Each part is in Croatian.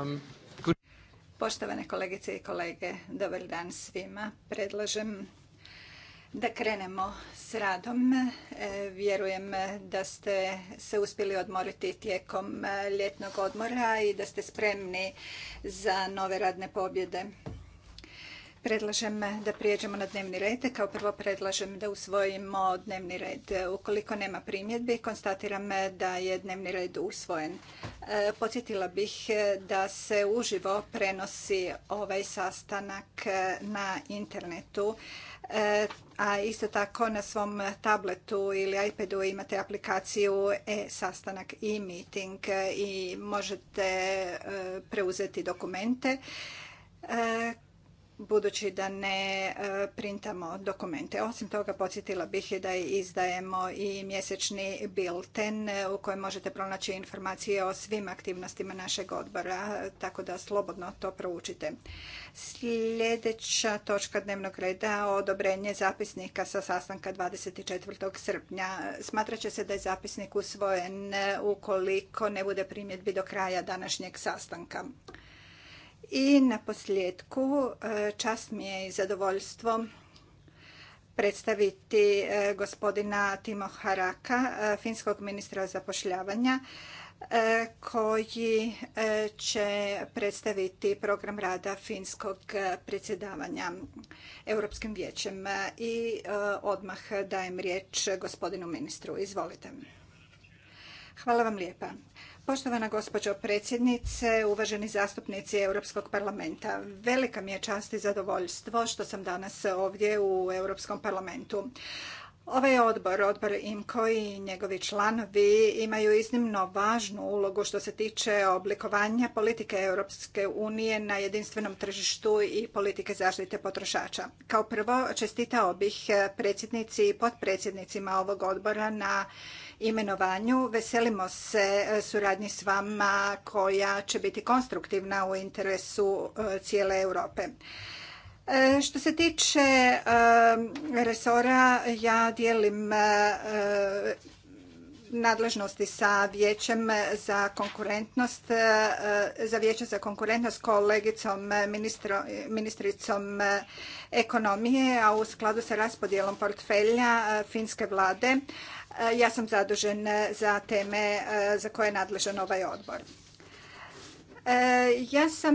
Um, Poštovane kolegice i kolege, dobar dan svima. Predlažem da krenemo s radom. E, vjerujem da ste se uspjeli odmoriti tijekom e, ljetnog odmora i da ste spremni za nove radne pobjede. Predlažem da prijeđemo na dnevni red. Kao prvo predlažem da usvojimo dnevni red. Ukoliko nema primjedbi, konstatiram da je dnevni red usvojen. E, podsjetila bih da se uživo prenosi ovaj sastanak e, na internetu e, a isto tako na svom tabletu ili iPadu imate aplikaciju e-sastanak i meeting i možete preuzeti dokumente budući da ne e, printamo dokumente. Osim toga, podsjetila bih da izdajemo i mjesečni bilten e, u kojem možete pronaći informacije o svim aktivnostima našeg odbora, e, tako da slobodno to proučite. Sljedeća točka dnevnog reda odobrenje zapisnika sa sastanka 24. srpnja. Smatrat će se da je zapisnik usvojen ukoliko ne bude primjedbi do kraja današnjeg sastanka. I na posljedku e, čast mi je i zadovoljstvo predstaviti e, gospodina Timo Haraka, e, finskog ministra zapošljavanja, koji će predstaviti program rada finskog predsjedavanja Europskim vijećem. I odmah dajem riječ gospodinu ministru. Izvolite. Hvala vam lijepa. Poštovana gospođo predsjednice, uvaženi zastupnici Europskog parlamenta, velika mi je čast i zadovoljstvo što sam danas ovdje u Europskom parlamentu. Ovaj odbor, odbor Imko i njegovi članovi imaju iznimno važnu ulogu što se tiče oblikovanja politike Europske unije na jedinstvenom tržištu i politike zaštite potrošača. Kao prvo, čestitao bih predsjednici i potpredsjednicima ovog odbora na imenovanju. Veselimo se e, suradnji s vama koja će biti konstruktivna u interesu e, cijele Europe. E, što se tiče resora, ja dijelim nadležnosti sa Vijećem za konkurentnost, za Vijeće za konkurentnost kolegicom ministricom ekonomije, a u skladu sa raspodjelom portfelja finske vlade. Ja sam zadužen e, za teme e, za koje je nadležan ovaj odbor. E, ja sam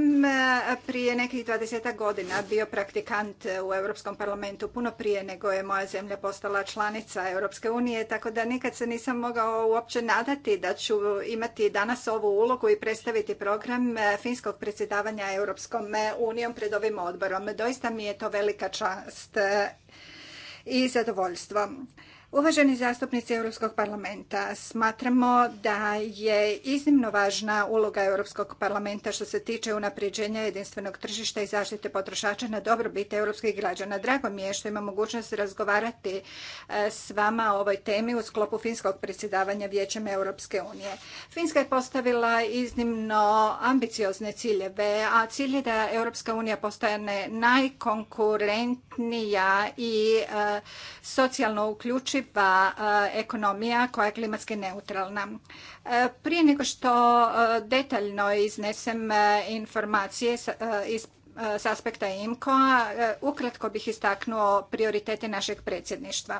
prije nekih 20 godina bio praktikant u Europskom parlamentu puno prije nego je moja zemlja postala članica Europske unije, tako da nikad se nisam mogao uopće nadati da ću imati danas ovu ulogu i predstaviti program finskog predsjedavanja Europskom unijom pred ovim odborom. Doista mi je to velika čast i zadovoljstvo. Uvaženi zastupnici Europskog parlamenta, smatramo da je iznimno važna uloga Europskog parlamenta što se tiče unapređenja jedinstvenog tržišta i zaštite potrošača na dobrobit europskih građana. Drago mi je što ima mogućnost razgovarati e, s vama o ovoj temi u sklopu finskog predsjedavanja Vijećem Europske unije. Finska je postavila iznimno ambiciozne ciljeve, a cilj je da Europska unija postane najkonkurentnija i e, socijalno uključiva održiva e, ekonomija koja je klimatski neutralna. E, prije nego što e, detaljno iznesem informacije iz s aspekta IMCO-a, ukratko bih istaknuo prioritete našeg predsjedništva.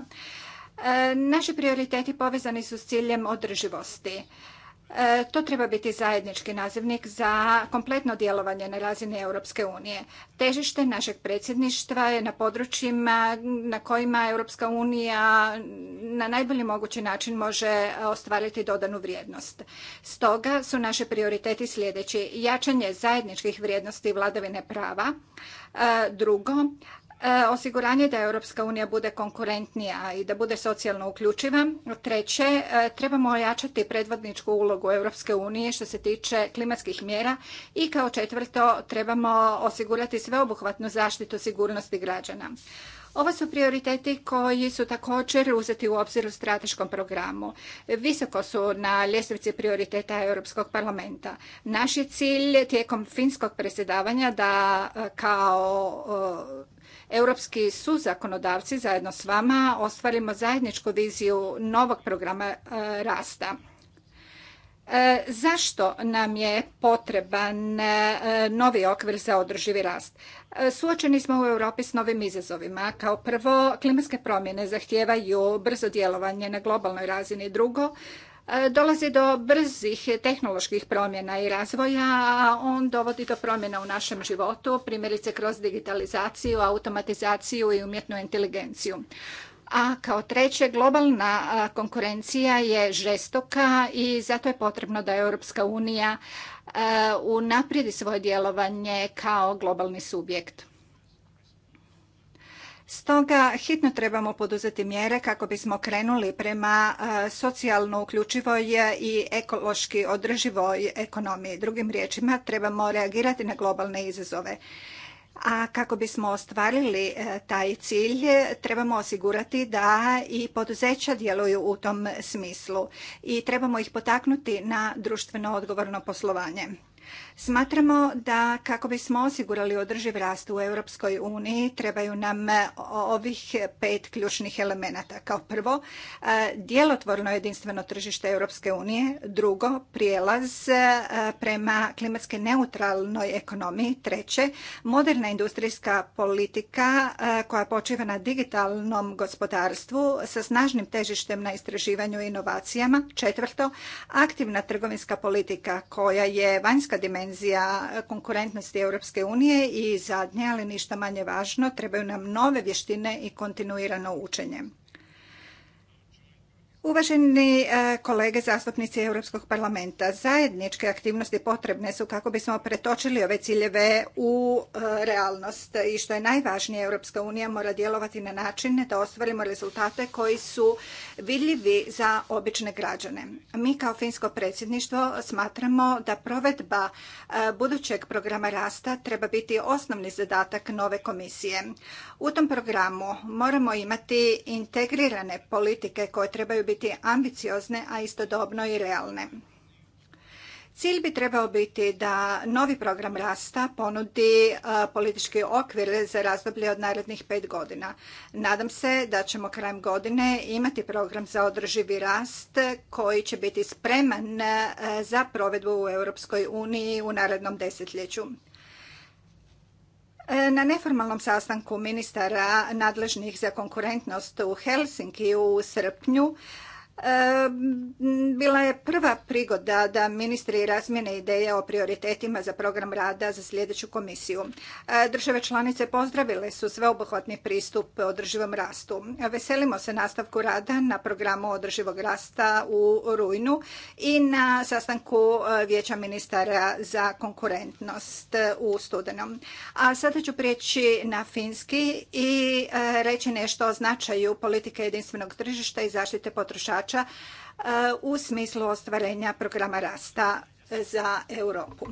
Naši prioriteti povezani su s ciljem održivosti. E, to treba biti zajednički nazivnik za kompletno djelovanje na razini Europske unije. Težište našeg predsjedništva je na područjima na kojima Europska unija na najbolji mogući način može ostvariti dodanu vrijednost. Stoga su naše prioriteti sljedeći. Jačanje zajedničkih vrijednosti vladavine prava. E, drugo, E, osiguranje da Europska unija bude konkurentnija i da bude socijalno uključiva. Treće, e, trebamo ojačati predvodničku ulogu Europske unije što se tiče klimatskih mjera i kao četvrto trebamo osigurati sveobuhvatnu zaštitu sigurnosti građana. Ovo su prioriteti koji su također uzeti u obzir u strateškom programu. Visoko su na ljestvici prioriteta Europskog parlamenta. Naš je cilj tijekom finskog predsjedavanja da e, kao europski su zakonodavci zajedno s vama ostvarimo zajedničku viziju novog programa e, rasta. E, zašto nam je potreban e, novi okvir za održivi rast? Suočeni smo u Europi s novim izazovima. Kao prvo, klimatske promjene zahtijevaju brzo djelovanje na globalnoj razini. Drugo, E, dolazi do brzih tehnoloških promjena i razvoja, a on dovodi do promjena u našem životu, primjerice kroz digitalizaciju, automatizaciju i umjetnu inteligenciju. A kao treće, globalna konkurencija je žestoka i zato je potrebno da Europska unija e, unaprijedi svoje djelovanje kao globalni subjekt. Stoga hitno trebamo poduzeti mjere kako bismo krenuli prema e, socijalno uključivoj i ekološki održivoj ekonomiji. Drugim riječima, trebamo reagirati na globalne izazove. A kako bismo ostvarili e, taj cilj, trebamo osigurati da i poduzeća djeluju u tom smislu i trebamo ih potaknuti na društveno odgovorno poslovanje. Smatramo da kako bismo osigurali održiv rast u Europskoj uniji trebaju nam e, ovih pet ključnih elemenata. Kao prvo, e, djelotvorno jedinstveno tržište Europske unije, drugo, prijelaz e, prema klimatski neutralnoj ekonomiji, treće, moderna industrijska politika koja počiva na digitalnom gospodarstvu sa snažnim težištem na istraživanju i inovacijama, četvrto, aktivna trgovinska politika koja je vanjska dimenzija konkurentnosti Europske unije i zadnje, ali ništa manje važno, trebaju nam nove vještine i kontinuirano učenje. Uvaženi e, kolege zastupnici Europskog parlamenta, zajedničke aktivnosti potrebne su kako bismo pretočili ove ciljeve u e, realnost i što je najvažnije Europska unija mora djelovati na način da ostvarimo rezultate koji su vidljivi za obične građane. Mi kao finsko predsjedništvo smatramo da provedba e, budućeg programa rasta treba biti osnovni zadatak nove komisije. U tom programu moramo imati integrirane politike koje trebaju biti biti ambiciozne, a istodobno i realne. Cilj bi trebao biti da novi program rasta ponudi politički okvir za razdoblje od narednih pet godina. Nadam se da ćemo krajem godine imati program za održivi rast koji će biti spreman za provedbu u Europskoj uniji u narednom desetljeću. E, na neformalnom sastanku ministara nadležnih za konkurentnost u Helsinki u srpnju bila je prva prigoda da ministri razmjene ideje o prioritetima za program rada za sljedeću komisiju. E, države članice pozdravile su sveobuhvatni pristup održivom rastu. Veselimo se nastavku rada na programu održivog rasta u rujnu i na sastanku e, Vijeća ministara za konkurentnost e, u studenom. A sada ću prijeći na finski i reći nešto o značaju politike jedinstvenog tržišta i zaštite potrošača E, u smislu ostvarenja programa rasta e, za Europu.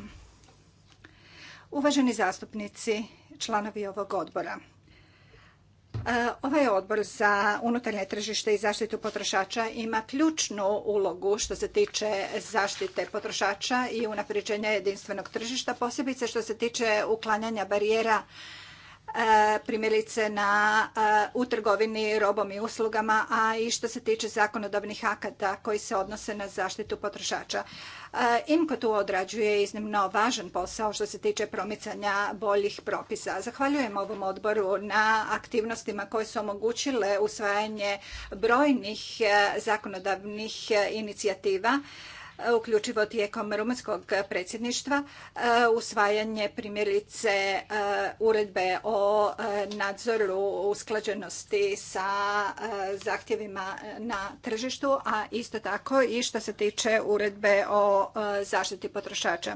Uvaženi zastupnici, članovi ovog odbora. E, ovaj odbor za unutarnje tržište i zaštitu potrošača ima ključnu ulogu što se tiče zaštite potrošača i unapređenja jedinstvenog tržišta, posebice što se tiče uklanjanja barijera E, primjerice na, e, u trgovini robom i uslugama, a i što se tiče zakonodavnih akata koji se odnose na zaštitu potrošača. E, Imko tu odrađuje iznimno važan posao što se tiče promicanja boljih propisa. Zahvaljujem ovom odboru na aktivnostima koje su omogućile usvajanje brojnih zakonodavnih inicijativa uključivo tijekom rumunskog predsjedništva, e, usvajanje primjerice e, uredbe o e, nadzoru usklađenosti sa zahtjevima na tržištu, a isto tako i što se tiče uredbe o zaštiti potrošača.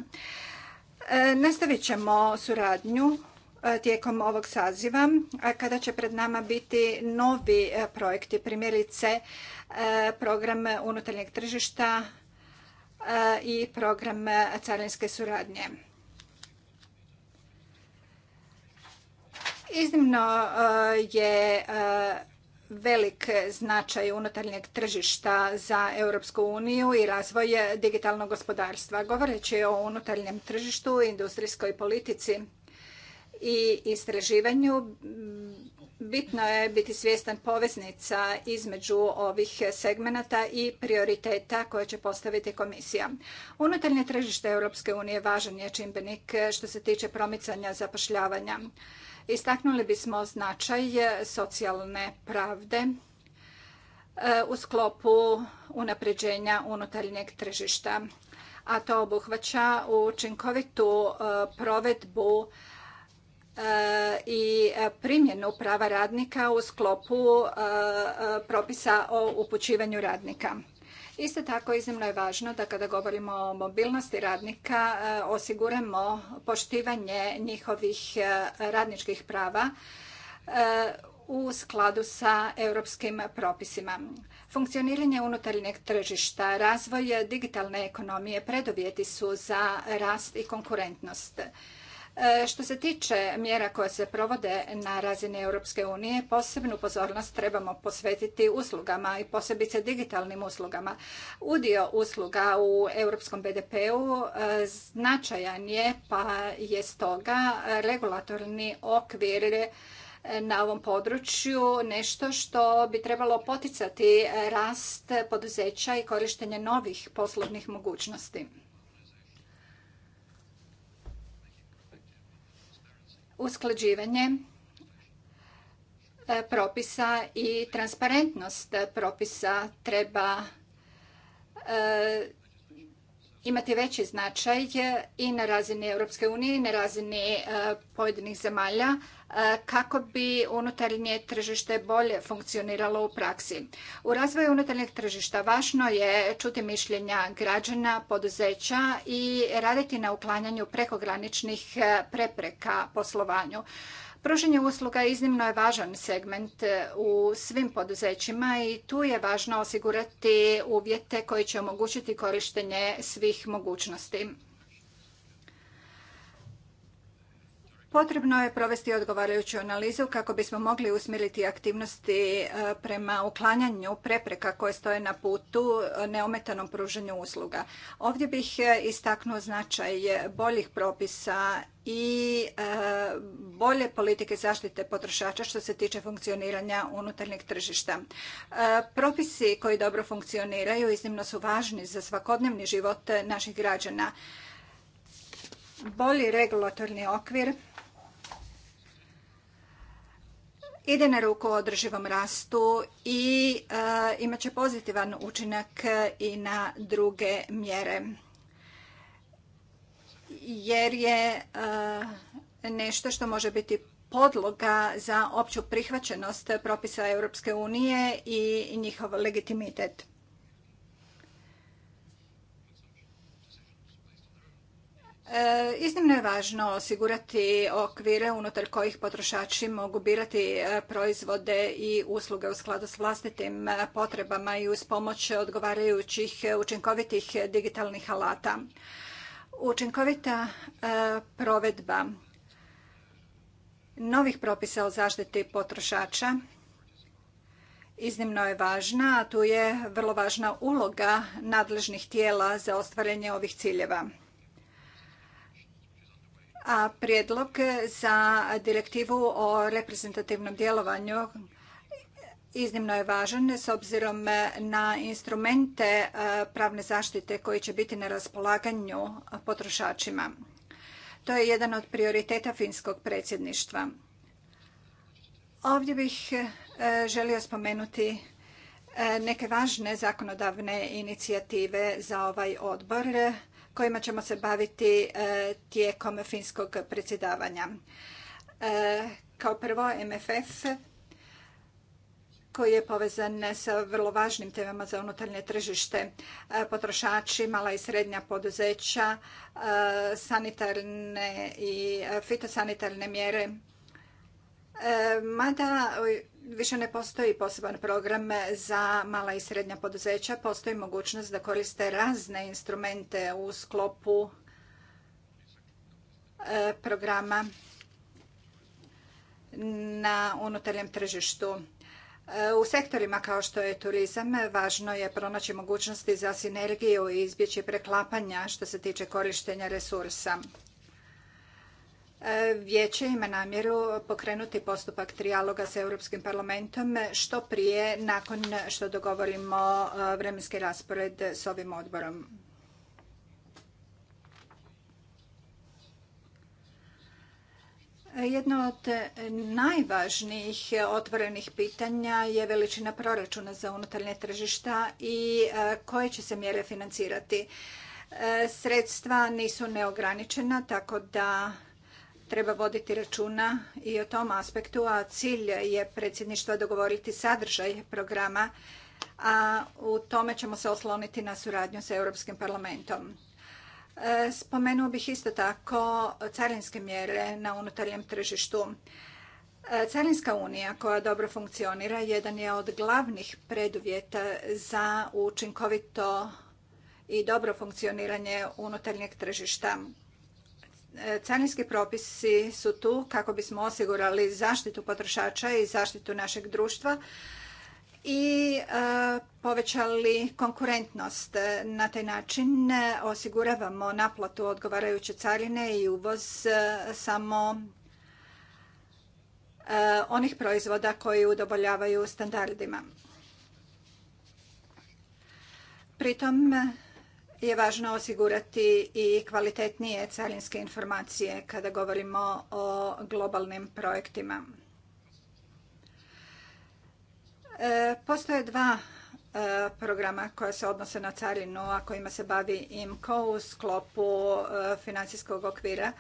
Nastavit ćemo suradnju tijekom ovog saziva kada će pred nama biti novi projekti, primjerice program unutarnjeg tržišta i program carinske suradnje. Iznimno uh, je uh, velik značaj unutarnjeg tržišta za Europsku uniju i razvoj digitalnog gospodarstva. Govoreći o unutarnjem tržištu, industrijskoj politici i istraživanju, Bitno je biti svjestan poveznica između ovih segmenata i prioriteta koje će postaviti komisija. Unutarnje tržište Europske unije važan je čimbenik što se tiče promicanja zapošljavanja. Istaknuli bismo značaj socijalne pravde e, u sklopu unapređenja unutarnjeg tržišta, a to obuhvaća učinkovitu e, provedbu E, i primjenu prava radnika u sklopu e, propisa o upućivanju radnika. Isto tako iznimno je važno da kada govorimo o mobilnosti radnika e, osiguramo poštivanje njihovih radničkih prava u skladu sa europskim propisima. Funkcioniranje unutarnjeg tržišta, razvoj digitalne ekonomije preduvjeti su za rast i konkurentnost. E, što se tiče mjera koje se provode na razini Europske unije, posebnu pozornost trebamo posvetiti uslugama i posebice digitalnim uslugama. Udio usluga u europskom BDP-u e, značajan je, pa je stoga regulatorni okvir e, na ovom području nešto što bi trebalo poticati rast poduzeća i korištenje novih poslovnih mogućnosti. usklađivanje e, propisa i transparentnost propisa treba e, imati veći značaj i na razini Europske unije i na razini e, pojedinih zemalja, E, kako bi unutarnje tržište bolje funkcioniralo u praksi. U razvoju unutarnjeg tržišta važno je čuti mišljenja građana, poduzeća i raditi na uklanjanju prekograničnih e, prepreka poslovanju. Pružanje usluga iznimno je važan segment e, u svim poduzećima i tu je važno osigurati uvjete koji će omogućiti korištenje svih mogućnosti. Potrebno je provesti odgovarajuću analizu kako bismo mogli usmjeriti aktivnosti e, prema uklanjanju prepreka koje stoje na putu e, neometanom pružanju usluga. Ovdje bih e, istaknuo značaj boljih propisa i bolje politike zaštite potrošača što se tiče funkcioniranja unutarnjeg tržišta. Propisi koji dobro funkcioniraju iznimno su važni za svakodnevni život naših građana. Bolji regulatorni okvir ide na ruku održivom rastu i e, imat će pozitivan učinak i na druge mjere jer je e, nešto što može biti podloga za opću prihvaćenost propisa Europske unije i njihov legitimitet. E, iznimno je važno osigurati okvire unutar kojih potrošači mogu birati e, proizvode i usluge u skladu s vlastitim e, potrebama i uz pomoć odgovarajućih učinkovitih digitalnih alata. Učinkovita provedba novih propisa o zaštiti potrošača iznimno je važna, a tu je vrlo važna uloga nadležnih tijela za ostvarenje ovih ciljeva a prijedlog za direktivu o reprezentativnom djelovanju iznimno je važan s obzirom na instrumente e, pravne zaštite koji će biti na raspolaganju potrošačima. To je jedan od prioriteta finskog predsjedništva. Ovdje bih e, želio spomenuti e, neke važne zakonodavne inicijative za ovaj odbor kojima ćemo se baviti e, tijekom finskog predsjedavanja. E, kao prvo MFF koji je povezan sa vrlo važnim temama za unutarnje tržište, e, potrošači, mala i srednja poduzeća, sanitarne i fitosanitarne mjere. Mada više ne postoji poseban program za mala i srednja poduzeća. Postoji mogućnost da koriste razne instrumente u sklopu e, programa na unutarnjem tržištu. E, u sektorima kao što je turizam važno je pronaći mogućnosti za sinergiju i izbjeći preklapanja što se tiče korištenja resursa. E, vijeće ima namjeru pokrenuti postupak trijaloga s Europskim parlamentom što prije nakon što dogovorimo e, vremenski raspored s ovim odborom. Jedno od najvažnijih otvorenih pitanja je veličina proračuna za unutarnje tržišta i e, koje će se mjere financirati. Sredstva nisu neograničena, tako da treba voditi računa i o tom aspektu, a cilj je predsjedništva dogovoriti sadržaj programa, a u tome ćemo se osloniti na suradnju sa Europskim parlamentom. E, spomenuo bih isto tako carinske mjere na unutarnjem tržištu. E, carinska unija koja dobro funkcionira jedan je od glavnih preduvjeta za učinkovito i dobro funkcioniranje unutarnjeg tržišta. Carinski propisi su tu kako bismo osigurali zaštitu potrošača i zaštitu našeg društva i e, povećali konkurentnost. Na taj način osiguravamo naplatu odgovarajuće carine i uvoz e, samo e, onih proizvoda koji udovoljavaju standardima. Pritom je važno osigurati i kvalitetnije carinske informacije kada govorimo o globalnim projektima. E, postoje dva e, programa koja se odnose na carinu, a kojima se bavi IMCO u sklopu e, financijskog okvira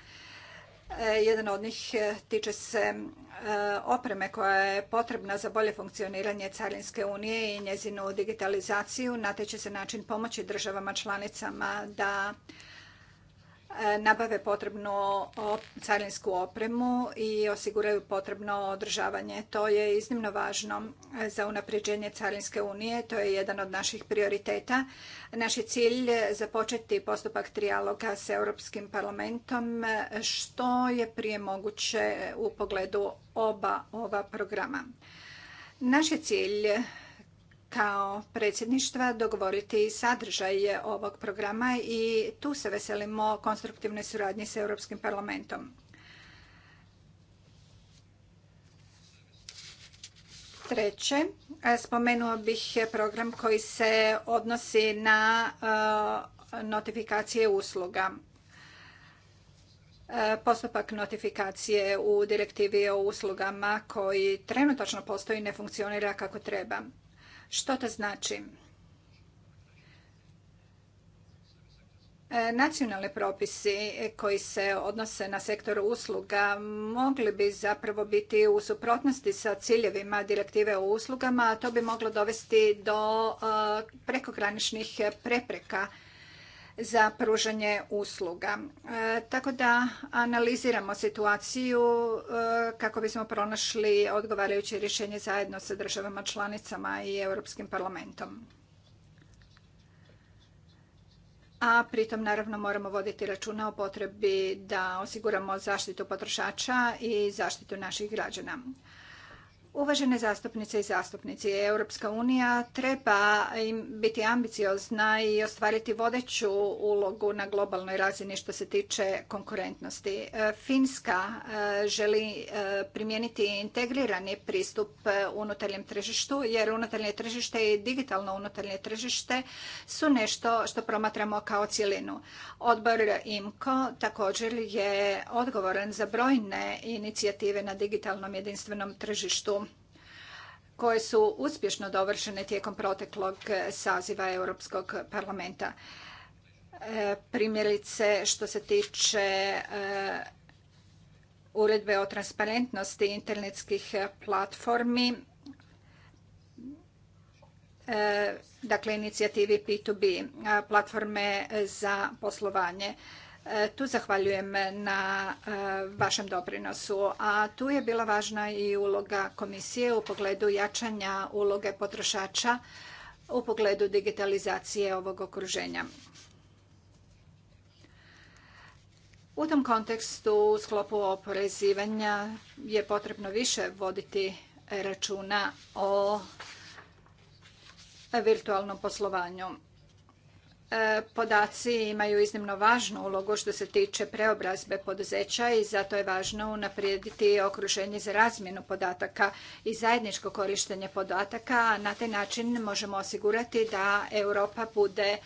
E, jedan od njih e, tiče se e, opreme koja je potrebna za bolje funkcioniranje Carinske unije i njezinu digitalizaciju. Na taj će se način pomoći državama članicama da E, nabave potrebnu carinsku opremu i osiguraju potrebno održavanje. To je iznimno važno e, za unapređenje Carinske unije. To je jedan od naših prioriteta. Naš je cilj započeti postupak trijaloga s Europskim parlamentom e, što je prije moguće u pogledu oba ova programa. Naš je cilj kao predsjedništva dogovoriti sadržaj ovog programa i tu se veselimo konstruktivnoj suradnji s Europskim parlamentom. Treće, spomenuo bih program koji se odnosi na e, notifikacije usluga. E, postupak notifikacije u direktivi o uslugama koji trenutačno postoji ne funkcionira kako treba. Što to znači? E, nacionalni propisi koji se odnose na sektor usluga mogli bi zapravo biti u suprotnosti sa ciljevima direktive o uslugama, a to bi moglo dovesti do e, prekograničnih prepreka za pružanje usluga. E, tako da analiziramo situaciju e, kako bismo pronašli odgovarajuće rješenje zajedno sa državama članicama i Europskim parlamentom. A pritom naravno moramo voditi računa o potrebi da osiguramo zaštitu potrošača i zaštitu naših građana. Uvažene zastupnice i zastupnici, Europska unija treba biti ambiciozna i ostvariti vodeću ulogu na globalnoj razini što se tiče konkurentnosti. Finska e, želi e, primijeniti integrirani pristup e, unutarnjem tržištu jer unutarnje tržište i digitalno unutarnje tržište su nešto što promatramo kao cjelinu. Odbor IMCO također je odgovoran za brojne inicijative na digitalnom jedinstvenom tržištu koje su uspješno dovršene tijekom proteklog e, saziva Europskog parlamenta. E, primjerice što se tiče e, uredbe o transparentnosti internetskih platformi, dakle inicijativi P2B, platforme za poslovanje. Tu zahvaljujem na e, vašem doprinosu, a tu je bila važna i uloga komisije u pogledu jačanja uloge potrošača u pogledu digitalizacije ovog okruženja. U tom kontekstu u sklopu oporezivanja je potrebno više voditi računa o virtualnom poslovanju. E, podaci imaju iznimno važnu ulogu što se tiče preobrazbe poduzeća i zato je važno unaprijediti okruženje za razmjenu podataka i zajedničko korištenje podataka. Na taj način možemo osigurati da Europa bude e,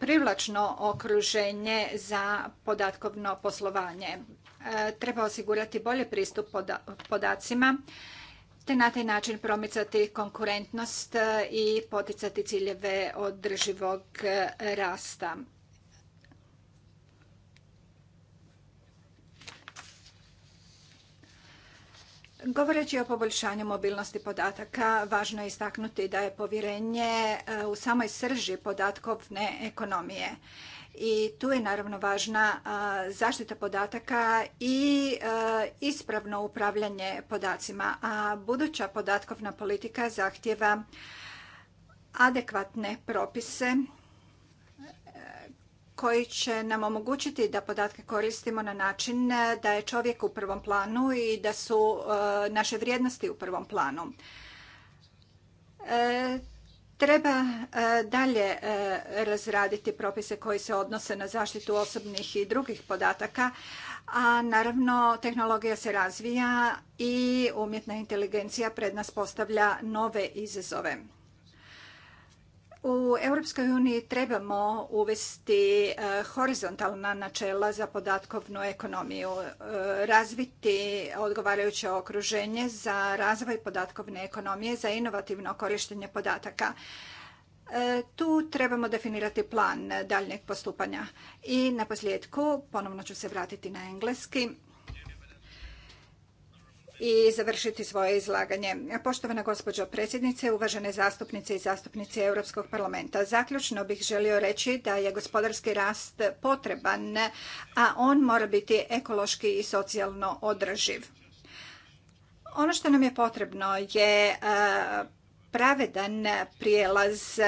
privlačno okruženje za podatkovno poslovanje. E, treba osigurati bolje pristup podacima te na taj način promicati konkurentnost e, i poticati ciljeve održivog e, rasta. Govoreći o poboljšanju mobilnosti podataka, važno je istaknuti da je povjerenje e, u samoj srži podatkovne ekonomije i tu je naravno važna zaštita podataka i e, ispravno upravljanje podacima, a buduća podatkovna politika zahtjeva adekvatne propise e, koji će nam omogućiti da podatke koristimo na način e, da je čovjek u prvom planu i da su naše vrijednosti u prvom planu. Treba e, dalje e, razraditi propise koji se odnose na zaštitu osobnih i drugih podataka, a naravno tehnologija se razvija i umjetna inteligencija pred nas postavlja nove izazove. U Europskoj uniji trebamo uvesti e, horizontalna načela za podatkovnu ekonomiju, e, razviti odgovarajuće okruženje za razvoj podatkovne ekonomije, za inovativno korištenje podataka. E, tu trebamo definirati plan daljnjeg postupanja. I na posljedku, ponovno ću se vratiti na engleski, i završiti svoje izlaganje. Poštovana gospođo predsjednice, uvažene zastupnice i zastupnici Europskog parlamenta. Zaključno bih želio reći da je gospodarski rast potreban, a on mora biti ekološki i socijalno održiv. Ono što nam je potrebno je e, pravedan prijelaz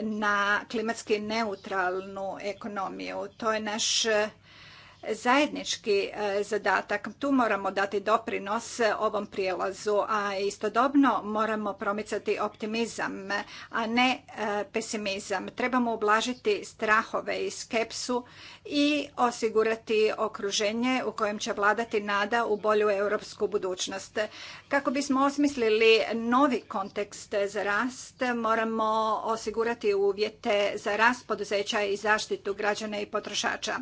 na klimatski neutralnu ekonomiju. To je naš zajednički e, zadatak. Tu moramo dati doprinos ovom prijelazu, a istodobno moramo promicati optimizam, a ne e, pesimizam. Trebamo ublažiti strahove i skepsu i osigurati okruženje u kojem će vladati nada u bolju europsku budućnost. Kako bismo osmislili novi kontekst za rast, moramo osigurati uvjete za rast poduzeća i zaštitu građana i potrošača.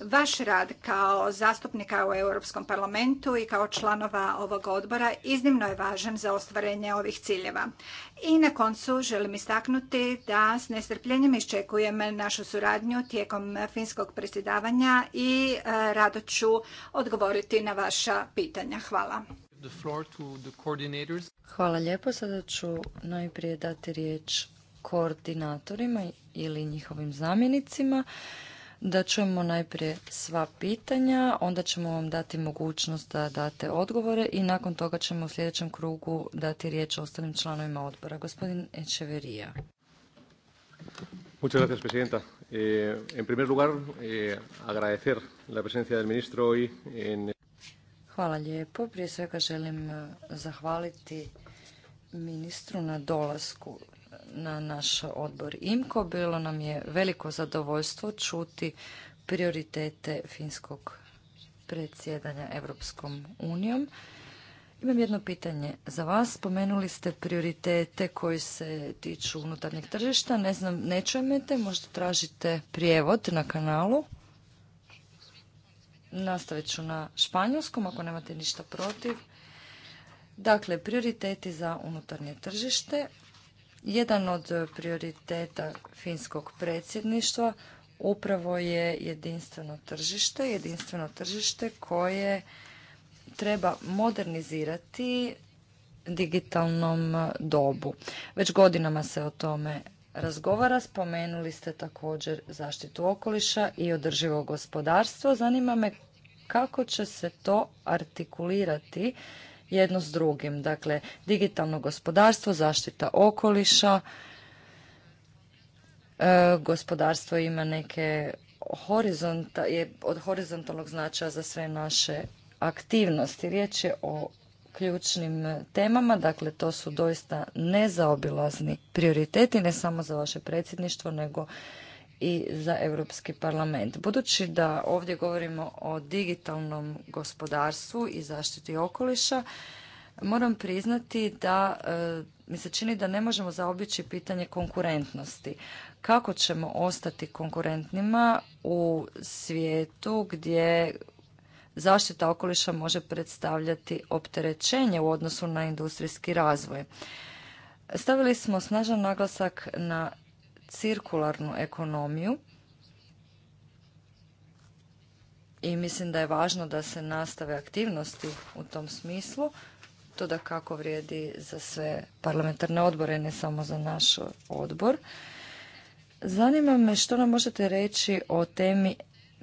Vaš rad kao zastupnika u Europskom parlamentu i kao članova ovog odbora iznimno je važan za ostvarenje ovih ciljeva. I na koncu želim istaknuti da s nestrpljenjem iščekujem našu suradnju tijekom finskog predsjedavanja i e, rado ću odgovoriti na vaša pitanja. Hvala. Hvala lijepo. Sada ću najprije dati riječ koordinatorima ili njihovim zamjenicima da čujemo najprije sva pitanja, onda ćemo vam dati mogućnost da date odgovore i nakon toga ćemo u sljedećem krugu dati riječ ostalim članovima odbora. Gospodin Echeverija. Muchas Eh, en primer lugar, eh, agradecer la presencia del ministro hoy en... Hvala lijepo. Prije svega želim eh, zahvaliti ministru na dolasku na naš odbor IMKO. Bilo nam je veliko zadovoljstvo čuti prioritete finskog predsjedanja Europskom unijom. Imam jedno pitanje za vas. Spomenuli ste prioritete koji se tiču unutarnjeg tržišta. Ne znam, ne čujem te, možda tražite prijevod na kanalu. Nastavit ću na španjolskom ako nemate ništa protiv. Dakle, prioriteti za unutarnje tržište. Jedan od prioriteta finskog predsjedništva upravo je jedinstveno tržište, jedinstveno tržište koje treba modernizirati digitalnom dobu. Već godinama se o tome razgovara. Spomenuli ste također zaštitu okoliša i održivo gospodarstvo. Zanima me kako će se to artikulirati jedno s drugim. Dakle, digitalno gospodarstvo, zaštita okoliša, e, gospodarstvo ima neke horizonta, je od horizontalnog značaja za sve naše aktivnosti. Riječ je o ključnim temama, dakle to su doista nezaobilazni prioriteti, ne samo za vaše predsjedništvo, nego i za Europski parlament. Budući da ovdje govorimo o digitalnom gospodarstvu i zaštiti okoliša, moram priznati da e, mi se čini da ne možemo zaobići pitanje konkurentnosti. Kako ćemo ostati konkurentnima u svijetu gdje zaštita okoliša može predstavljati opterećenje u odnosu na industrijski razvoj. Stavili smo snažan naglasak na cirkularnu ekonomiju i mislim da je važno da se nastave aktivnosti u tom smislu. To da kako vrijedi za sve parlamentarne odbore, ne samo za naš odbor. Zanima me što nam možete reći o temi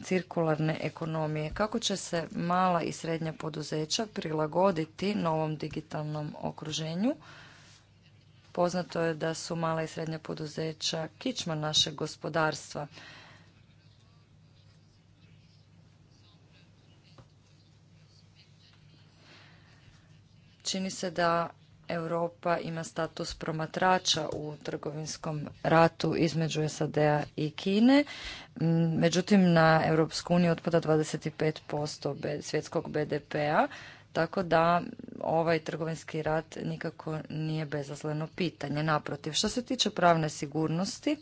cirkularne ekonomije. Kako će se mala i srednja poduzeća prilagoditi novom digitalnom okruženju? Poznato je da su mala i srednja poduzeća kičma našeg gospodarstva. Čini se da Europa ima status promatrača u trgovinskom ratu između SAD-a i Kine. Međutim, na Europsku uniju otpada 25% svjetskog BDP-a. Tako da ovaj trgovinski rat nikako nije bezazleno pitanje. Naprotiv, što se tiče pravne sigurnosti,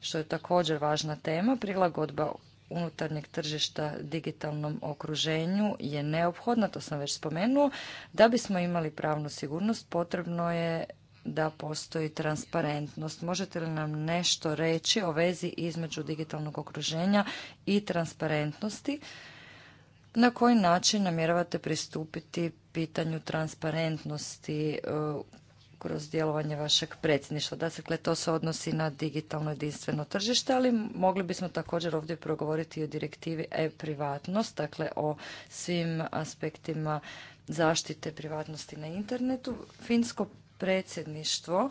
što je također važna tema, prilagodba unutarnjeg tržišta digitalnom okruženju je neophodna, to sam već spomenuo. Da bismo imali pravnu sigurnost potrebno je da postoji transparentnost. Možete li nam nešto reći o vezi između digitalnog okruženja i transparentnosti? na koji način namjeravate pristupiti pitanju transparentnosti e, kroz djelovanje vašeg predsjedništva. Dakle, to se odnosi na digitalno jedinstveno tržište, ali mogli bismo također ovdje progovoriti o direktivi e-privatnost, dakle o svim aspektima zaštite privatnosti na internetu. Finsko predsjedništvo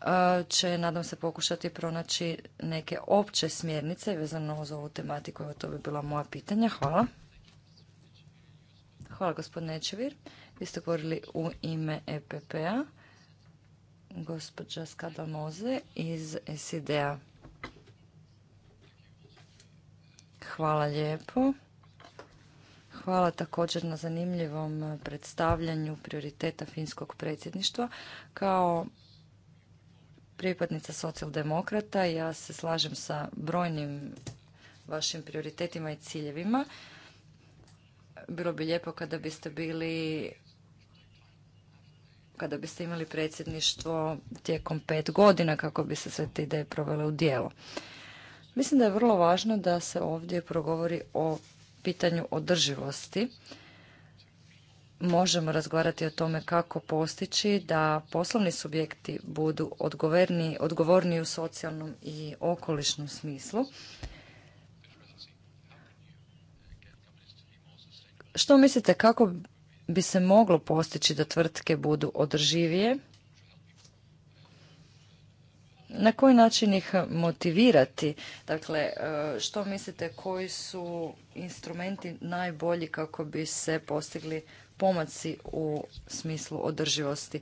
E, će, nadam se, pokušati pronaći neke opće smjernice vezano uz ovu tematiku. Evo, to bi bila moja pitanja. Hvala. Hvala, gospodine Ečevir. Vi ste govorili u ime EPP-a. Gospodža Skada iz SID-a. Hvala lijepo. Hvala također na zanimljivom predstavljanju prioriteta finskog predsjedništva. Kao pripadnica socijaldemokrata i ja se slažem sa brojnim vašim prioritetima i ciljevima. Bilo bi lijepo kada biste bili kada biste imali predsjedništvo tijekom pet godina kako bi se sve te ideje provele u dijelo. Mislim da je vrlo važno da se ovdje progovori o pitanju održivosti možemo razgovarati o tome kako postići da poslovni subjekti budu odgovorni, odgovorni u socijalnom i okolišnom smislu. Što mislite kako bi se moglo postići da tvrtke budu održivije? Na koji način ih motivirati? Dakle, e, što mislite koji su instrumenti najbolji kako bi se postigli pomaci u smislu održivosti.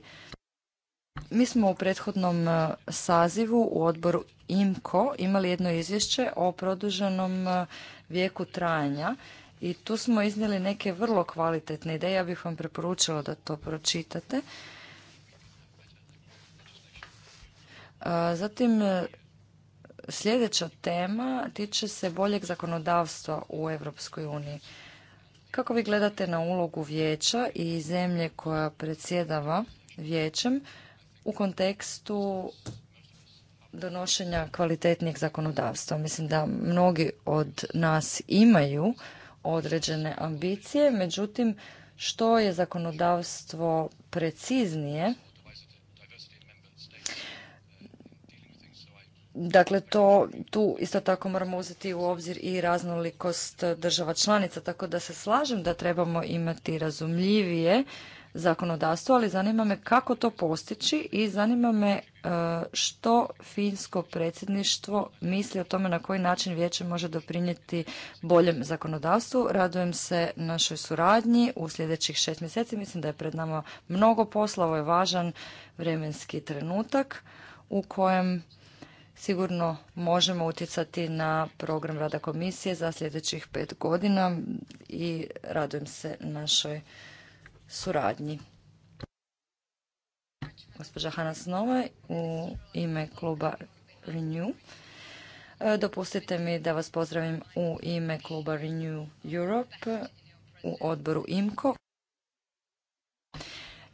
Mi smo u prethodnom e, sazivu u odboru IMCO imali jedno izvješće o produženom e, vijeku trajanja i tu smo iznijeli neke vrlo kvalitetne ideje. Ja bih vam preporučila da to pročitate. E, zatim, sljedeća tema tiče se boljeg zakonodavstva u Europskoj uniji. Kako vi gledate na ulogu vijeća i zemlje koja predsjedava vijećem u kontekstu donošenja kvalitetnijeg zakonodavstva? Mislim da mnogi od nas imaju određene ambicije, međutim što je zakonodavstvo preciznije, Dakle, to, tu isto tako moramo uzeti u obzir i raznolikost država članica, tako da se slažem da trebamo imati razumljivije zakonodavstvo, ali zanima me kako to postići i zanima me e, što finsko predsjedništvo misli o tome na koji način vijeće može doprinijeti boljem zakonodavstvu. Radujem se našoj suradnji u sljedećih šest mjeseci. Mislim da je pred nama mnogo posla. Ovo je važan vremenski trenutak u kojem sigurno možemo utjecati na program rada komisije za sljedećih pet godina i radujem se našoj suradnji. Gospođa Hanas Nova u ime kluba Renew. E, dopustite mi da vas pozdravim u ime kluba Renew Europe u odboru IMCO.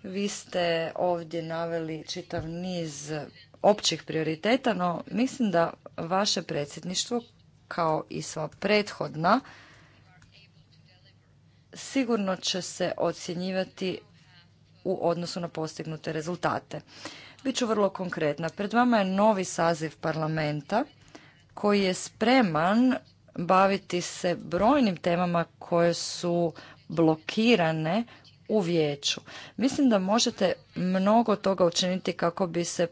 Vi ste ovdje naveli čitav niz općih prioriteta, no mislim da vaše predsjedništvo, kao i sva prethodna, sigurno će se ocjenjivati u odnosu na postignute rezultate. Biću vrlo konkretna. Pred vama je novi saziv parlamenta koji je spreman baviti se brojnim temama koje su blokirane u vijeću. Mislim da možete mnogo toga učiniti kako bi se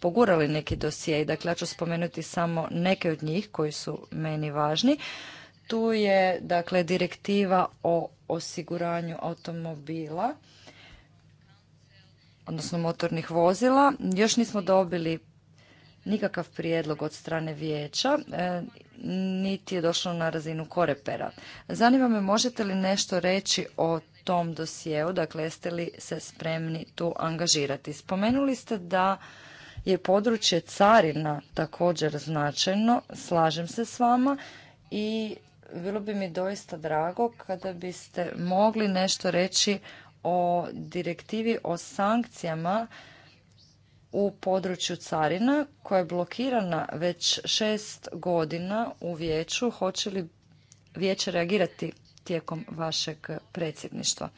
pogurali neki dosije. Dakle, ja ću spomenuti samo neke od njih koji su meni važni. Tu je, dakle, direktiva o osiguranju automobila, odnosno motornih vozila. Još nismo dobili nikakav prijedlog od strane vijeća, e, niti je došlo na razinu korepera. Zanima me, možete li nešto reći o tom dosjeu, dakle jeste li se spremni tu angažirati? Spomenuli ste da je područje carina također značajno, slažem se s vama i bilo bi mi doista drago kada biste mogli nešto reći o direktivi o sankcijama u području carina koja je blokirana već šest godina u vijeću. Hoće li vijeće reagirati tijekom vašeg predsjedništva?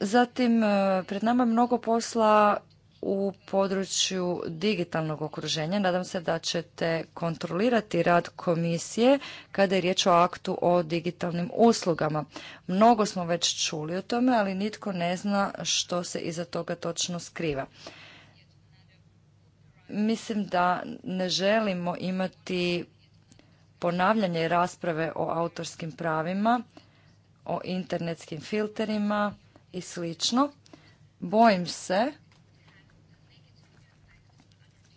Zatim, e, pred nama je mnogo posla u području digitalnog okruženja. Nadam se da ćete kontrolirati rad komisije kada je riječ o aktu o digitalnim uslugama. Mnogo smo već čuli o tome, ali nitko ne zna što se iza toga točno skriva. Mislim da ne želimo imati ponavljanje rasprave o autorskim pravima, o internetskim filterima i slično. Bojim se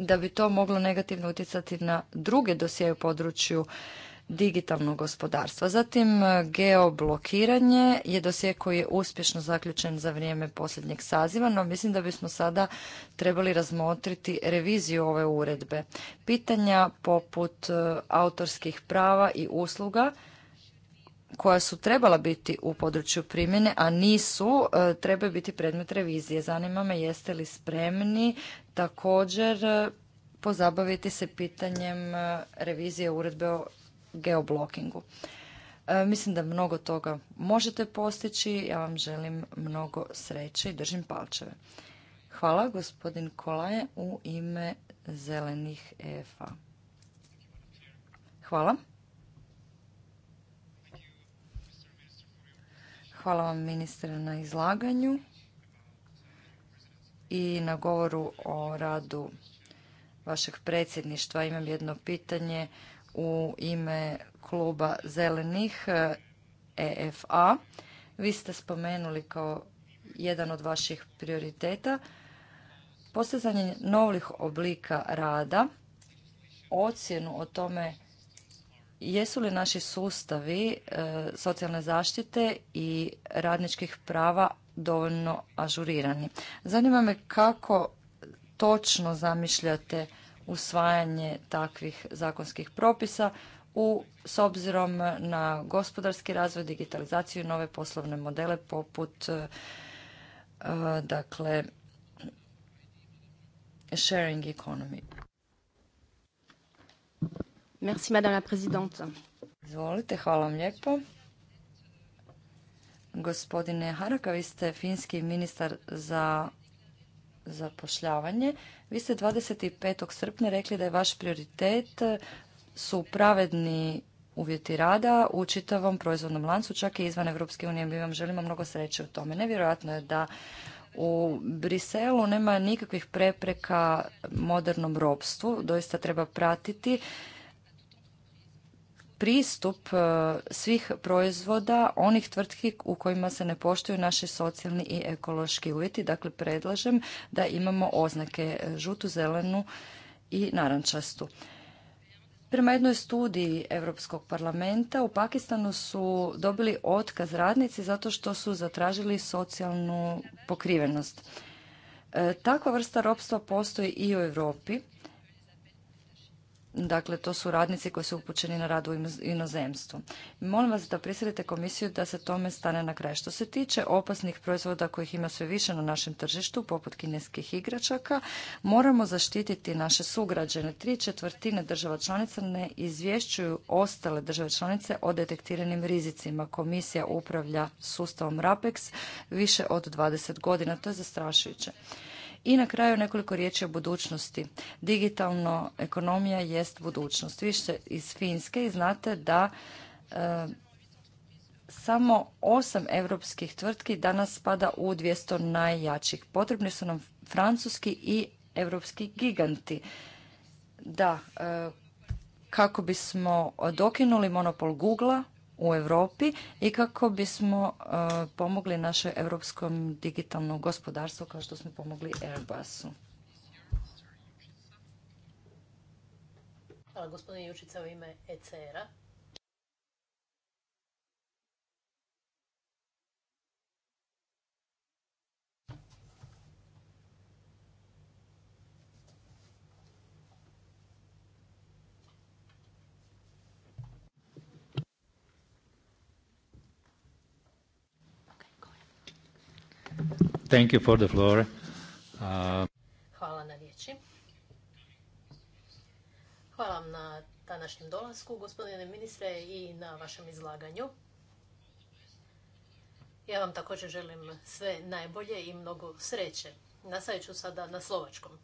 da bi to moglo negativno utjecati na druge dosije u području digitalnog gospodarstva. Zatim geoblokiranje je dosje koji je uspješno zaključen za vrijeme posljednjeg saziva, no mislim da bismo sada trebali razmotriti reviziju ove uredbe. Pitanja poput e, autorskih prava i usluga koja su trebala biti u području primjene, a nisu, e, trebaju biti predmet revizije. Zanima me jeste li spremni također e, pozabaviti se pitanjem e, revizije uredbe o geoblokingu. Mislim da mnogo toga možete postići. Ja vam želim mnogo sreće i držim palčeve. Hvala gospodin Kolaje u ime zelenih EFA. Hvala. Hvala vam ministre na izlaganju i na govoru o radu vašeg predsjedništva. Imam jedno pitanje u ime kluba Zelenih EFA. E Vi ste spomenuli kao jedan od vaših prioriteta postizanje novih oblika rada, ocjenu o tome jesu li naši sustavi e, socijalne zaštite i radničkih prava dovoljno ažurirani. Zanima me kako točno zamišljate usvajanje takvih zakonskih propisa u, s obzirom na gospodarski razvoj, digitalizaciju i nove poslovne modele poput e, dakle sharing economy. Merci, madame la présidente. Izvolite, hvala vam lijepo. Gospodine Haraka, vi ste finski ministar za zapošljavanje. Vi ste 25. srpnja rekli da je vaš prioritet eh, su pravedni uvjeti rada u čitavom proizvodnom lancu, čak i izvan Evropske unije. Mi vam želimo mnogo sreće u tome. Nevjerojatno je da u Briselu nema nikakvih prepreka modernom robstvu. Doista treba pratiti pristup e, svih proizvoda onih tvrtki u kojima se ne poštuju naši socijalni i ekološki uvjeti. Dakle, predlažem da imamo oznake e, žutu, zelenu i narančastu. Prema jednoj studiji Europskog parlamenta u Pakistanu su dobili otkaz radnici zato što su zatražili socijalnu pokrivenost. E, takva vrsta ropstva postoji i u Europi Dakle, to su radnici koji su upućeni na rad u inozemstvu. Molim vas da prisilite komisiju da se tome stane na kraj. Što se tiče opasnih proizvoda kojih ima sve više na našem tržištu, poput kineskih igračaka, moramo zaštititi naše sugrađane. Tri četvrtine država članica ne izvješćuju ostale države članice o detektiranim rizicima. Komisija upravlja sustavom RAPEX više od 20 godina. To je zastrašujuće. I na kraju nekoliko riječi o budućnosti. Digitalno ekonomija jest budućnost. Vi ste iz Finske i znate da e, samo osam europskih tvrtki danas spada u 200 najjačih. Potrebni su nam francuski i europski giganti. Da, e, kako bismo dokinuli monopol Google-a, u Europi i kako bismo e, pomogli našem europskom digitalnom gospodarstvu kao što smo pomogli Airbusu. Hvala gospodine Jučica u ime ECR-a. Hvala na riječi. Hvala vam na današnjem dolasku, gospodine ministre, i na vašem izlaganju. Ja vam također želim sve najbolje i mnogo sreće. Nastavit ću sada na slovačkom.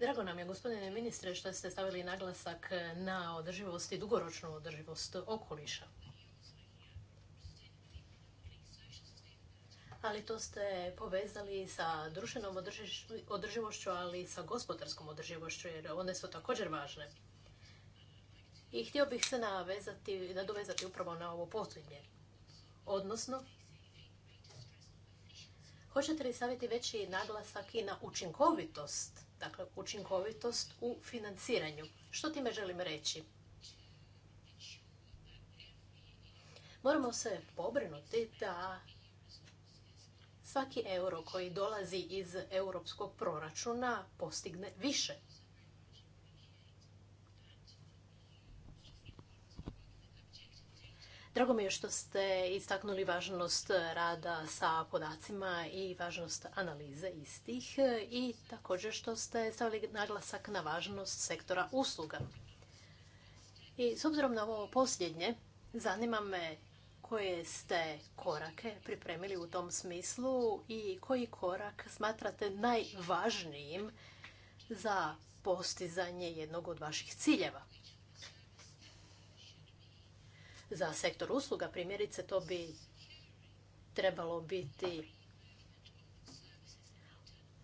Drago nam je, gospodine ministre, što ste stavili naglasak na održivost i dugoročnu održivost okoliša. Ali to ste povezali sa društvenom održivošću, ali i sa gospodarskom održivošću, jer one su također važne. I htio bih se navezati, nadovezati upravo na ovo posljednje. Odnosno, hoćete li staviti veći naglasak i na učinkovitost Dakle, učinkovitost u financiranju. Što time želim reći? Moramo se pobrinuti da svaki euro koji dolazi iz europskog proračuna postigne više. Drago mi je što ste istaknuli važnost rada sa podacima i važnost analize istih i također što ste stavili naglasak na važnost sektora usluga. I s obzirom na ovo posljednje, zanima me koje ste korake pripremili u tom smislu i koji korak smatrate najvažnijim za postizanje jednog od vaših ciljeva za sektor usluga. Primjerice, to bi trebalo biti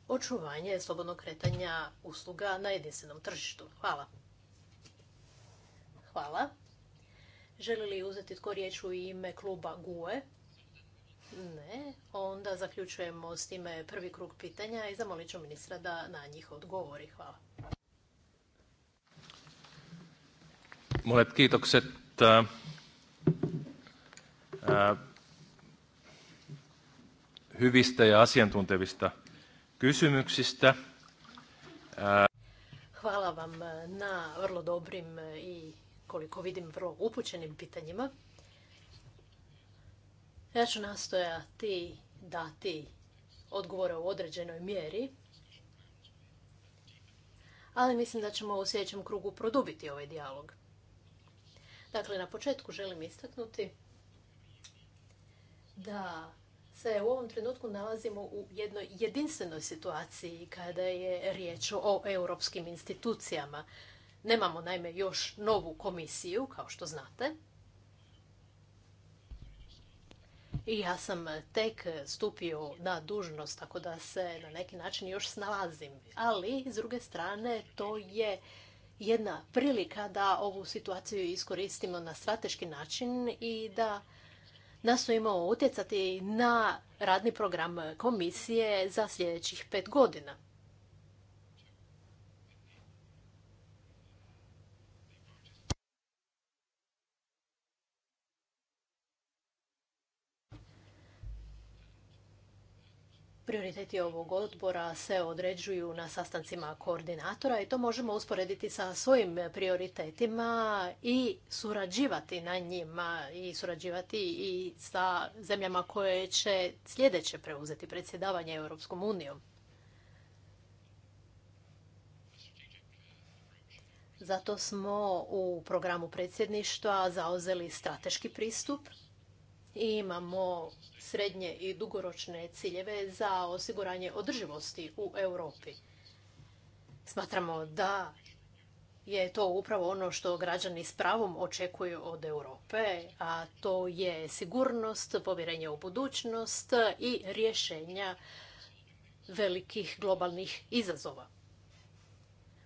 očuvanje slobodnog kretanja usluga na jedinstvenom tržištu. Hvala. Hvala. Želi li uzeti tko riječ u ime kluba GUE? Ne. Onda zaključujemo s time prvi krug pitanja i zamolit ću ministra da na njih odgovori. Hvala. kiitokset hyvistä ja asiantuntevista kysymyksistä. Hvala vam na vrlo dobrim i koliko vidim vrlo upućenim pitanjima. Ja ću nastojati dati odgovore u određenoj mjeri, ali mislim da ćemo u sljedećem krugu produbiti ovaj dijalog. Dakle, na početku želim istaknuti da se u ovom trenutku nalazimo u jednoj jedinstvenoj situaciji kada je riječ o europskim institucijama. Nemamo naime još novu komisiju, kao što znate. I ja sam tek stupio na dužnost, tako da se na neki način još snalazim. Ali, s druge strane, to je jedna prilika da ovu situaciju iskoristimo na strateški način i da imao utjecati na radni program komisije za sljedećih pet godina. Prioriteti ovog odbora se određuju na sastancima koordinatora i to možemo usporediti sa svojim prioritetima i surađivati na njima i surađivati i sa zemljama koje će sljedeće preuzeti predsjedavanje Europskom unijom. Zato smo u programu predsjedništva zauzeli strateški pristup – i imamo srednje i dugoročne ciljeve za osiguranje održivosti u Europi. Smatramo da je to upravo ono što građani s pravom očekuju od Europe, a to je sigurnost, povjerenje u budućnost i rješenja velikih globalnih izazova.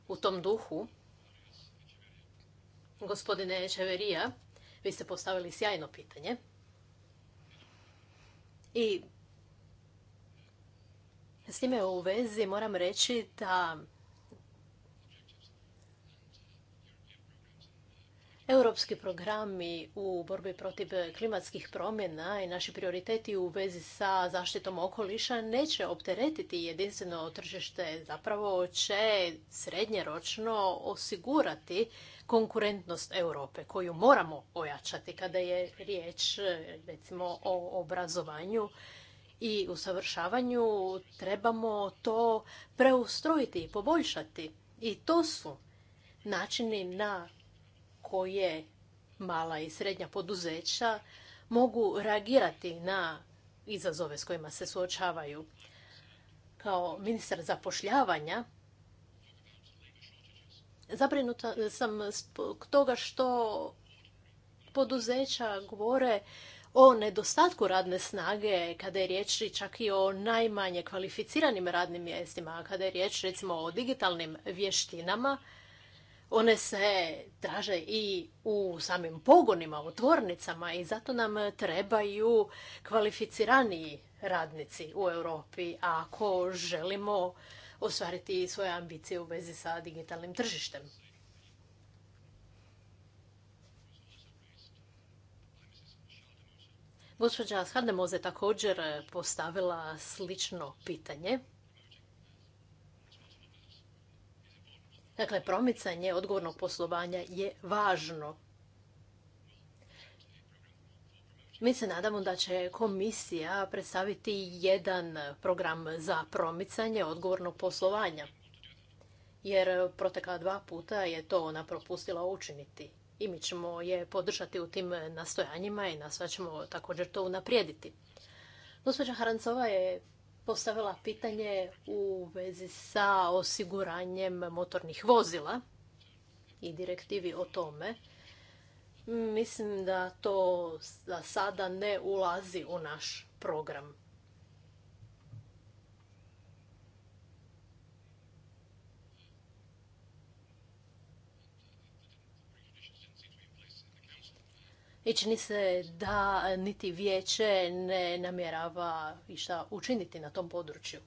U tom duhu, gospodine Čeverija, vi ste postavili sjajno pitanje. I s time u vezi moram reći da Europski programi u borbi protiv klimatskih promjena i naši prioriteti u vezi sa zaštitom okoliša neće opteretiti jedinstveno tržište, zapravo će srednjeročno osigurati konkurentnost Europe koju moramo ojačati kada je riječ e, recimo o obrazovanju i usavršavanju trebamo to preustrojiti i poboljšati. I to su načini na koje mala i srednja poduzeća mogu reagirati na izazove s kojima se suočavaju. Kao ministar zapošljavanja Zabrinuta e, sam zbog toga što poduzeća govore o nedostatku radne snage kada je riječ čak i o najmanje kvalificiranim radnim mjestima, kada je riječ recimo o digitalnim vještinama, one se traže i u samim pogonima, u tvornicama i zato nam trebaju kvalificiraniji radnici u Europi. ako želimo ostvariti svoje ambicije u vezi sa digitalnim tržištem. Gospođa Hardemoz je također eh, postavila slično pitanje. Dakle, promicanje odgovornog poslovanja je važno. Mi se nadamo da će komisija predstaviti jedan program za promicanje odgovornog poslovanja, jer protekla dva puta je to ona propustila učiniti. I mi ćemo je podržati u tim nastojanjima i nastojat ćemo također to unaprijediti. Gospođa Harancova je postavila pitanje u vezi sa osiguranjem motornih vozila i direktivi o tome. Mislim da to za sada ne ulazi u naš program. I čini se da niti vijeće ne namjerava išta učiniti na tom području.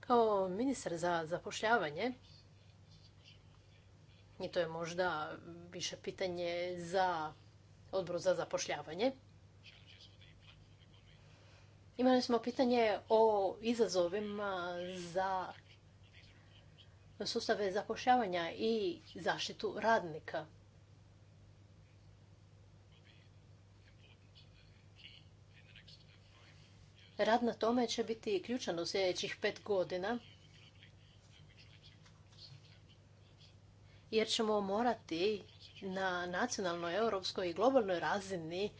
Kao ministar za zapošljavanje, i to je možda više pitanje za odbor za zapošljavanje. Imali smo pitanje o izazovima za sustave zapošljavanja i zaštitu radnika. Rad na tome će biti ključan u sljedećih pet godina jer ćemo morati na nacionalnoj, europskoj i globalnoj razini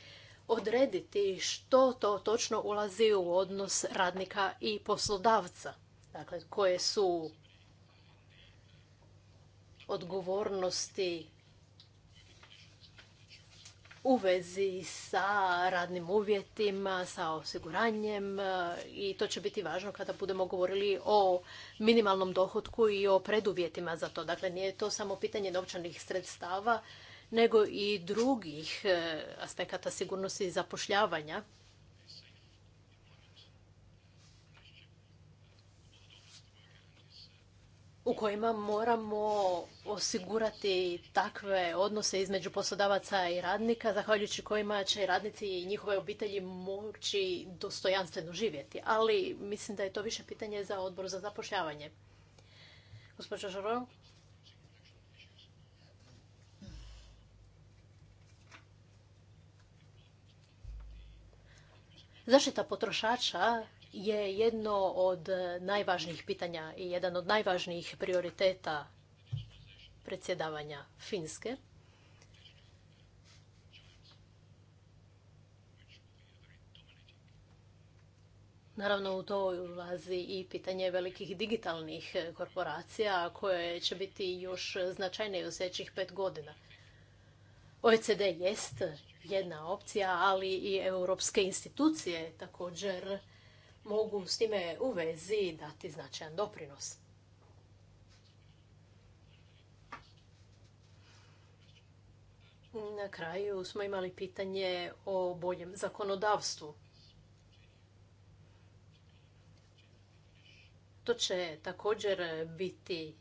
odrediti što to točno ulazi u odnos radnika i poslodavca. Dakle, koje su odgovornosti u vezi sa radnim uvjetima, sa osiguranjem e, i to će biti važno kada budemo govorili o minimalnom dohotku i o preduvjetima za to. Dakle, nije to samo pitanje novčanih sredstava, nego i drugih e, aspekata sigurnosti i zapošljavanja. u kojima moramo osigurati takve odnose između poslodavaca i radnika, zahvaljujući kojima će radnici i njihove obitelji moći dostojanstveno živjeti. Ali mislim da je to više pitanje za odbor za zapošljavanje. Gospođo Zaštita potrošača je jedno od eh, najvažnijih pitanja i jedan od najvažnijih prioriteta predsjedavanja Finske. Naravno u to ulazi i pitanje velikih digitalnih eh, korporacija koje će biti još značajnije u sljedećih pet godina. OECD jest jedna opcija, ali i europske institucije također mogu s time u vezi dati značajan doprinos. Na kraju smo imali pitanje o boljem zakonodavstvu. To će također biti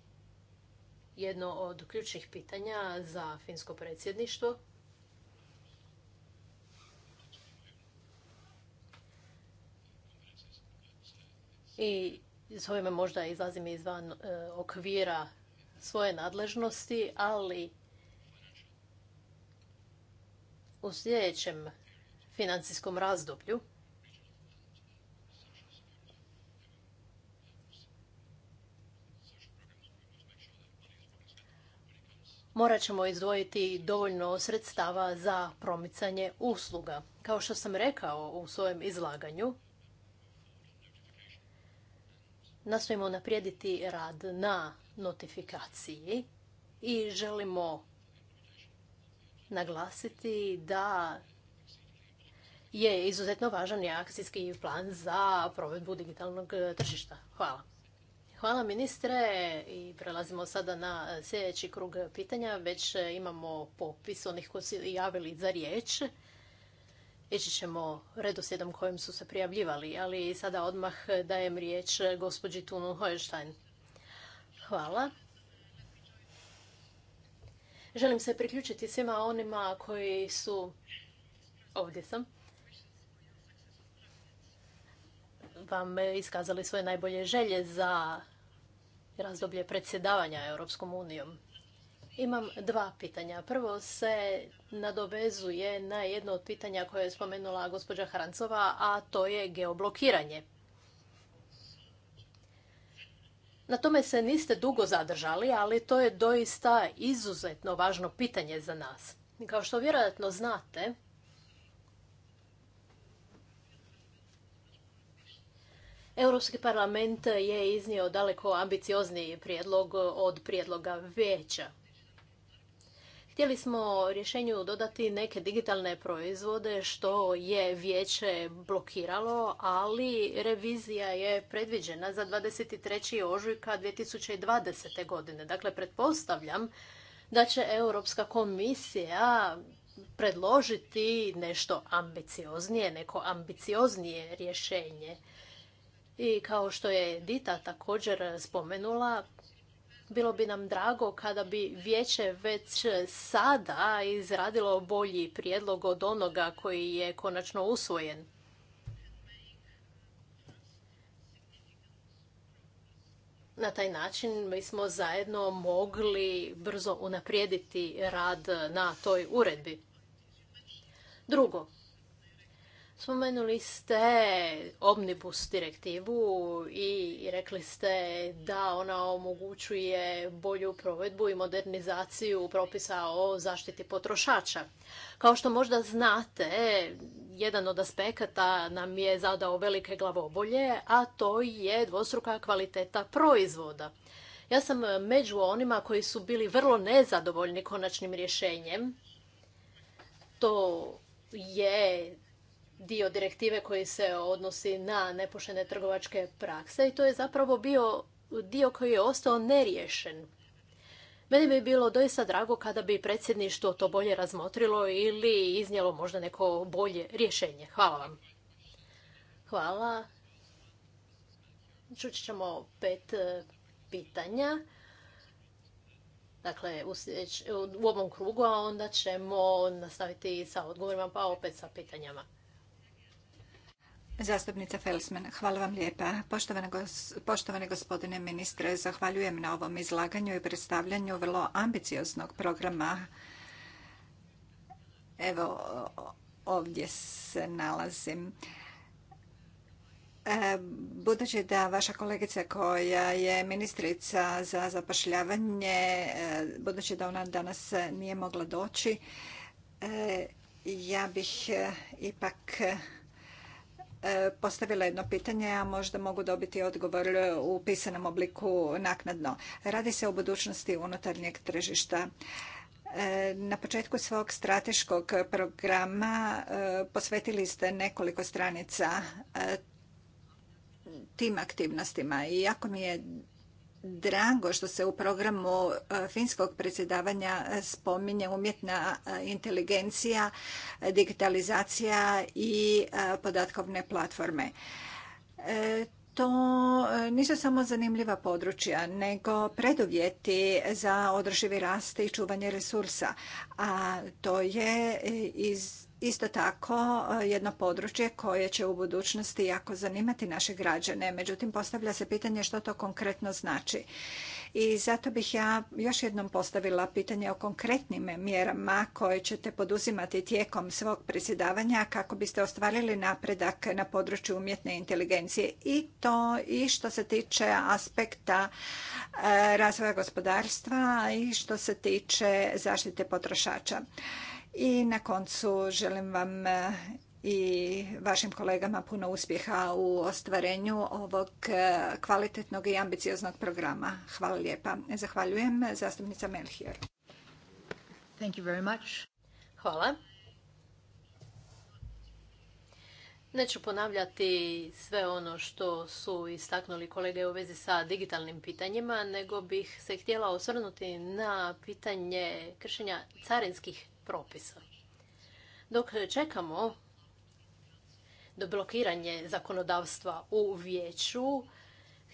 jedno od ključnih pitanja za finsko predsjedništvo. i s ovime možda izlazim izvan e, okvira svoje nadležnosti, ali u sljedećem financijskom razdoblju morat ćemo izdvojiti dovoljno sredstava za promicanje usluga. Kao što sam rekao u svojem izlaganju, nastojimo naprijediti rad na notifikaciji i želimo naglasiti da je izuzetno važan i akcijski plan za provedbu digitalnog tržišta. Hvala. Hvala ministre i prelazimo sada na sljedeći krug pitanja. Već imamo popis onih koji su javili za riječ. Ići ćemo redoslijedom kojim su se prijavljivali, ali sada odmah dajem riječ gospođi Tunu Hojenštajn. Hvala. Želim se priključiti svima onima koji su... Ovdje sam. Vam iskazali svoje najbolje želje za razdoblje predsjedavanja Europskom unijom. Imam dva pitanja. Prvo se nadovezuje na jedno od pitanja koje je spomenula gospođa Harancova, a to je geoblokiranje. Na tome se niste dugo zadržali, ali to je doista izuzetno važno pitanje za nas. Kao što vjerojatno znate, Europski parlament je iznio daleko ambiciozniji prijedlog od prijedloga vijeća. Htjeli smo rješenju dodati neke digitalne proizvode što je vijeće blokiralo, ali revizija je predviđena za 23. ožujka 2020. godine. Dakle, pretpostavljam da će Europska komisija predložiti nešto ambicioznije, neko ambicioznije rješenje. I kao što je Dita također spomenula, bilo bi nam drago kada bi vijeće već sada izradilo bolji prijedlog od onoga koji je konačno usvojen. Na taj način mi smo zajedno mogli brzo unaprijediti rad na toj uredbi. Drugo, Spomenuli ste Omnibus direktivu i rekli ste da ona omogućuje bolju provedbu i modernizaciju propisa o zaštiti potrošača. Kao što možda znate, jedan od aspekata nam je zadao velike glavobolje, a to je dvostruka kvaliteta proizvoda. Ja sam među onima koji su bili vrlo nezadovoljni konačnim rješenjem. To je dio direktive koji se odnosi na nepoštene trgovačke prakse i to je zapravo bio dio koji je ostao neriješen. Meni bi bilo doista drago kada bi predsjedništvo to bolje razmotrilo ili iznijelo možda neko bolje rješenje. Hvala vam. Hvala. Čući ćemo pet e, pitanja. Dakle, u ovom krugu, a onda ćemo nastaviti sa odgovorima, pa opet sa pitanjama. Zastupnica Felsman, hvala vam lijepa. Poštovani gospodine ministre, zahvaljujem na ovom izlaganju i predstavljanju vrlo ambicioznog programa. Evo, ovdje se nalazim. E, budući da vaša kolegica koja je ministrica za zapošljavanje, e, budući da ona danas nije mogla doći, e, ja bih ipak E, postavila jedno pitanje, a možda mogu dobiti odgovor u pisanom obliku naknadno. Radi se o budućnosti unutarnjeg tržišta. E, na početku svog strateškog programa e, posvetili ste nekoliko stranica tim aktivnostima i jako mi je drago što se u programu e, finskog predsjedavanja e, spominje umjetna e, inteligencija, digitalizacija i podatkovne platforme. To nisu samo zanimljiva područja, nego preduvjeti za održivi rast i čuvanje resursa, a to je iz isto tako e, jedno područje koje će u budućnosti jako zanimati naše građane. Međutim, postavlja se pitanje što to konkretno znači. I zato bih ja još jednom postavila pitanje o konkretnim mjerama koje ćete poduzimati tijekom svog predsjedavanja kako biste ostvarili napredak na području umjetne inteligencije i to i što se tiče aspekta e, razvoja gospodarstva i što se tiče zaštite potrošača. I na koncu želim vam eh, i vašim kolegama puno uspjeha u ostvarenju ovog eh, kvalitetnog i ambicioznog programa. Hvala lijepa. Zahvaljujem zastupnica Melchior. Thank you very much. Hvala. Neću ponavljati sve ono što su istaknuli kolege u vezi sa digitalnim pitanjima, nego bih se htjela osvrnuti na pitanje kršenja carinskih propisa. Dok čekamo do blokiranje zakonodavstva u vijeću,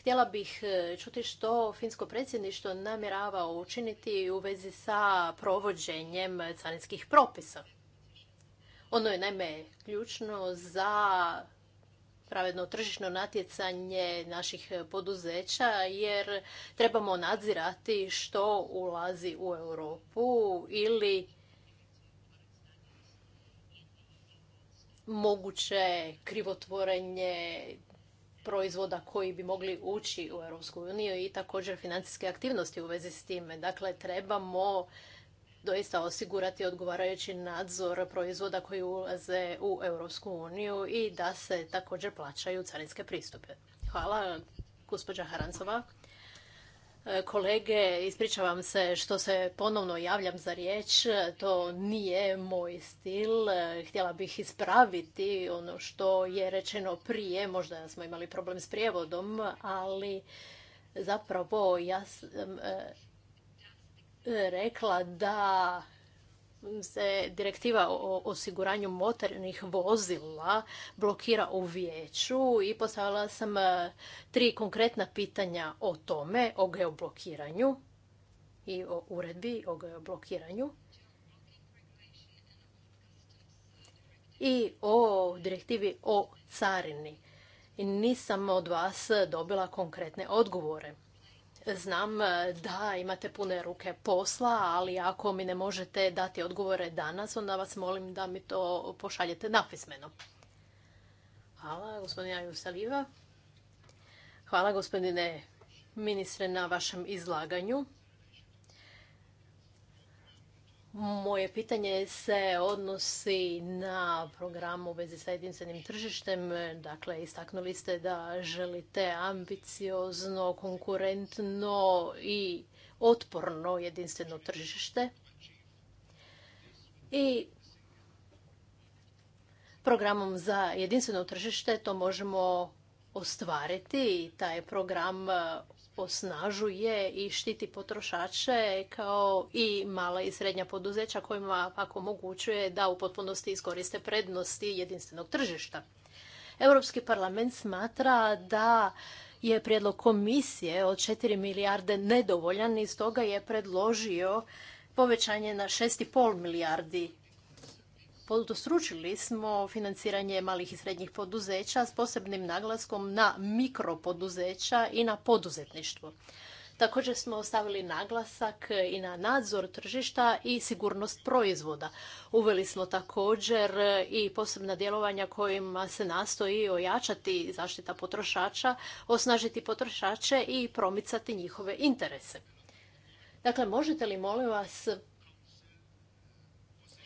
Htjela bih e, čuti što finsko predsjedništvo namjerava učiniti u vezi sa provođenjem carinskih propisa. Ono je naime ključno za pravedno tržišno natjecanje naših poduzeća jer trebamo nadzirati što ulazi u Europu ili moguće krivotvorenje proizvoda koji bi mogli ući u Europsku uniju i također financijske aktivnosti u vezi s time. Dakle, trebamo doista osigurati odgovarajući nadzor proizvoda koji ulaze u Europsku uniju i da se također plaćaju carinske pristupe. Hvala, gospođa Harancova. E, kolege, ispričavam se što se ponovno javljam za riječ, to nije moj stil. E, htjela bih ispraviti ono što je rečeno prije, možda smo imali problem s prijevodom, ali zapravo ja sam e, rekla da se direktiva o osiguranju motornih vozila blokira u vijeću i postavila sam e, tri konkretna pitanja o tome, o geoblokiranju i o uredbi o geoblokiranju i o direktivi o carini. Nisam od vas dobila konkretne odgovore. Znam e, da imate pune ruke posla, ali ako mi ne možete dati odgovore danas, onda vas molim da mi to pošaljete napismeno. Hvala, gospodina Jusaliva. Hvala, gospodine ministre, na vašem izlaganju. Moje pitanje se odnosi na program u vezi sa jedinstvenim tržištem. Dakle, istaknuli ste da želite ambiciozno, konkurentno i otporno jedinstveno tržište. I programom za jedinstveno tržište to možemo ostvariti i taj program osnažuje i štiti potrošače kao i mala i srednja poduzeća kojima pak omogućuje da u potpunosti iskoriste prednosti jedinstvenog tržišta. Europski parlament smatra da je prijedlog komisije od 4 milijarde nedovoljan i stoga je predložio povećanje na 6,5 milijardi Podostručili smo financiranje malih i srednjih poduzeća s posebnim naglaskom na mikropoduzeća i na poduzetništvo. Također smo ostavili naglasak i na nadzor tržišta i sigurnost proizvoda. Uveli smo također i posebna djelovanja kojima se nastoji ojačati zaštita potrošača, osnažiti potrošače i promicati njihove interese. Dakle, možete li molim vas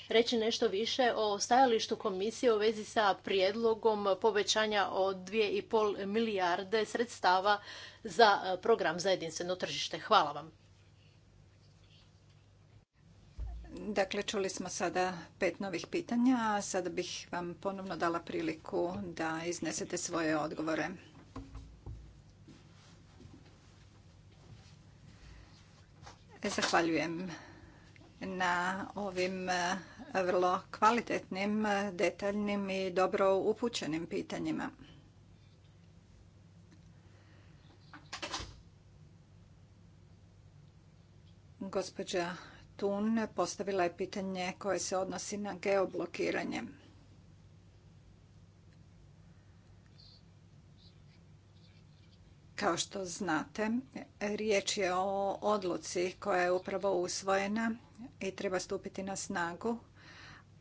reći nešto više o stajalištu komisije u vezi sa prijedlogom povećanja od 2,5 milijarde sredstava za e, program za jedinstveno tržište. Hvala vam. Dakle, čuli smo sada pet novih pitanja, a sada bih vam ponovno dala priliku da iznesete svoje odgovore. E, zahvaljujem na ovim e, vrlo kvalitetnim, e, detaljnim i dobro upućenim pitanjima. Gospođa Tun postavila je pitanje koje se odnosi na geoblokiranje. Kao što znate, riječ je o odluci koja je upravo usvojena i treba stupiti na snagu.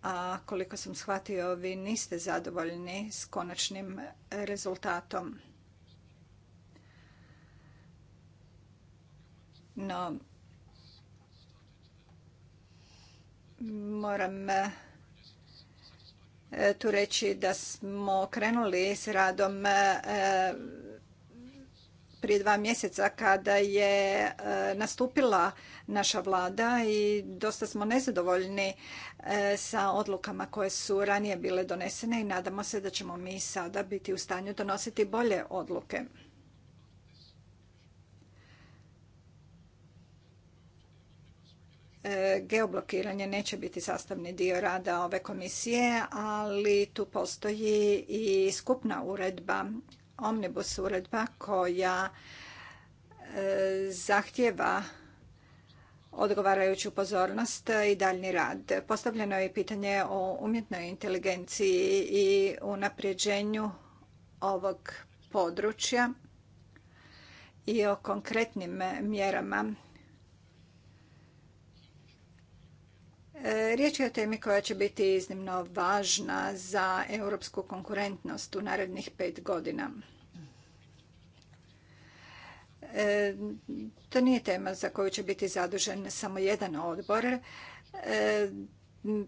A koliko sam shvatio, vi niste zadovoljni s konačnim rezultatom. No, moram e, tu reći da smo krenuli s radom e, prije dva mjeseca kada je e, nastupila naša vlada i dosta smo nezadovoljni e, sa odlukama koje su ranije bile donesene i nadamo se da ćemo mi sada biti u stanju donositi bolje odluke. E, geoblokiranje neće biti sastavni dio rada ove komisije, ali tu postoji i skupna uredba omnibus uredba koja e, zahtjeva odgovarajuću pozornost i daljni rad. Postavljeno je pitanje o umjetnoj inteligenciji i unapređenju ovog područja i o konkretnim mjerama E, riječ je o temi koja će biti iznimno važna za europsku konkurentnost u narednih pet godina. E, to nije tema za koju će biti zadužen samo jedan odbor. E,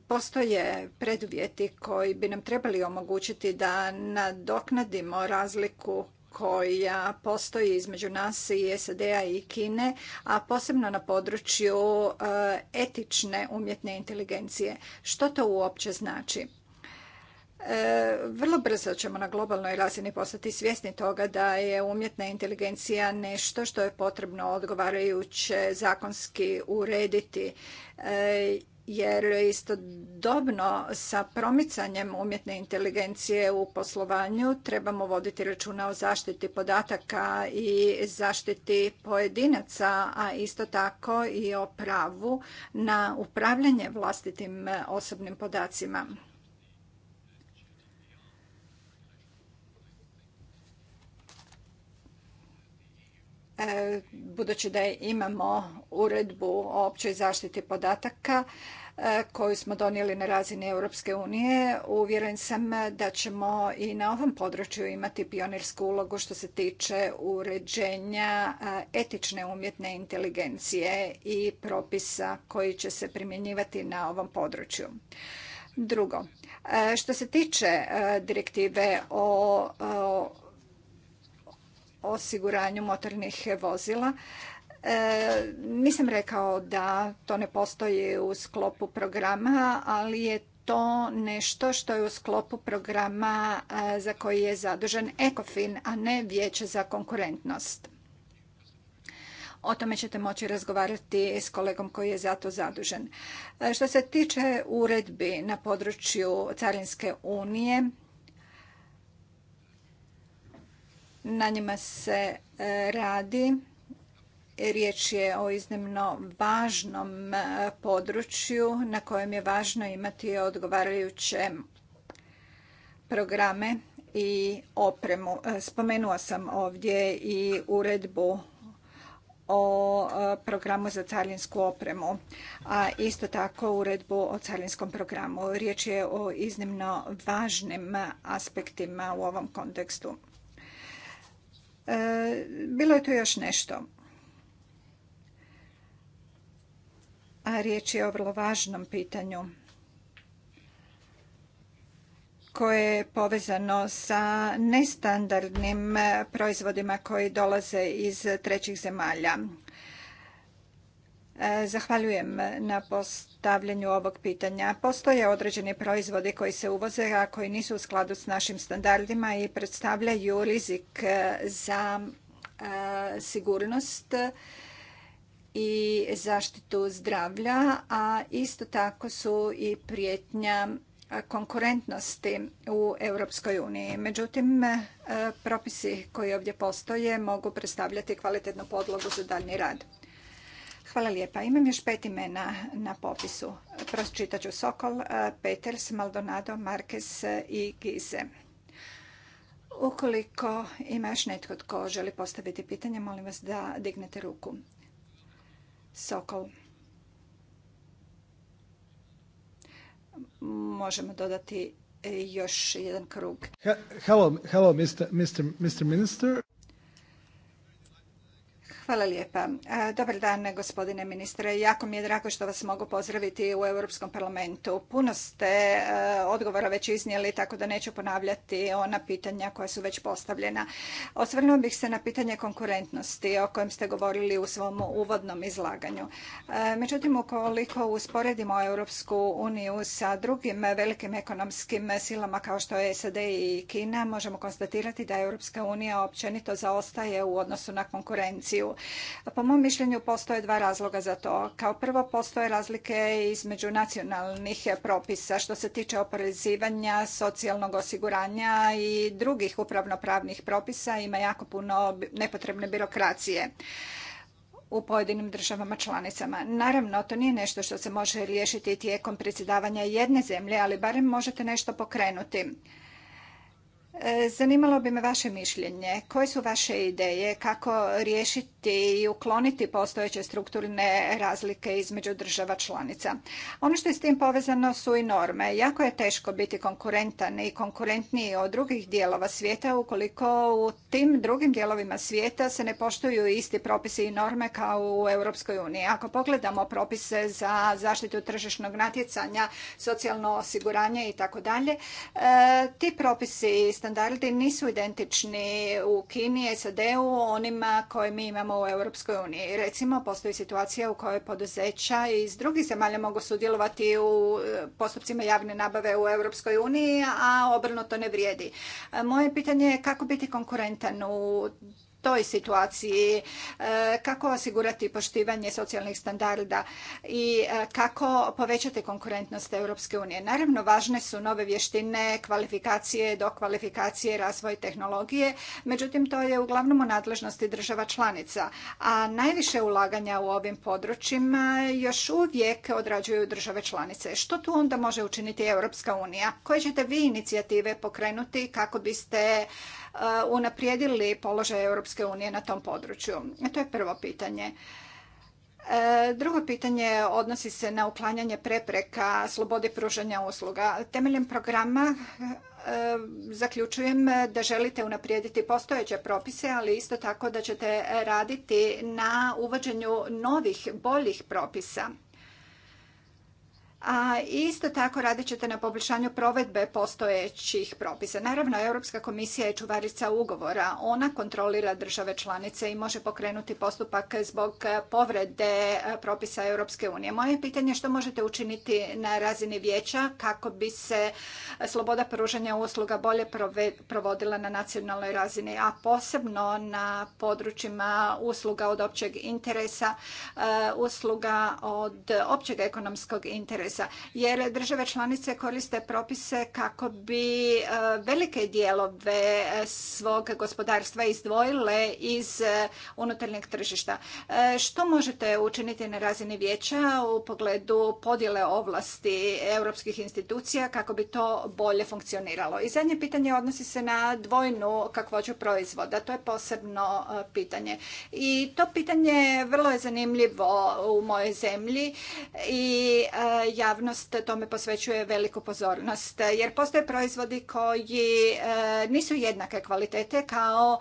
postoje preduvjeti koji bi nam trebali omogućiti da nadoknadimo razliku koja postoji između nas i SAD-a i Kine, a posebno na području eh, etične umjetne inteligencije. Što to uopće znači? Eh, vrlo brzo ćemo na globalnoj razini postati svjesni toga da je umjetna inteligencija nešto što je potrebno odgovarajuće zakonski urediti eh, jer istodobno sa promicanjem umjetne inteligencije u poslovanju trebamo voditi računa o zaštiti podataka i zaštiti pojedinaca, a isto tako i o pravu na upravljanje vlastitim osobnim podacima. E, budući da imamo uredbu o općoj zaštiti podataka e, koju smo donijeli na razini Europske unije, uvjeren sam da ćemo i na ovom području imati pionirsku ulogu što se tiče uređenja e, etične umjetne inteligencije i propisa koji će se primjenjivati na ovom području. Drugo, što se tiče direktive o osiguranju motornih vozila. E, nisam rekao da to ne postoji u sklopu programa, ali je to nešto što je u sklopu programa e, za koji je zadužen ECOFIN, a ne Vijeće za konkurentnost. O tome ćete moći razgovarati s kolegom koji je za to zadužen. E, što se tiče uredbi na području Carinske unije, Na njima se e, radi. Riječ je o iznimno važnom e, području na kojem je važno imati odgovarajuće programe i opremu. E, Spomenula sam ovdje i uredbu o programu za carinsku opremu, a isto tako uredbu o carinskom programu. Riječ je o iznimno važnim aspektima u ovom kontekstu. Bilo je tu još nešto. A riječ je o vrlo važnom pitanju koje je povezano sa nestandardnim proizvodima koji dolaze iz trećih zemalja. Zahvaljujem na postavljanju ovog pitanja. Postoje određeni proizvodi koji se uvoze, a koji nisu u skladu s našim standardima i predstavljaju rizik e, za e, sigurnost i zaštitu zdravlja, a isto tako su i prijetnja konkurentnosti u Europskoj uniji. Međutim, e, propisi koji ovdje postoje mogu predstavljati kvalitetnu podlogu za daljnji rad. Hvala lijepa. Imam još pet imena na popisu. Pročitat ću Sokol, Peters, Maldonado, Marquez i Gize. Ukoliko ima još netko tko želi postaviti pitanje, molim vas da dignete ruku. Sokol. Možemo dodati još jedan krug. Hello, hello Mr. Minister. Hvala lijepa. Dobar dan, gospodine ministre. Jako mi je drago što vas mogu pozdraviti u Europskom parlamentu. Puno ste e, odgovora već iznijeli, tako da neću ponavljati ona pitanja koja su već postavljena. Osvrnuo bih se na pitanje konkurentnosti o kojem ste govorili u svom uvodnom izlaganju. E, međutim, ukoliko usporedimo Europsku uniju sa drugim velikim ekonomskim silama kao što je SAD i Kina, možemo konstatirati da Europska unija općenito zaostaje u odnosu na konkurenciju. Po mom mišljenju postoje dva razloga za to. Kao prvo postoje razlike između nacionalnih propisa što se tiče oporezivanja, socijalnog osiguranja i drugih upravnopravnih propisa. Ima jako puno nepotrebne birokracije u pojedinim državama članicama. Naravno, to nije nešto što se može riješiti tijekom predsjedavanja jedne zemlje, ali barem možete nešto pokrenuti. E, zanimalo bi me vaše mišljenje. Koje su vaše ideje kako riješiti i ukloniti postojeće strukturne razlike između država članica? Ono što je s tim povezano su i norme. Jako je teško biti konkurentan i konkurentniji od drugih dijelova svijeta ukoliko u tim drugim dijelovima svijeta se ne poštuju isti propisi i norme kao u Europskoj uniji. Ako pogledamo propise za zaštitu tržišnog natjecanja, socijalno osiguranje i tako dalje, e, ti propisi standardi nisu identični u Kini, SAD-u, onima koje mi imamo u Europskoj uniji. Recimo, postoji situacija u kojoj poduzeća iz drugih zemalja mogu sudjelovati u e, postupcima javne nabave u Europskoj uniji, a obrnuto ne vrijedi. E, moje pitanje je kako biti konkurentan u toj situaciji, e, kako osigurati poštivanje socijalnih standarda i e, kako povećati konkurentnost Europske unije. Naravno, važne su nove vještine, kvalifikacije, dokvalifikacije, razvoj tehnologije, međutim to je uglavnom u nadležnosti država članica, a najviše ulaganja u ovim područjima još uvijek odrađuju države članice. Što tu onda može učiniti Europska unija? Koje ćete vi inicijative pokrenuti kako biste Eh, unaprijedili položaj Europske unije na tom području? To je prvo pitanje. Eh, drugo pitanje odnosi se na uklanjanje prepreka slobodi pružanja usluga. Temeljem programa eh, zaključujem da želite unaprijediti postojeće propise, ali isto tako da ćete raditi na uvođenju novih, boljih propisa a isto tako radit ćete na poboljšanju provedbe postojećih propisa. Naravno, Europska komisija je čuvarica ugovora. Ona kontrolira države članice i može pokrenuti postupak zbog povrede propisa Europske unije. Moje pitanje je što možete učiniti na razini vijeća kako bi se sloboda pružanja usluga bolje provodila na nacionalnoj razini, a posebno na područjima usluga od općeg interesa, e, usluga od općeg ekonomskog interesa propisa jer države članice koriste propise kako bi e, velike dijelove e, svog gospodarstva izdvojile iz e, unutarnjeg tržišta. Što možete učiniti na razini vijeća u pogledu podjele ovlasti europskih institucija kako bi to bolje funkcioniralo? I zadnje pitanje odnosi se na dvojnu kakvoću proizvoda. To je posebno pitanje. I to pitanje vrlo je zanimljivo u mojoj zemlji i ja javnost tome posvećuje veliku pozornost jer postoje proizvodi koji e, nisu jednake kvalitete kao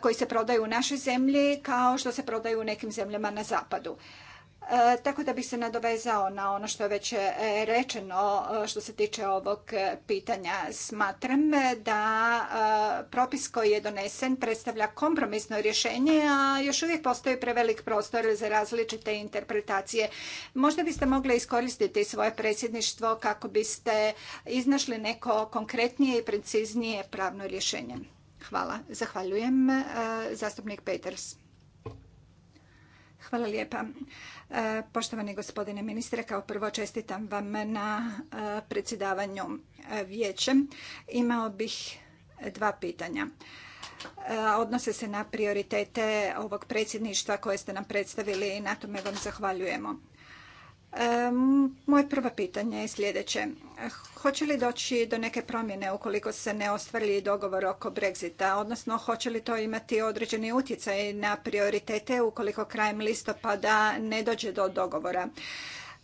koji se prodaju u našoj zemlji kao što se prodaju u nekim zemljama na zapadu. E, tako da bih se nadovezao na ono što je već e, rečeno e, što se tiče ovog pitanja. Smatram da propis koji je donesen predstavlja kompromisno rješenje, a još uvijek postoji prevelik prostor za različite interpretacije. Možda biste mogli iskoristiti svoje predsjedništvo kako biste iznašli neko konkretnije i preciznije pravno rješenje. Hvala. Zahvaljujem. Zastupnik Peters. Hvala lijepa. E, poštovani gospodine ministre, kao prvo čestitam vam na e, predsjedavanju e, vijećem. Imao bih dva pitanja. Odnose se na prioritete ovog predsjedništva koje ste nam predstavili i na tome vam zahvaljujemo. Moje prvo pitanje je sljedeće. Hoće li doći do neke promjene ukoliko se ne ostvari dogovor oko Brexita, odnosno hoće li to imati određeni utjecaj na prioritete ukoliko krajem listopada ne dođe do dogovora?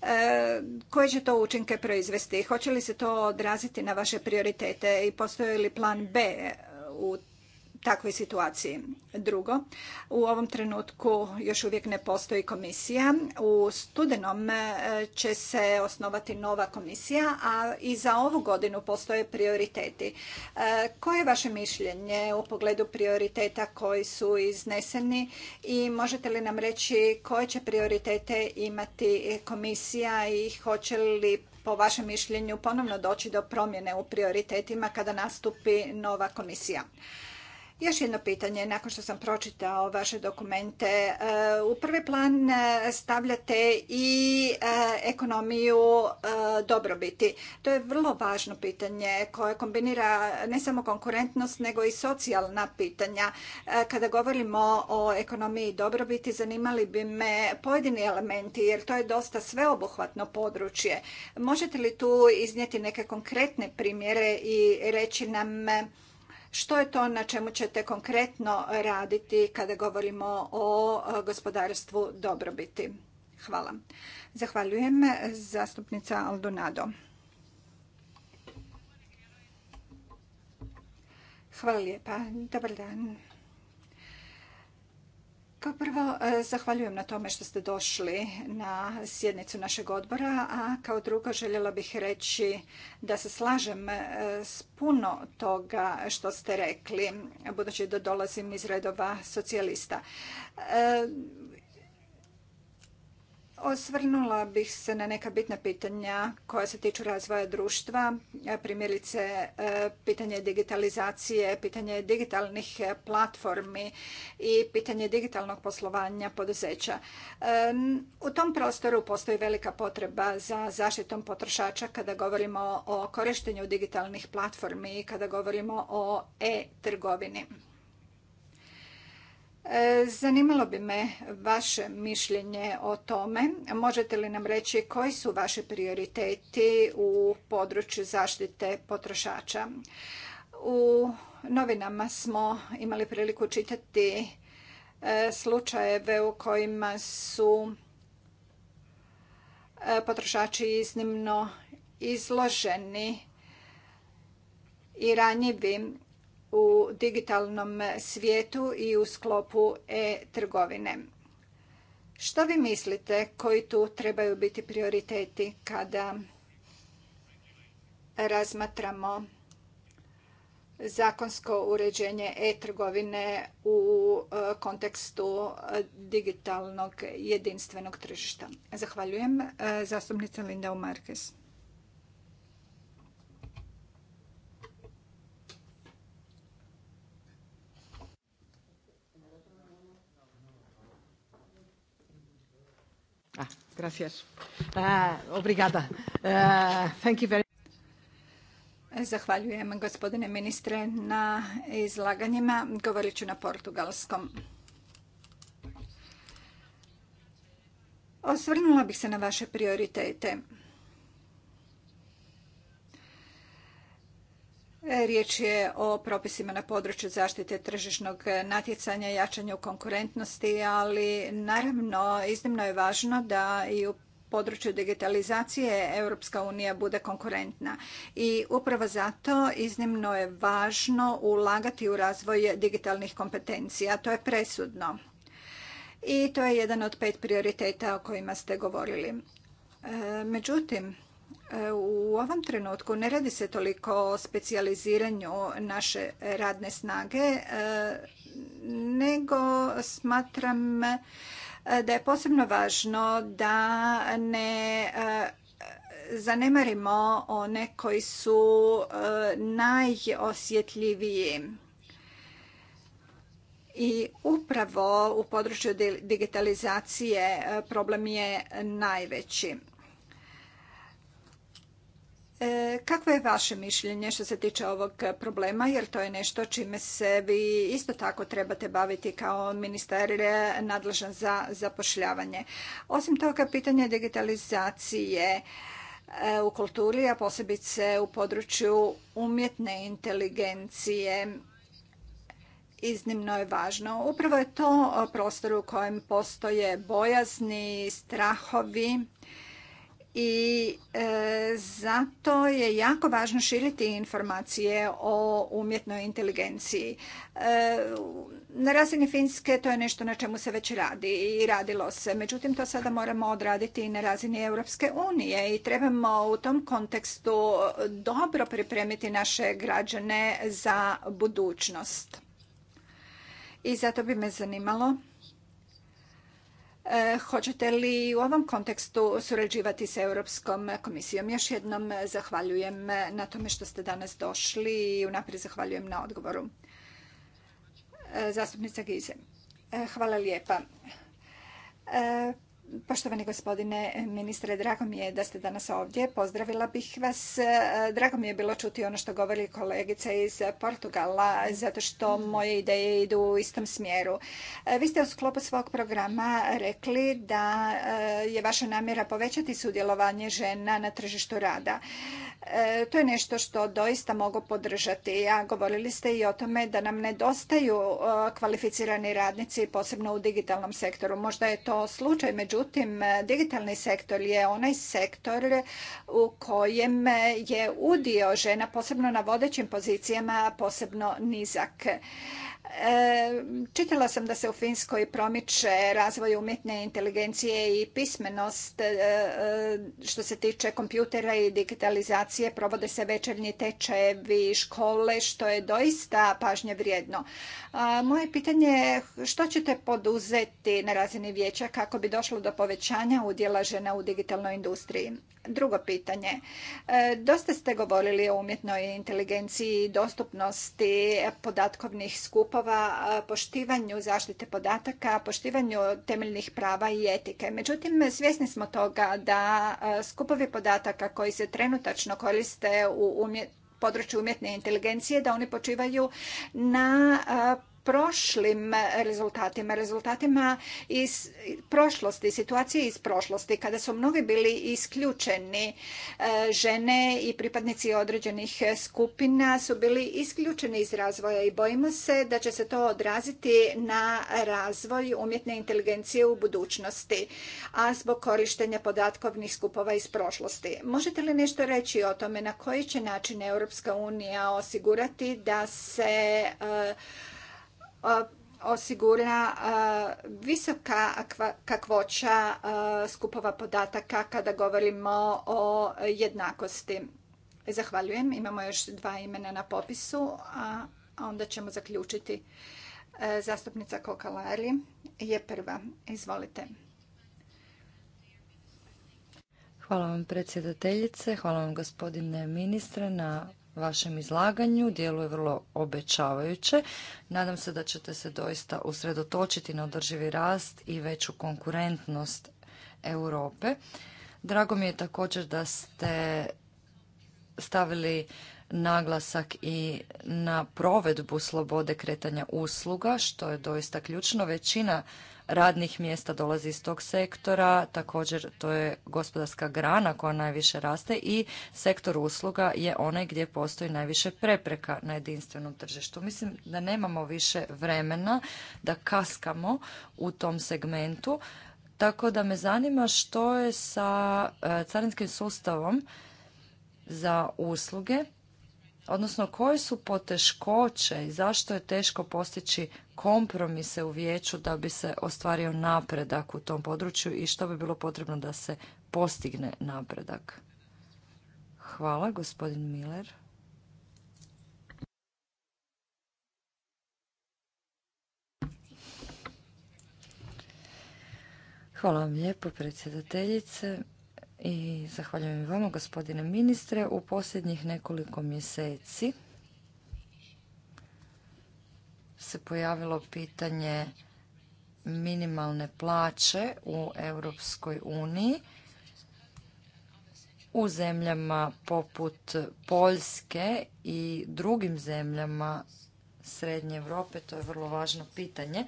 E, koje će to učinke proizvesti? Hoće li se to odraziti na vaše prioritete i postoji li plan B u takvoj situaciji. Drugo, u ovom trenutku još uvijek ne postoji komisija. U studenom e, će se osnovati nova komisija, a i za ovu godinu postoje prioriteti. E, koje je vaše mišljenje u pogledu prioriteta koji su izneseni i možete li nam reći koje će prioritete imati komisija i hoće li po vašem mišljenju ponovno doći do promjene u prioritetima kada nastupi nova komisija? Još jedno pitanje, nakon što sam pročitao vaše dokumente. E, u prvi plan e, stavljate i e, ekonomiju dobrobiti. To je vrlo važno pitanje koje kombinira ne samo konkurentnost, nego i socijalna pitanja. Kada govorimo o ekonomiji dobrobiti, zanimali bi me pojedini elementi, jer to je dosta sveobuhvatno područje. Možete li tu iznijeti neke konkretne primjere i reći nam što je to na čemu ćete konkretno raditi kada govorimo o e, gospodarstvu dobrobiti? Hvala. Zahvaljujem zastupnica Aldonado. Hvala lijepa. Dobar dan. Kao prvo, e, zahvaljujem na tome što ste došli na sjednicu našeg odbora, a kao drugo željela bih reći da se slažem e, s puno toga što ste rekli, budući da dolazim iz redova socijalista. E, Osvrnula bih se na neka bitna pitanja koja se tiču razvoja društva, primjerice e, pitanje digitalizacije, pitanje digitalnih e, platformi i pitanje digitalnog poslovanja poduzeća. E, u tom prostoru postoji velika potreba za zaštitom potrošača kada govorimo o korištenju digitalnih platformi i kada govorimo o e-trgovini. E, zanimalo bi me vaše mišljenje o tome. Možete li nam reći koji su vaši prioriteti u području zaštite potrošača? U novinama smo imali priliku čitati e, slučajeve u kojima su e, potrošači iznimno izloženi i ranjivi u digitalnom svijetu i u sklopu e-trgovine. Što vi mislite koji tu trebaju biti prioriteti kada razmatramo zakonsko uređenje e-trgovine u e, kontekstu e, digitalnog jedinstvenog tržišta? Zahvaljujem. E, zastupnica Linda Umarkes. Ah, gracias. Uh, obrigada. Eh, thank you very Zahvaljujem gospodine ministre na izlaganjima. Govorit ću na portugalskom. Osvrnula bih se na vaše prioritete. E, riječ je o propisima na području zaštite tržišnog natjecanja i jačanju konkurentnosti, ali naravno iznimno je važno da i u području digitalizacije Europska unija bude konkurentna. I upravo zato iznimno je važno ulagati u razvoj digitalnih kompetencija. To je presudno. I to je jedan od pet prioriteta o kojima ste govorili. E, međutim, E, u ovom trenutku ne radi se toliko o specijaliziranju naše radne snage, e, nego smatram e, da je posebno važno da ne zanemarimo one koji su najosjetljiviji. I upravo u području digitalizacije problem je najveći. E, kakvo je vaše mišljenje što se tiče ovog problema, jer to je nešto čime se vi isto tako trebate baviti kao ministar nadležan za zapošljavanje. Osim toga, pitanje digitalizacije e, u kulturi, a posebice u području umjetne inteligencije, iznimno je važno. Upravo je to prostor u kojem postoje bojazni, strahovi, i e, zato je jako važno širiti informacije o umjetnoj inteligenciji. E, na razini Finske to je nešto na čemu se već radi i radilo se. Međutim, to sada moramo odraditi i na razini Europske unije i trebamo u tom kontekstu dobro pripremiti naše građane za budućnost. I zato bi me zanimalo E, hoćete li u ovom kontekstu surađivati s Europskom komisijom? Još jednom zahvaljujem na tome što ste danas došli i unaprijed zahvaljujem na odgovoru. E, zastupnica Gize. E, hvala lijepa. Poštovani gospodine ministre, drago mi je da ste danas ovdje. Pozdravila bih vas. Drago mi je bilo čuti ono što govori kolegica iz Portugala, zato što moje ideje idu u istom smjeru. Vi ste u sklopu svog programa rekli da e, je vaša namjera povećati sudjelovanje žena na tržištu rada. E, to je nešto što doista mogu podržati, a govorili ste i o tome da nam nedostaju e, kvalificirani radnici, posebno u digitalnom sektoru. Možda je to slučaj, međutim, Međutim, digitalni sektor je onaj sektor u kojem je udio žena posebno na vodećim pozicijama posebno nizak. Čitala sam da se u Finskoj promiče razvoj umjetne inteligencije i pismenost e, e, što se tiče kompjutera i digitalizacije. Provode se večernji tečajevi škole što je doista pažnje vrijedno. Moje pitanje je što ćete poduzeti na razini vijeća kako bi došlo do povećanja udjela žena u digitalnoj industriji? Drugo pitanje. E, dosta ste govorili o umjetnoj inteligenciji i dostupnosti podatkovnih skupina stupova, poštivanju zaštite podataka, poštivanju temeljnih prava i etike. Međutim, svjesni smo toga da skupovi podataka koji se trenutačno koriste u području umjetne inteligencije da oni počivaju na prošlim rezultatima, rezultatima iz prošlosti, situacije iz prošlosti, kada su mnogi bili isključeni e, žene i pripadnici određenih skupina su bili isključeni iz razvoja i bojimo se da će se to odraziti na razvoj umjetne inteligencije u budućnosti, a zbog korištenja podatkovnih skupova iz prošlosti. Možete li nešto reći o tome na koji će način Europska unija osigurati da se e, osigura visoka kakvoća skupova podataka kada govorimo o jednakosti. Zahvaljujem. Imamo još dva imena na popisu, a onda ćemo zaključiti. E, zastupnica Kokalari je prva. Izvolite. Hvala vam predsjedateljice, hvala vam gospodine ministre na vašem izlaganju, djeluje vrlo obećavajuće. Nadam se da ćete se doista usredotočiti na održivi rast i veću konkurentnost Europe. Drago mi je također da ste stavili naglasak i na provedbu slobode kretanja usluga, što je doista ključno. Većina radnih mjesta dolazi iz tog sektora, također to je gospodarska grana koja najviše raste i sektor usluga je onaj gdje postoji najviše prepreka na jedinstvenom tržištu. Mislim da nemamo više vremena da kaskamo u tom segmentu, tako da me zanima što je sa e, carinskim sustavom za usluge odnosno koje su poteškoće i zašto je teško postići kompromise u vijeću da bi se ostvario napredak u tom području i što bi bilo potrebno da se postigne napredak. Hvala, gospodin Miller. Hvala vam lijepo, predsjedateljice i zahvaljujem vama gospodine ministre. U posljednjih nekoliko mjeseci se pojavilo pitanje minimalne plaće u Europskoj uniji u zemljama poput Poljske i drugim zemljama Srednje Europe, to je vrlo važno pitanje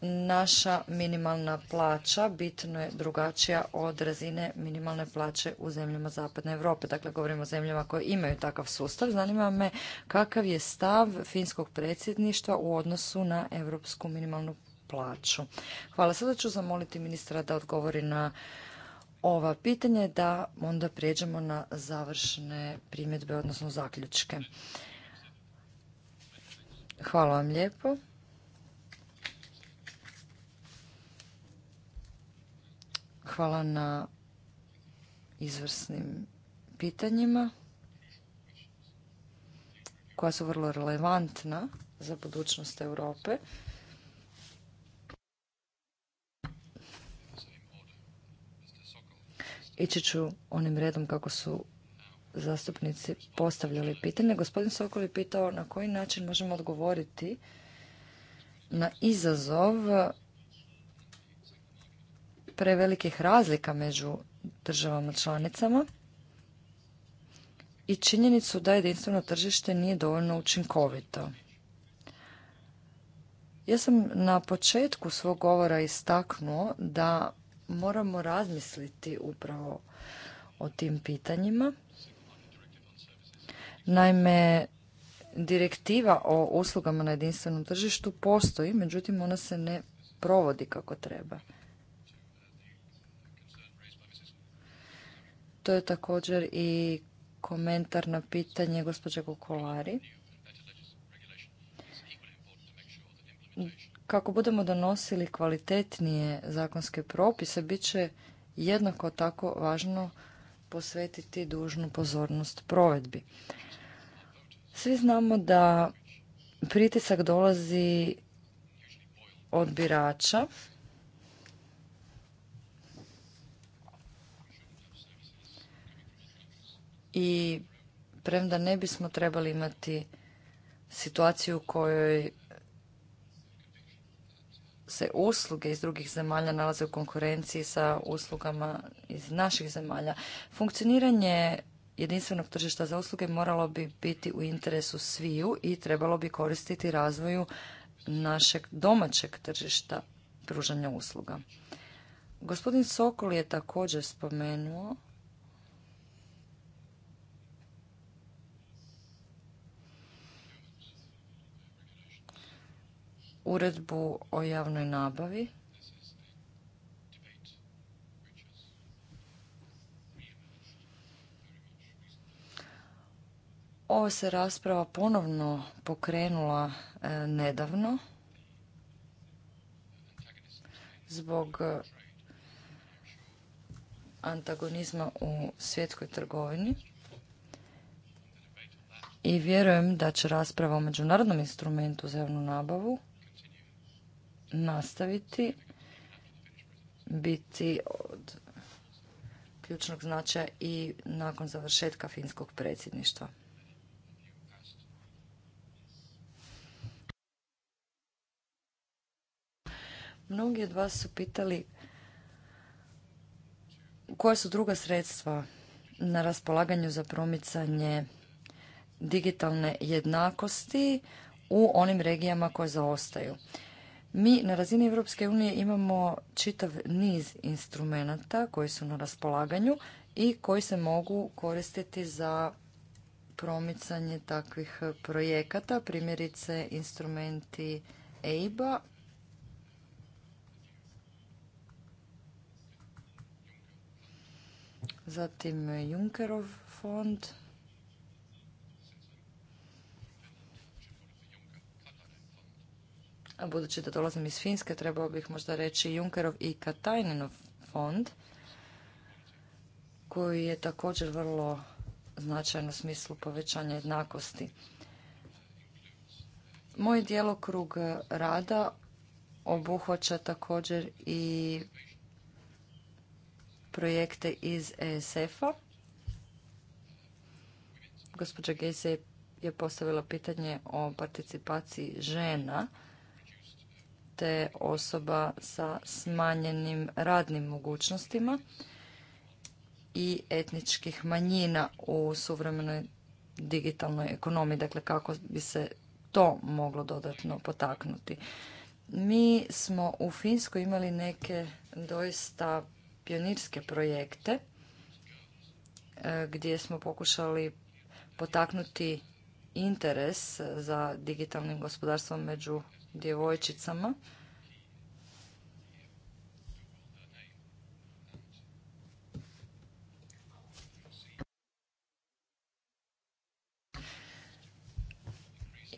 naša minimalna plaća bitno je drugačija od razine minimalne plaće u zemljama Zapadne Europe. Dakle, govorimo o zemljama koje imaju takav sustav. Zanima me kakav je stav finskog predsjedništva u odnosu na europsku minimalnu plaću. Hvala. Sada ću zamoliti ministra da odgovori na ova pitanja da onda prijeđemo na završne primjedbe, odnosno zaključke. Hvala vam lijepo. Hvala na izvrsnim pitanjima koja su vrlo relevantna za budućnost Europe. Ići ću onim redom kako su zastupnici postavljali pitanje. Gospodin Sokol je pitao na koji način možemo odgovoriti na izazov prevelikih razlika među državama članicama i činjenicu da jedinstveno tržište nije dovoljno učinkovito. Ja sam na početku svog govora istaknuo da moramo razmisliti upravo o tim pitanjima. Naime, direktiva o uslugama na jedinstvenom tržištu postoji, međutim ona se ne provodi kako treba. To je također i komentar na pitanje gospođe Kukolari. Kako budemo donosili kvalitetnije zakonske propise, bit će jednako tako važno posvetiti dužnu pozornost provedbi. Svi znamo da pritisak dolazi od birača i premda ne bismo trebali imati situaciju u kojoj se usluge iz drugih zemalja nalaze u konkurenciji sa uslugama iz naših zemalja. Funkcioniranje jedinstvenog tržišta za usluge moralo bi biti u interesu sviju i trebalo bi koristiti razvoju našeg domaćeg tržišta pružanja usluga. Gospodin Sokol je također spomenuo uredbu o javnoj nabavi. Ova se rasprava ponovno pokrenula e, nedavno zbog e, antagonizma u svjetskoj trgovini i vjerujem da će rasprava o međunarodnom instrumentu za javnu nabavu nastaviti biti od ključnog značaja i nakon završetka finskog predsjedništva. Mnogi od vas su pitali koja su druga sredstva na raspolaganju za promicanje digitalne jednakosti u onim regijama koje zaostaju. Mi na razini Europske unije imamo čitav niz instrumenata koji su na raspolaganju i koji se mogu koristiti za promicanje takvih projekata, primjerice instrumenti EIBA. Zatim Junkerov fond. budući da dolazim iz Finske, trebao bih možda reći Junkerov i Katajnenov fond, koji je također vrlo značajan u smislu povećanja jednakosti. Moj djelokrug rada obuhvaća također i projekte iz ESF-a. Gospođa Gese je postavila pitanje o participaciji žena te osoba sa smanjenim radnim mogućnostima i etničkih manjina u suvremenoj digitalnoj ekonomiji, dakle kako bi se to moglo dodatno potaknuti. Mi smo u Finskoj imali neke doista pionirske projekte e, gdje smo pokušali potaknuti interes za digitalnim gospodarstvom među djevojčicama.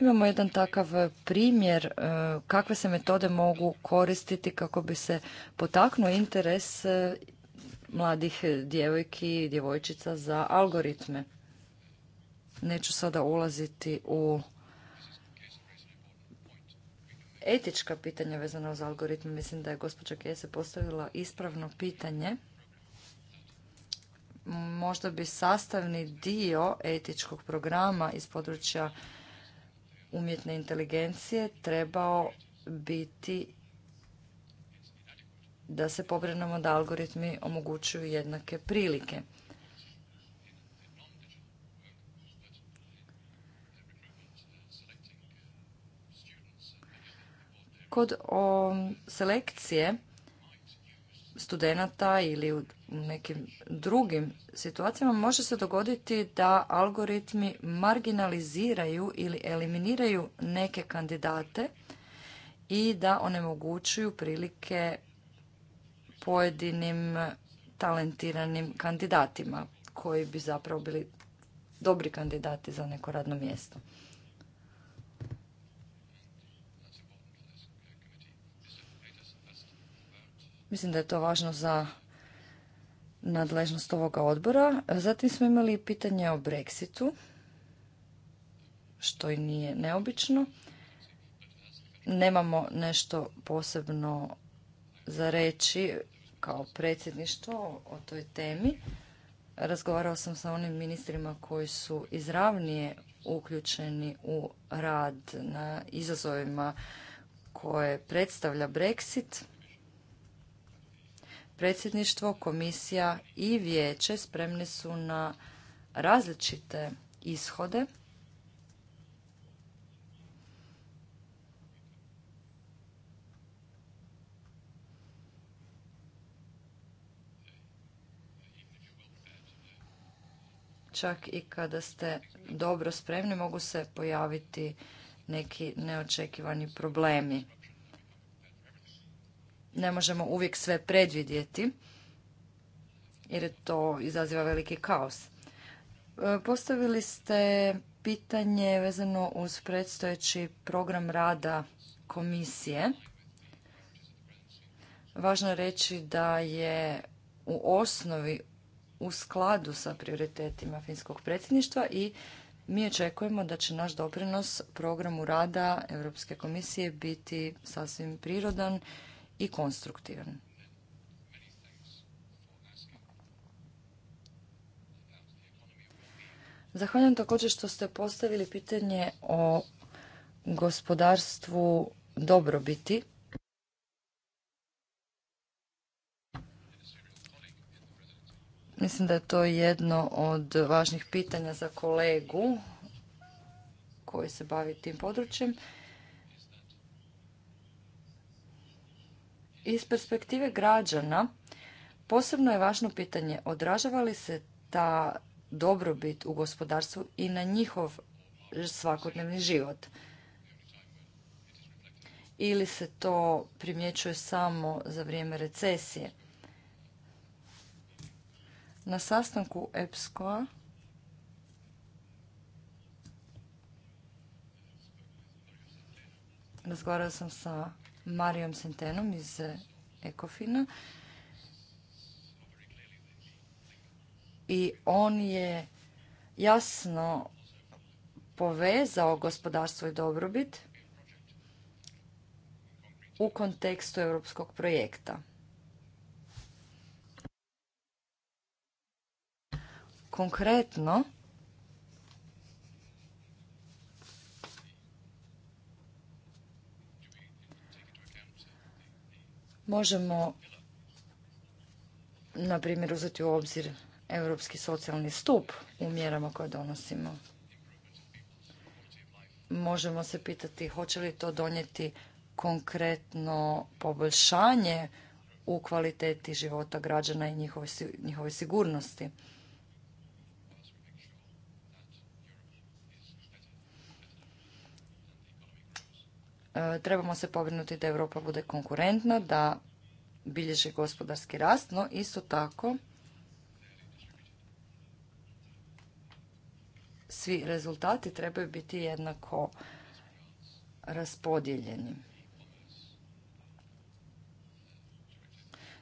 Imamo jedan takav primjer e, kakve se metode mogu koristiti kako bi se potaknuo interes e, mladih djevojki i djevojčica za algoritme. Neću sada ulaziti u etička pitanja vezana uz algoritme. Mislim da je gospođa Kese postavila ispravno pitanje. Možda bi sastavni dio etičkog programa iz područja umjetne inteligencije trebao biti da se pobrinemo da algoritmi omogućuju jednake prilike. kod o, selekcije studenata ili u nekim drugim situacijama može se dogoditi da algoritmi marginaliziraju ili eliminiraju neke kandidate i da onemogućuju prilike pojedinim talentiranim kandidatima koji bi zapravo bili dobri kandidati za neko radno mjesto. Mislim da je to važno za nadležnost ovoga odbora. Zatim smo imali pitanje o Brexitu, što i nije neobično. Nemamo nešto posebno za reći kao predsjedništvo o toj temi. Razgovarao sam sa onim ministrima koji su izravnije uključeni u rad na izazovima koje predstavlja Brexit predsjedništvo, komisija i vijeće spremni su na različite ishode. Čak i kada ste dobro spremni mogu se pojaviti neki neočekivani problemi ne možemo uvijek sve predvidjeti jer to izaziva veliki kaos. E, postavili ste pitanje vezano uz predstojeći program rada komisije. Važno je reći da je u osnovi u skladu sa prioritetima finskog predsjedništva i mi očekujemo da će naš doprinos programu rada Europske komisije biti sasvim prirodan i konstruktivan. Zahvaljujem također što ste postavili pitanje o gospodarstvu dobrobiti. Mislim da je to jedno od važnih pitanja za kolegu koji se bavi tim područjem. Iz perspektive građana posebno je važno pitanje odražava li se ta dobrobit u gospodarstvu i na njihov svakodnevni život ili se to primjećuje samo za vrijeme recesije. Na sastanku EPSCO-a sam sa Marijom Sentenom iz Ekofina. I on je jasno povezao gospodarstvo i dobrobit u kontekstu europskog projekta. Konkretno, možemo na primjer uzeti u obzir europski socijalni stup u mjerama koje donosimo. Možemo se pitati hoće li to donijeti konkretno poboljšanje u kvaliteti života građana i njihove, sigurnosti. E, trebamo se pobrinuti da Europa bude konkurentna, da bilježi gospodarski rast, no isto tako svi rezultati trebaju biti jednako raspodijeljeni.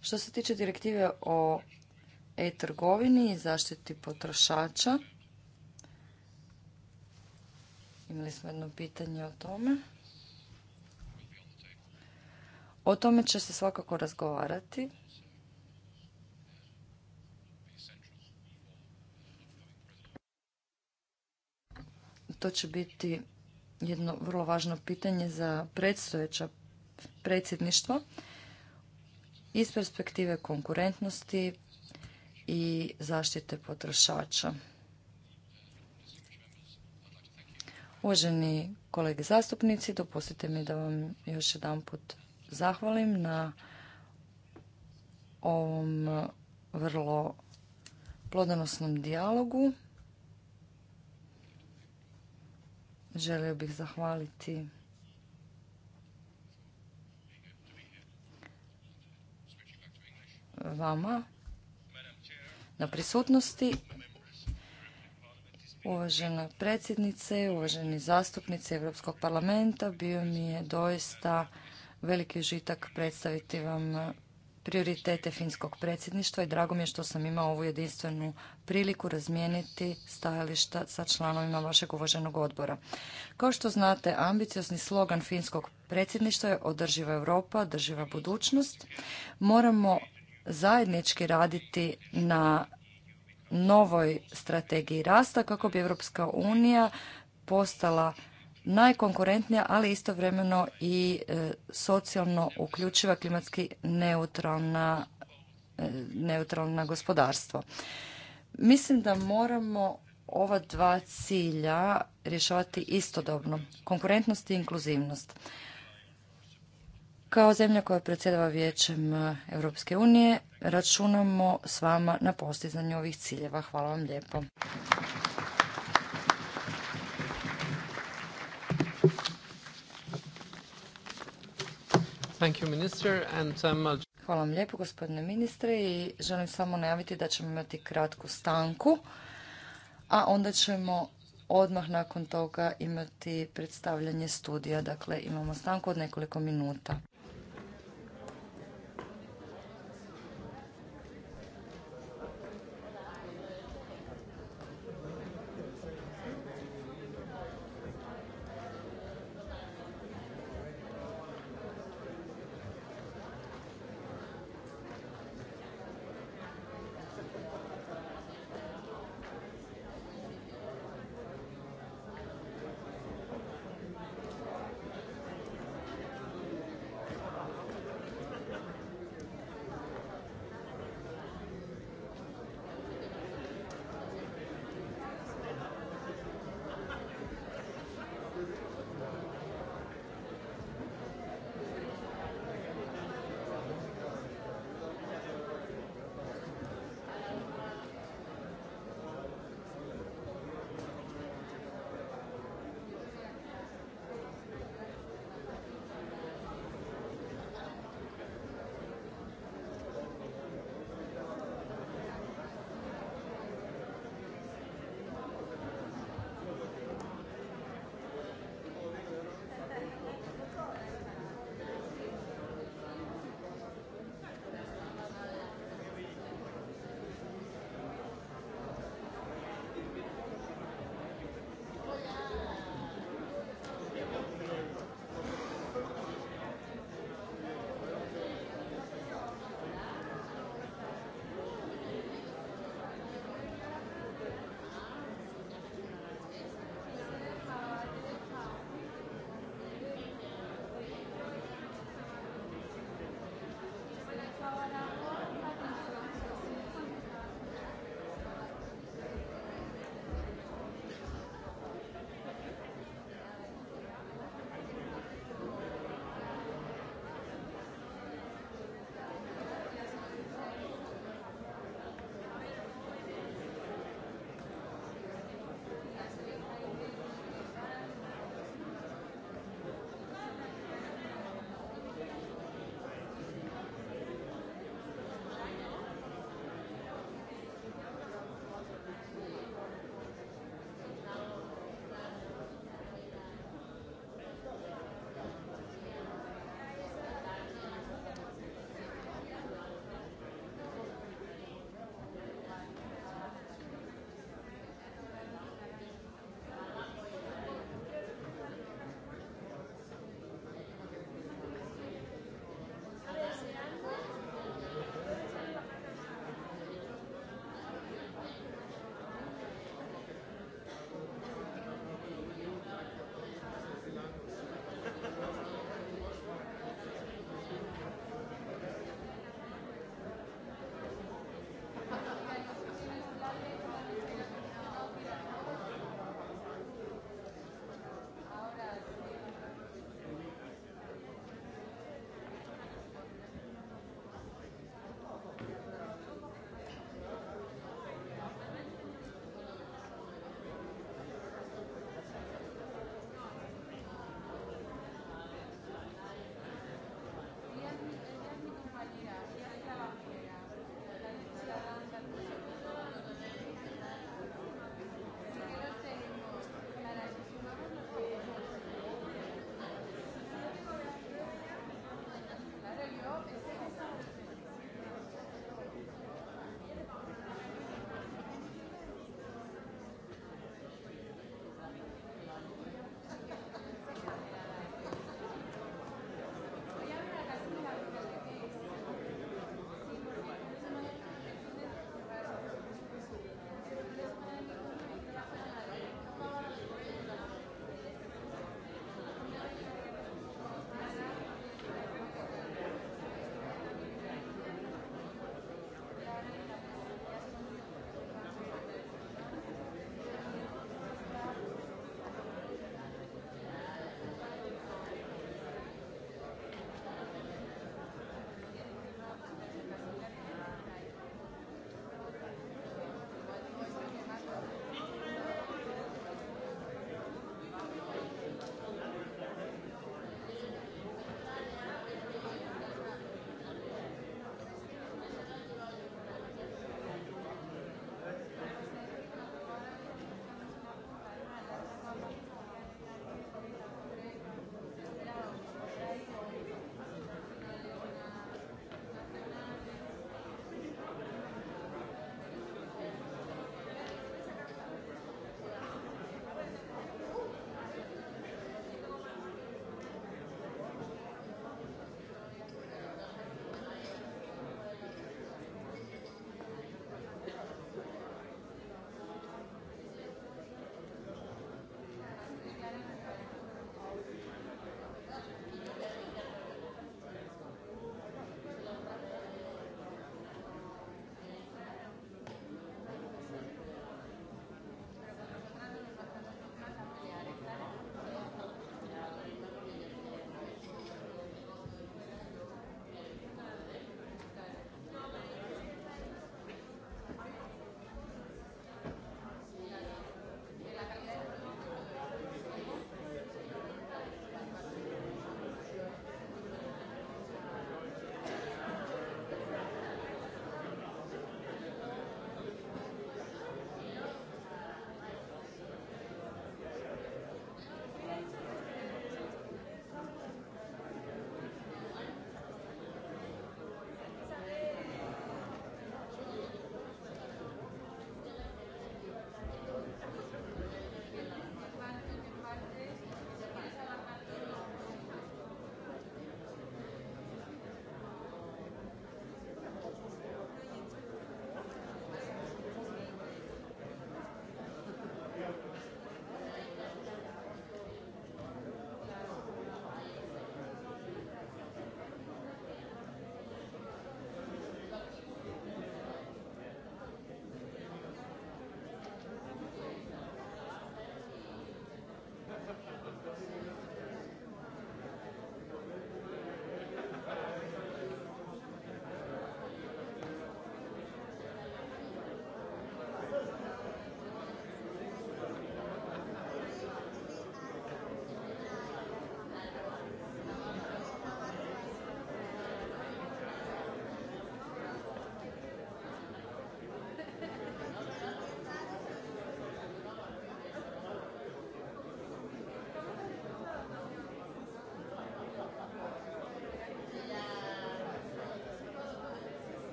Što se tiče direktive o e-trgovini i zaštiti potrošača, imali smo jedno pitanje o tome. O tome će se svakako razgovarati. To će biti jedno vrlo važno pitanje za predstojeća predsjedništva iz perspektive konkurentnosti i zaštite potrošača. Uvaženi kolege zastupnici, dopustite mi da vam još jedan put zahvalim na ovom vrlo plodonosnom dijalogu. Želio bih zahvaliti vama na prisutnosti. Uvažena predsjednice, uvaženi zastupnici Europskog parlamenta, bio mi je doista veliki užitak predstaviti vam prioritete finskog predsjedništva i drago mi je što sam imao ovu jedinstvenu priliku razmijeniti stajališta sa članovima vašeg uvaženog odbora. Kao što znate, ambiciozni slogan finskog predsjedništva je održiva Europa, održiva budućnost. Moramo zajednički raditi na novoj strategiji rasta kako bi Europska unija postala najkonkurentnija, ali istovremeno i e, socijalno uključiva klimatski neutralna, e, neutralna gospodarstvo. Mislim da moramo ova dva cilja rješavati istodobno, konkurentnost i inkluzivnost. Kao zemlja koja predsjedava Vijećem Europske unije računamo s vama na postizanju ovih ciljeva. Hvala vam lijepo. Uh, Hvala vam lijepo gospodine ministre i želim samo najaviti da ćemo imati kratku stanku, a onda ćemo odmah nakon toga imati predstavljanje studija. Dakle, imamo stanku od nekoliko minuta.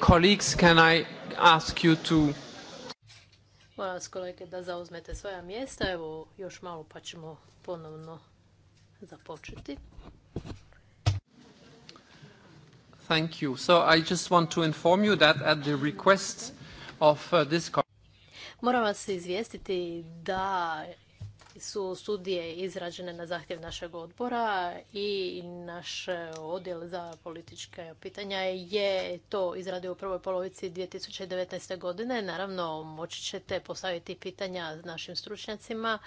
Colleagues, can I ask you to... Molim vas kolege da zauzmete svoja mjesta. Evo još malo pa ćemo ponovno započeti. Thank you. So I just want to inform you that at the request of uh, this Moram vas izvijestiti da su studije izrađene na zahtjev našeg odbora i naš odjel za političke pitanja je to izradio u prvoj polovici 2019. godine. Naravno, moći ćete postaviti pitanja našim stručnjacima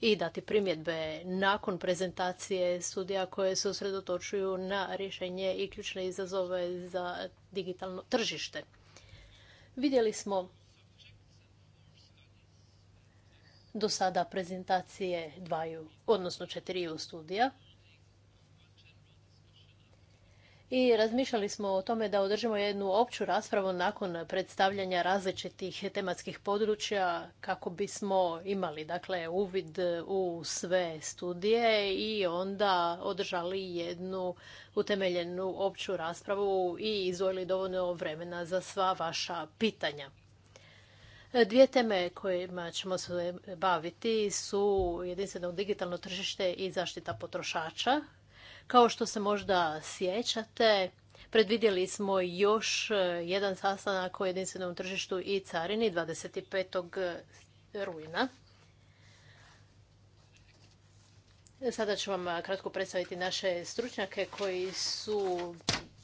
i dati primjedbe nakon prezentacije studija koje se usredotočuju na rješenje i ključne izazove za digitalno tržište. Vidjeli smo do sada prezentacije dvaju, odnosno četiriju studija. I razmišljali smo o tome da održimo jednu opću raspravu nakon predstavljanja različitih tematskih područja kako bismo imali dakle uvid u sve studije i onda održali jednu utemeljenu opću raspravu i izvojili dovoljno vremena za sva vaša pitanja. Dvije teme kojima ćemo se baviti su jedinstveno digitalno tržište i zaštita potrošača. Kao što se možda sjećate, predvidjeli smo još jedan sastanak o jedinstvenom tržištu i carini 25. rujna. Sada ću vam kratko predstaviti naše stručnjake koji su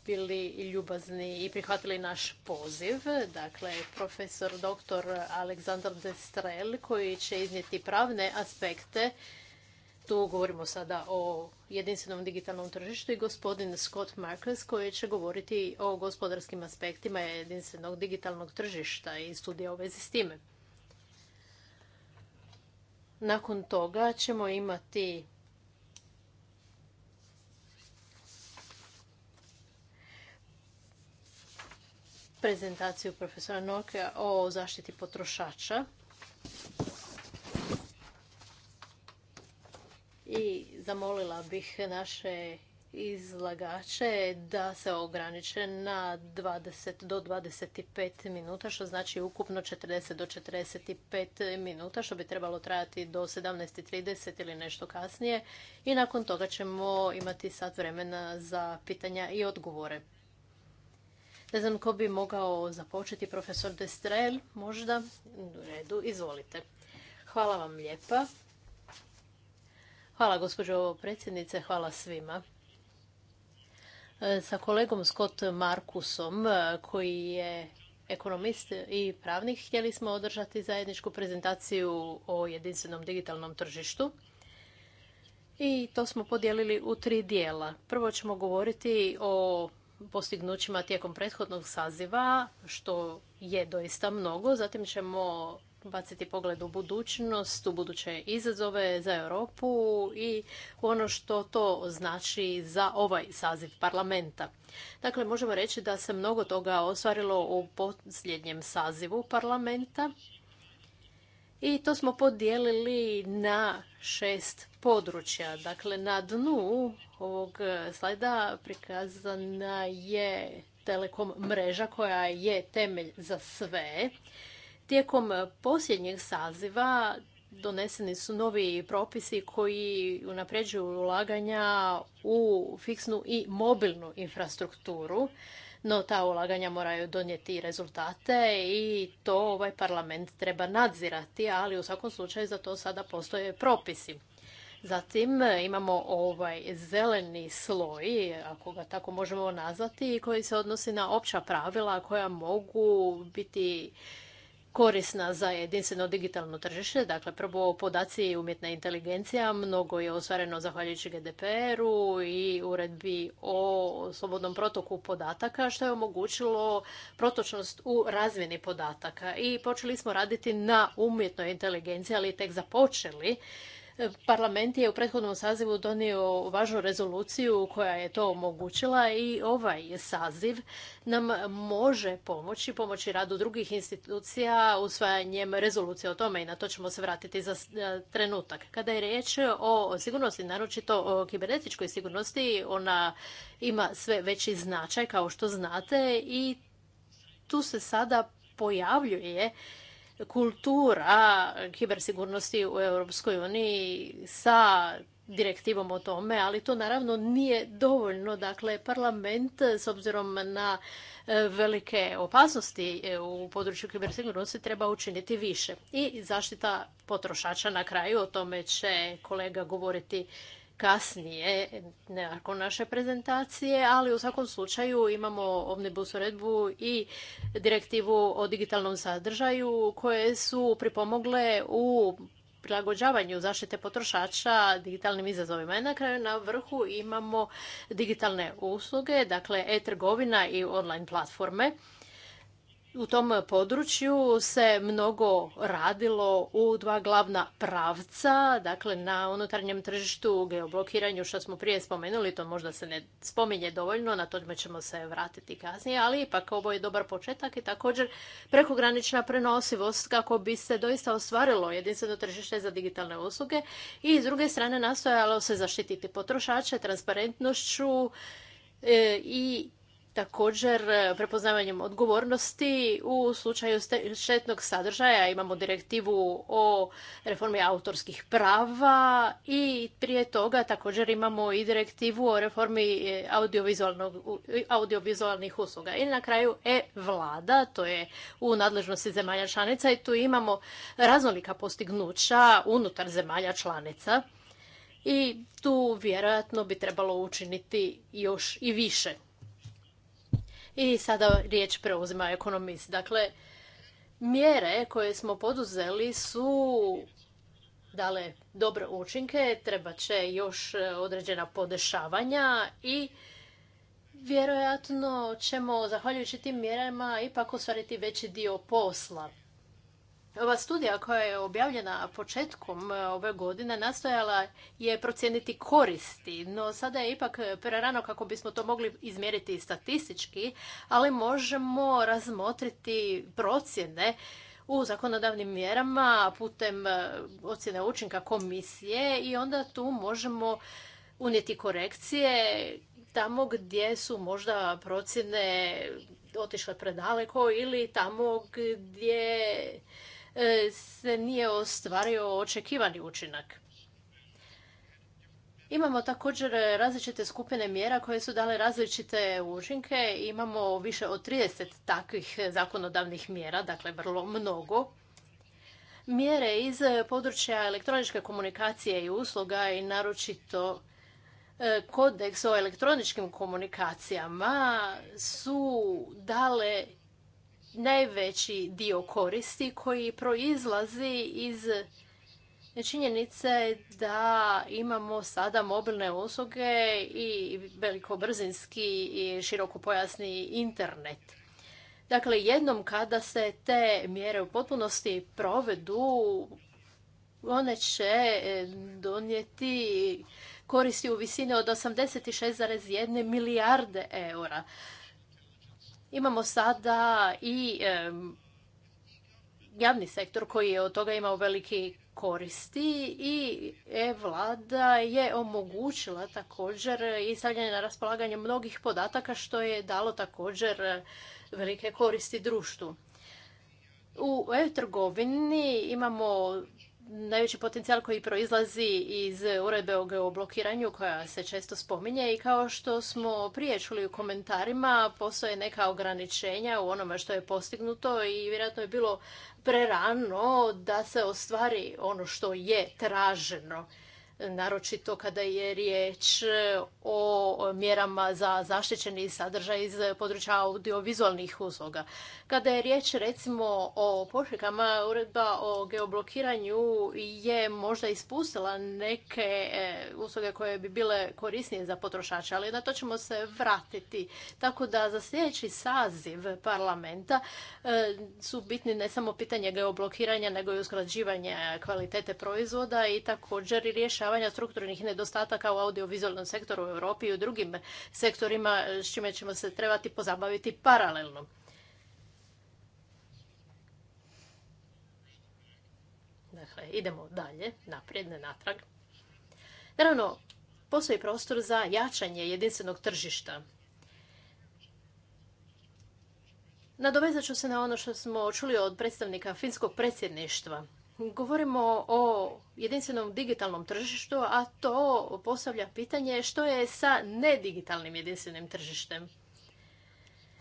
bili ljubazni i prihvatili naš poziv. Dakle, profesor dr. Aleksandar Destrel koji će iznijeti pravne aspekte. Tu govorimo sada o jedinstvenom digitalnom tržištu i gospodin Scott Marcus koji će govoriti o gospodarskim aspektima jedinstvenog digitalnog tržišta i studija u vezi s time. Nakon toga ćemo imati prezentaciju profesora Nokia o zaštiti potrošača. I zamolila bih naše izlagače da se ograniče na 20 do 25 minuta, što znači ukupno 40 do 45 minuta, što bi trebalo trajati do 17.30 ili nešto kasnije. I nakon toga ćemo imati sat vremena za pitanja i odgovore. Ne znam ko bi mogao započeti, profesor Destrel, možda? U redu, izvolite. Hvala vam lijepa. Hvala gospođo predsjednice, hvala svima. E, sa kolegom Scott Markusom, e, koji je ekonomist i pravnik, htjeli smo održati zajedničku prezentaciju o jedinstvenom digitalnom tržištu. I to smo podijelili u tri dijela. Prvo ćemo govoriti o postignućima tijekom prethodnog saziva, što je doista mnogo. Zatim ćemo baciti pogled u budućnost, u buduće izazove za Europu i ono što to znači za ovaj saziv parlamenta. Dakle, možemo reći da se mnogo toga ostvarilo u posljednjem sazivu parlamenta i to smo podijelili na šest područja. Dakle, na dnu ovog e, slajda prikazana je telekom mreža koja je temelj za sve. Tijekom posljednjeg saziva doneseni su novi propisi koji unapređuju ulaganja u fiksnu i mobilnu infrastrukturu, no ta ulaganja moraju donijeti rezultate i to ovaj parlament treba nadzirati, ali u svakom slučaju za to sada postoje propisi. Zatim imamo ovaj zeleni sloj, ako ga tako možemo nazvati, koji se odnosi na opća pravila koja mogu biti korisna za jedinstveno digitalno tržište. Dakle, prvo podaci i umjetna inteligencija. Mnogo je ostvareno zahvaljujući GDPR-u i uredbi o slobodnom protoku podataka, što je omogućilo protočnost u razmjeni podataka. I počeli smo raditi na umjetnoj inteligenciji, ali tek započeli Parlament je u prethodnom sazivu donio važnu rezoluciju koja je to omogućila i ovaj saziv nam može pomoći, pomoći radu drugih institucija usvajanjem rezolucije o tome i na to ćemo se vratiti za e, trenutak. Kada je riječ o sigurnosti, naročito o kibernetičkoj sigurnosti, ona ima sve veći značaj kao što znate i tu se sada pojavljuje kultura kibersigurnosti u Europskoj uniji sa direktivom o tome, ali to naravno nije dovoljno. Dakle, parlament s obzirom na e, velike opasnosti e, u području kibersigurnosti treba učiniti više. I zaštita potrošača na kraju, o tome će kolega govoriti kasnije nakon naše prezentacije, ali u svakom slučaju imamo Omnibus uredbu i direktivu o digitalnom sadržaju koje su pripomogle u prilagođavanju zaštite potrošača digitalnim izazovima. I na kraju na vrhu imamo digitalne usluge, dakle e-trgovina i online platforme u tom području se mnogo radilo u dva glavna pravca, dakle na unutarnjem tržištu, geoblokiranju, što smo prije spomenuli, to možda se ne spominje dovoljno, na to ćemo se vratiti kasnije, ali ipak ovo je dobar početak i također prekogranična prenosivost kako bi se doista ostvarilo jedinstveno tržište za digitalne usluge i s druge strane nastojalo se zaštititi potrošače transparentnošću e, i Također, e, prepoznavanjem odgovornosti u slučaju štetnog sadržaja imamo direktivu o reformi autorskih prava i prije toga također imamo i direktivu o reformi e, audiovizualnih usluga. I na kraju e-vlada, to je u nadležnosti zemalja članica i tu imamo raznolika postignuća unutar zemalja članica i tu vjerojatno bi trebalo učiniti još i više. I sada riječ preuzima ekonomist. Dakle, mjere koje smo poduzeli su dale dobre učinke, treba će još e, određena podešavanja i vjerojatno ćemo, zahvaljujući tim mjerama, ipak ostvariti veći dio posla. Ova studija koja je objavljena početkom e, ove godine nastojala je procijeniti koristi, no sada je ipak prerano kako bismo to mogli izmjeriti statistički, ali možemo razmotriti procjene u zakonodavnim mjerama putem e, ocjene učinka komisije i onda tu možemo unijeti korekcije tamo gdje su možda procjene otišle predaleko ili tamo gdje E, se nije ostvario očekivani učinak. Imamo također različite skupine mjera koje su dale različite učinke. Imamo više od 30 takvih zakonodavnih mjera, dakle vrlo mnogo. Mjere iz područja elektroničke komunikacije i usluga i naročito e, kodeks o elektroničkim komunikacijama su dale najveći dio koristi koji proizlazi iz činjenice da imamo sada mobilne usluge i velikobrzinski i širokopojasni internet. Dakle, jednom kada se te mjere u potpunosti provedu, one će e, donijeti koristi u visini od 86,1 milijarde eura. Imamo sada i javni sektor koji je od toga imao veliki koristi i e-vlada je omogućila također i stavljanje na raspolaganje mnogih podataka što je dalo također velike koristi društvu. U e-trgovini imamo najveći potencijal koji proizlazi iz uredbe o geoblokiranju koja se često spominje i kao što smo prije čuli u komentarima postoje neka ograničenja u onome što je postignuto i vjerojatno je bilo prerano da se ostvari ono što je traženo naročito kada je riječ o mjerama za zaštićeni sadržaj iz područja audiovizualnih usluga. Kada je riječ recimo o pošiljkama, uredba o geoblokiranju je možda ispustila neke e, usluge koje bi bile korisnije za potrošače, ali na to ćemo se vratiti. Tako da za sljedeći saziv parlamenta e, su bitni ne samo pitanje geoblokiranja, nego i usklađivanja kvalitete proizvoda i također i rješavanja strukturnih nedostataka u audiovizualnom sektoru u Europi i u drugim sektorima s čime ćemo se trebati pozabaviti paralelno. Dakle, idemo dalje, naprijed, ne natrag. Naravno, postoji prostor za jačanje jedinstvenog tržišta. Nadovezat ću se na ono što smo čuli od predstavnika finskog predsjedništva. Govorimo o jedinstvenom digitalnom tržištu, a to postavlja pitanje što je sa nedigitalnim jedinstvenim tržištem.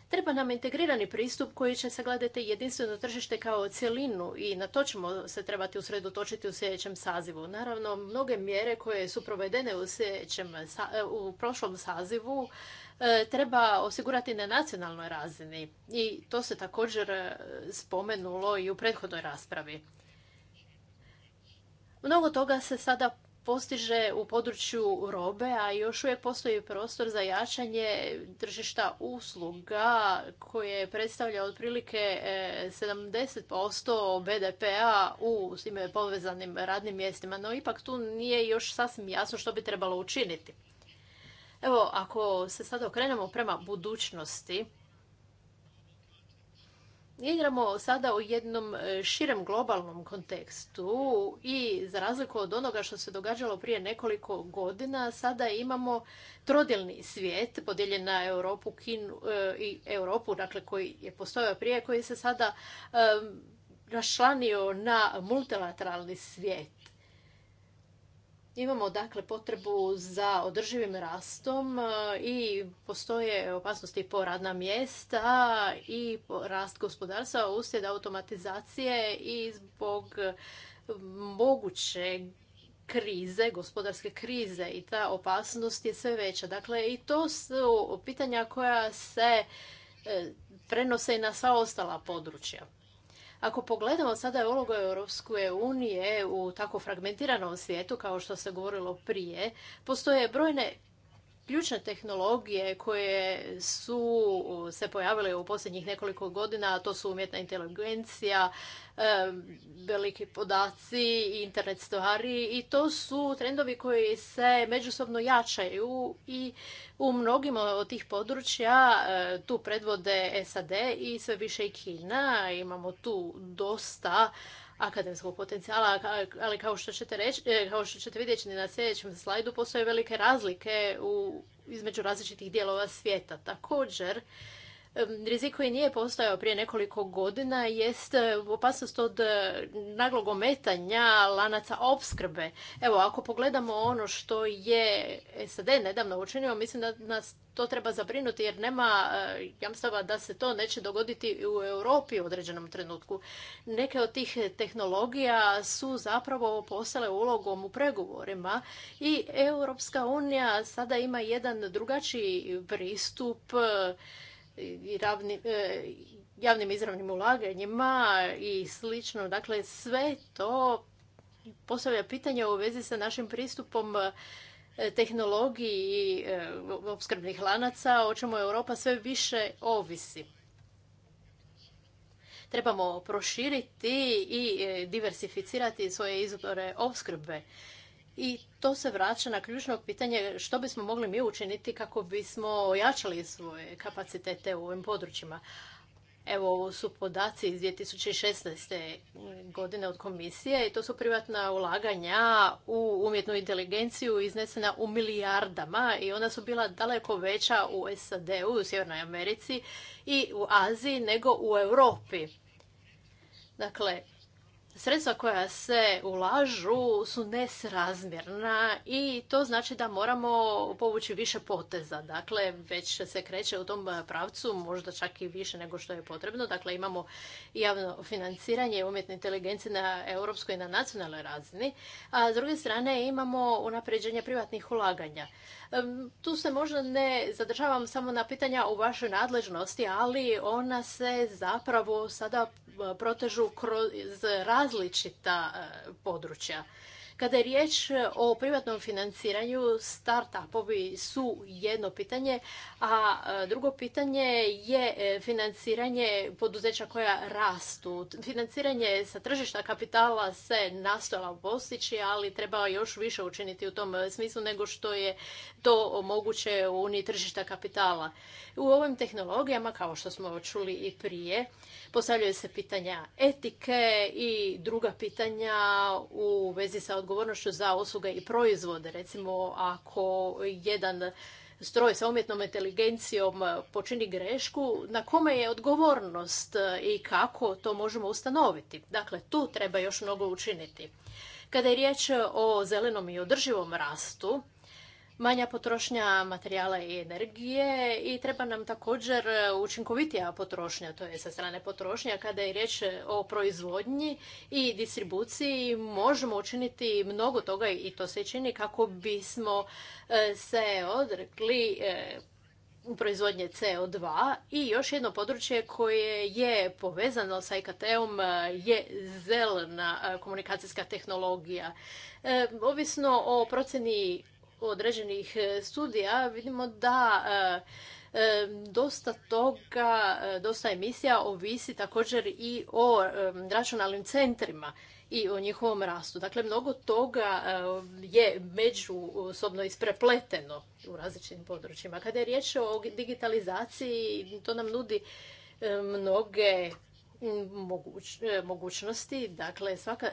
Treba nam integrirani pristup koji će sagledati jedinstveno tržište kao cjelinu i na to ćemo se trebati usredotočiti u sljedećem sazivu. Naravno, mnoge mjere koje su provedene u, sljedećem, e, u prošlom sazivu e, treba osigurati na nacionalnoj razini i to se također e, spomenulo i u prethodnoj raspravi. Mnogo toga se sada postiže u području robe, a još uvijek postoji prostor za jačanje tržišta usluga koje predstavlja otprilike 70% e, BDP-a u svim povezanim radnim mjestima, no ipak tu nije još sasvim jasno što bi trebalo učiniti. Evo, ako se sada okrenemo prema budućnosti, igramo sada u jednom e, širem globalnom kontekstu i za razliku od onoga što se događalo prije nekoliko godina, sada imamo trodjelni svijet podijeljen na Europu, Kinu e, i Europu, dakle koji je postojao prije, koji se sada e, rašlanio na multilateralni svijet. Imamo dakle potrebu za održivim rastom e, i postoje opasnosti po radna mjesta i rast gospodarstva uslijed automatizacije i zbog e, moguće krize, gospodarske krize i ta opasnost je sve veća. Dakle, i to su pitanja koja se e, prenose i na sva ostala područja. Ako pogledamo sada ulogu Europske unije u tako fragmentiranom svijetu, kao što se govorilo prije, postoje brojne ključne tehnologije koje su uh, se pojavile u posljednjih nekoliko godina, a to su umjetna inteligencija, veliki podaci, internet stvari i to su trendovi koji se međusobno jačaju i u mnogim od tih područja eh, tu predvode SAD i sve više i Kina. Imamo tu dosta akademskog potencijala, ali kao što ćete, reći, e, kao što ćete vidjeti na sljedećem slajdu, postoje velike razlike u, između različitih dijelova svijeta. Također, rizik koji nije postojao prije nekoliko godina jest e, opasnost od e, naglog ometanja lanaca opskrbe. Evo, ako pogledamo ono što je SAD nedavno učinio, mislim da nas to treba zabrinuti jer nema e, jamstava da se to neće dogoditi u Europi u određenom trenutku. Neke od tih tehnologija su zapravo postale ulogom u pregovorima i Europska unija sada ima jedan drugačiji pristup i e, javnim izravnim ulaganjima i slično. Dakle, sve to postavlja pitanje u vezi sa našim pristupom e, tehnologiji i e, opskrbnih lanaca, o čemu Europa sve više ovisi. Trebamo proširiti i diversificirati svoje izvore opskrbe. I to se vraća na ključno pitanje što bismo mogli mi učiniti kako bismo ojačali svoje kapacitete u ovim područjima. Evo, ovo su podaci iz 2016. godine od komisije i to su privatna ulaganja u umjetnu inteligenciju iznesena u milijardama i ona su bila daleko veća u SAD-u, u Sjevernoj Americi i u Aziji nego u Europi. Dakle, sredstva koja se ulažu su nesrazmjerna i to znači da moramo povući više poteza. Dakle, već se kreće u tom pravcu, možda čak i više nego što je potrebno. Dakle, imamo javno financiranje umjetne inteligencije na europskoj i na nacionalnoj razini, a s druge strane imamo unapređenje privatnih ulaganja. Tu se možda ne zadržavam samo na pitanja o vašoj nadležnosti, ali ona se zapravo sada e, protežu kroz različita e, područja. Kada je riječ e, o privatnom financiranju, start-upovi su jedno pitanje, a e, drugo pitanje je e, financiranje poduzeća koja rastu. Financiranje sa tržišta kapitala se nastojala postići, ali treba još više učiniti u tom smislu nego što je to moguće u Uniji tržišta kapitala. U ovim tehnologijama, kao što smo čuli i prije, postavljaju se pitanja etike i druga pitanja u vezi sa odgovornošću za usluge i proizvode. Recimo, ako jedan stroj sa umjetnom inteligencijom počini grešku, na kome je odgovornost i kako to možemo ustanoviti. Dakle, tu treba još mnogo učiniti. Kada je riječ o zelenom i održivom rastu, manja potrošnja materijala i energije i treba nam također e, učinkovitija potrošnja, to je sa strane potrošnja kada je riječ o proizvodnji i distribuciji možemo učiniti mnogo toga i to se čini kako bismo e, se odrekli e, proizvodnje CO2 i još jedno područje koje je povezano sa IKT-om je zelena komunikacijska tehnologija. Ovisno o procjeni određenih e, studija vidimo da e, e, dosta toga, dosta emisija ovisi također i o računalnim centrima i o njihovom rastu. Dakle, mnogo toga je međusobno isprepleteno u različitim područjima. Kada je riječ o digitalizaciji, to nam nudi mnoge mogućnosti. Dakle, svaka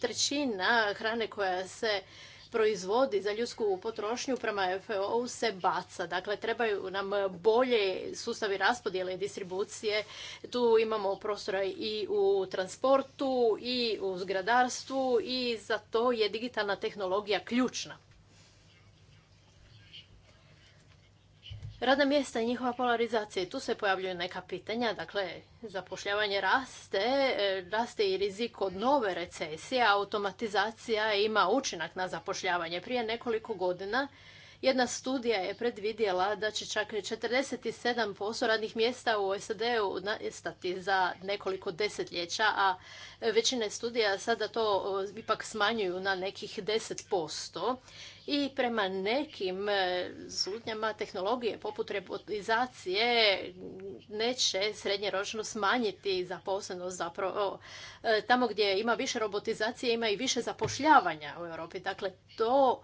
trećina hrane koja se proizvodi za ljudsku potrošnju prema FAO se baca. Dakle, trebaju nam bolje sustavi raspodjele i distribucije. Tu imamo prostora i u transportu i u zgradarstvu i za to je digitalna tehnologija ključna. radna mjesta i njihova polarizacija. tu se pojavljuju neka pitanja, dakle zapošljavanje raste, e, raste i rizik od nove recesije, automatizacija ima učinak na zapošljavanje. Prije nekoliko godina jedna studija je predvidjela da će čak 47% radnih mjesta u SAD-u nestati za nekoliko desetljeća, a većina studija sada to ipak smanjuju na nekih 10%. I prema nekim zutnjama, e, tehnologije poput robotizacije neće srednjeročno smanjiti zaposlenost zapravo e, tamo gdje ima više robotizacije ima i više zapošljavanja u Europi. Dakle, to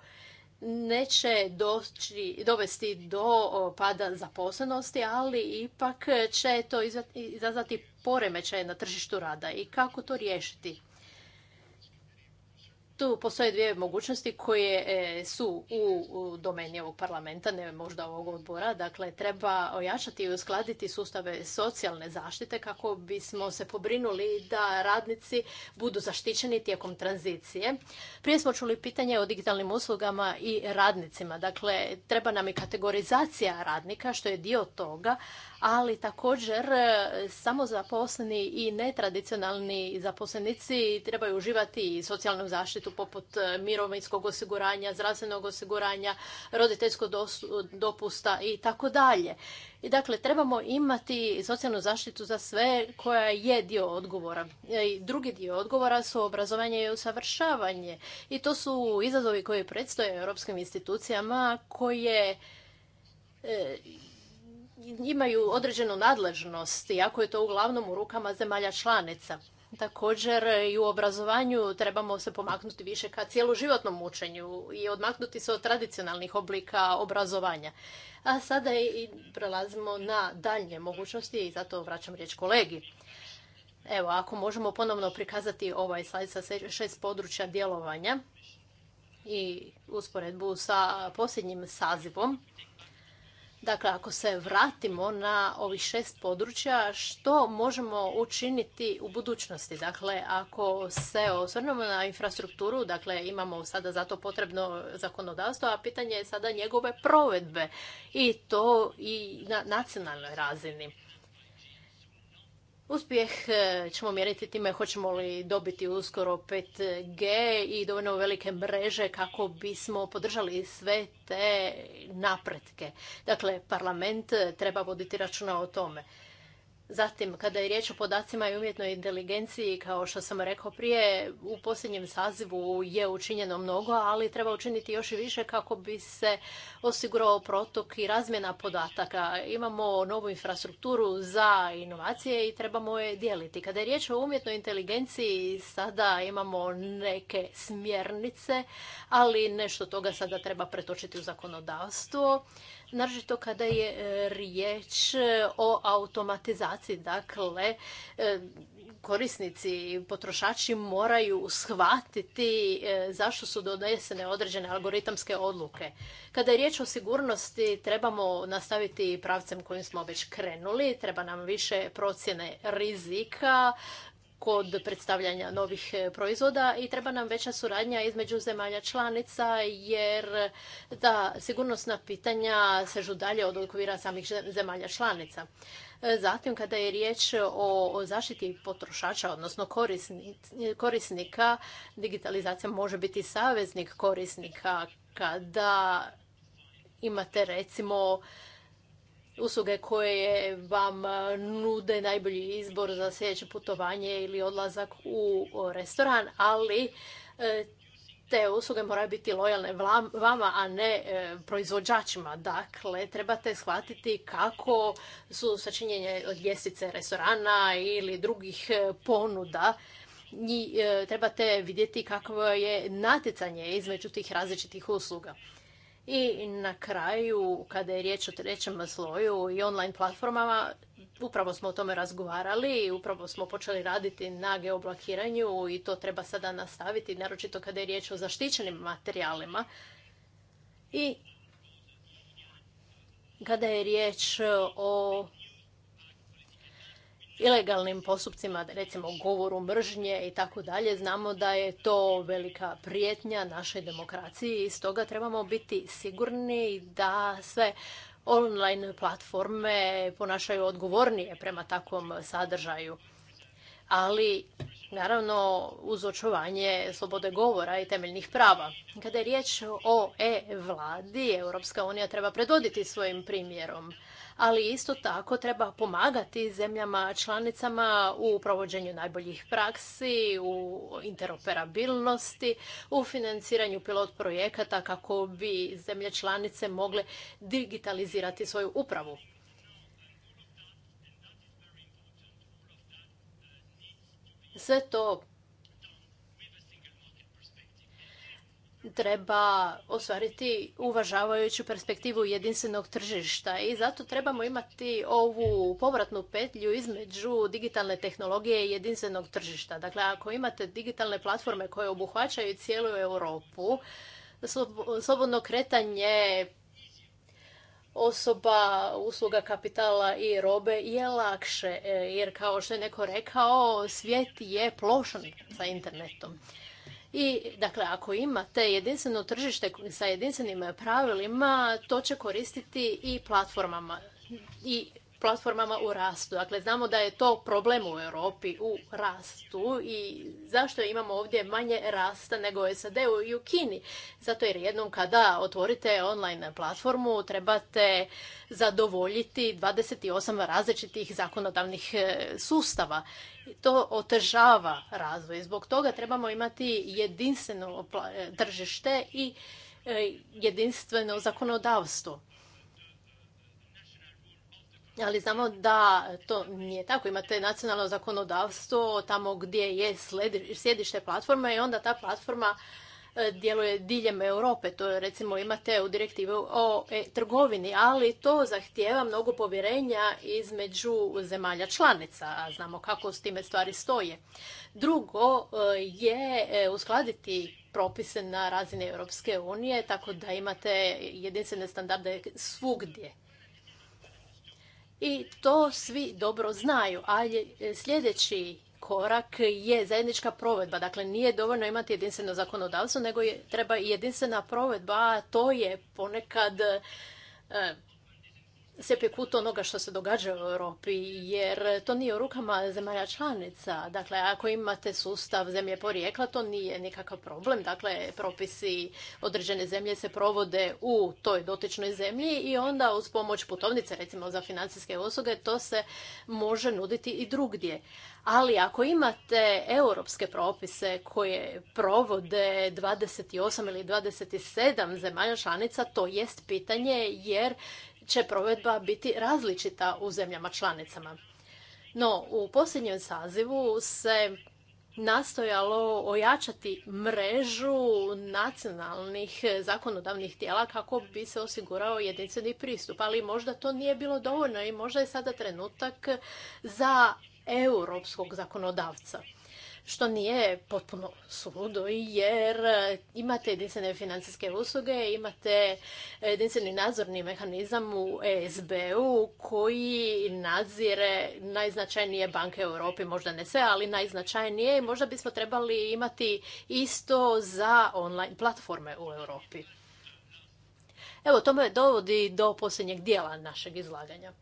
neće doći, dovesti do pada zaposlenosti, ali ipak će to izazvati poremećaj na tržištu rada i kako to riješiti tu postoje dvije mogućnosti koje e, su u domeni ovog parlamenta, ne možda ovog odbora. Dakle, treba ojačati i uskladiti sustave socijalne zaštite kako bismo se pobrinuli da radnici budu zaštićeni tijekom tranzicije. Prije smo čuli pitanje o digitalnim uslugama i radnicima. Dakle, treba nam i kategorizacija radnika, što je dio toga, ali također e, samozaposleni i netradicionalni zaposlenici trebaju uživati i socijalnu zaštitu poput e, mirovinskog osiguranja, zdravstvenog osiguranja, roditeljskog dopusta i tako dalje. I dakle, trebamo imati socijalnu zaštitu za sve koja je dio odgovora. E, I drugi dio odgovora su obrazovanje i usavršavanje. I to su izazovi koje predstoje europskim institucijama koje imaju određenu nadležnost, iako je to uglavnom u rukama zemalja članica. Također i u obrazovanju trebamo se pomaknuti više ka cjeloživotnom učenju i odmaknuti se od tradicionalnih oblika obrazovanja. A sada i prelazimo na daljnje mogućnosti i zato vraćam riječ kolegi. Evo, ako možemo ponovno prikazati ovaj slajd sa šest područja djelovanja i usporedbu sa posljednjim sazivom, Dakle, ako se vratimo na ovih šest područja, što možemo učiniti u budućnosti? Dakle, ako se osvrnemo na infrastrukturu, dakle, imamo sada za to potrebno zakonodavstvo, a pitanje je sada njegove provedbe i to i na nacionalnoj razini. Uspjeh e, ćemo mjeriti time hoćemo li dobiti uskoro 5G i dovoljno velike mreže kako bismo podržali sve te napretke. Dakle, parlament treba voditi računa o tome. Zatim, kada je riječ o podacima i umjetnoj inteligenciji, kao što sam rekao prije, u posljednjem sazivu je učinjeno mnogo, ali treba učiniti još i više kako bi se osigurao protok i razmjena podataka. Imamo novu infrastrukturu za inovacije i trebamo je dijeliti. Kada je riječ o umjetnoj inteligenciji, sada imamo neke smjernice, ali nešto toga sada treba pretočiti u zakonodavstvo naročito kada je e, riječ e, o automatizaciji. Dakle, e, korisnici, potrošači moraju shvatiti zašto su donesene određene algoritamske odluke. Kada je riječ o sigurnosti, trebamo nastaviti pravcem kojim smo već krenuli. Treba nam više procjene rizika, kod predstavljanja novih e, proizvoda i treba nam veća suradnja između zemalja članica jer ta sigurnosna pitanja sežu dalje od okvira samih zemalja članica. E, zatim, kada je riječ o zaštiti potrošača, odnosno korisnika, digitalizacija može biti saveznik korisnika kada imate recimo usluge koje vam e, nude najbolji izbor za sljedeće putovanje ili odlazak u restoran, ali e, te usluge moraju biti lojalne vama, a ne e, proizvođačima. Dakle, trebate shvatiti kako su sačinjenje od ljestvice restorana ili drugih ponuda trebate vidjeti kakvo je natjecanje između tih različitih usluga. I na kraju, kada je riječ o trećem sloju i online platformama, upravo smo o tome razgovarali i upravo smo počeli raditi na geoblokiranju i to treba sada nastaviti, naročito kada je riječ o zaštićenim materijalima. I kada je riječ o ilegalnim postupcima, recimo govoru mržnje i tako dalje. Znamo da je to velika prijetnja našoj demokraciji i stoga trebamo biti sigurni da sve online platforme ponašaju odgovornije prema takvom sadržaju. Ali naravno uz očuvanje slobode govora i temeljnih prava. Kada je riječ o e-vladi, Europska unija treba predvoditi svojim primjerom ali isto tako treba pomagati zemljama članicama u provođenju najboljih praksi, u interoperabilnosti, u financiranju pilot projekata kako bi zemlje članice mogle digitalizirati svoju upravu. Sve to treba ostvariti uvažavajuću perspektivu jedinstvenog tržišta i zato trebamo imati ovu povratnu petlju između digitalne tehnologije i jedinstvenog tržišta. Dakle, ako imate digitalne platforme koje obuhvaćaju cijelu Europu, slobodno kretanje osoba, usluga kapitala i robe je lakše, e, jer kao što je neko rekao, svijet je plošan sa internetom. I dakle, ako imate jedinstveno tržište sa jedinstvenim pravilima, to će koristiti i platformama i platformama u rastu. Dakle, znamo da je to problem u Europi u rastu i zašto imamo ovdje manje rasta nego SAD-u i u Kini. Zato jer jednom kada otvorite online platformu trebate zadovoljiti 28 različitih zakonodavnih e, sustava. To otežava razvoj. Zbog toga trebamo imati jedinstveno e, tržište i e, jedinstveno zakonodavstvo ali znamo da to nije tako. Imate nacionalno zakonodavstvo tamo gdje je sjedište platforme i onda ta platforma e, djeluje diljem Europe. To recimo imate u direktivu o e, trgovini, ali to zahtijeva mnogo povjerenja između zemalja članica, a znamo kako s time stvari stoje. Drugo e, je uskladiti propise na razini Europske unije, tako da imate jedinstvene standarde svugdje i to svi dobro znaju, ali e, sljedeći korak je zajednička provedba. Dakle, nije dovoljno imati jedinstveno zakonodavstvo, nego je, treba i jedinstvena provedba, a to je ponekad e, to onoga što se događa u Europi, jer to nije u rukama zemalja članica. Dakle, ako imate sustav zemlje porijekla, to nije nikakav problem. Dakle, propisi određene zemlje se provode u toj dotičnoj zemlji i onda uz pomoć putovnice, recimo za financijske usluge, to se može nuditi i drugdje. Ali ako imate europske propise koje provode 28 ili 27 zemalja članica, to jest pitanje jer će provedba biti različita u zemljama članicama. No, u posljednjem sazivu se nastojalo ojačati mrežu nacionalnih zakonodavnih tijela kako bi se osigurao jedinstveni pristup, ali možda to nije bilo dovoljno i možda je sada trenutak za europskog zakonodavca što nije potpuno suludo jer e, imate jedinstvene financijske usluge, imate e, jedinstveni nadzorni mehanizam u ESB-u koji nadzire najznačajnije banke u Europi, možda ne sve, ali najznačajnije i možda bismo trebali imati isto za online platforme u Europi. Evo, to me dovodi do posljednjeg dijela našeg izlaganja.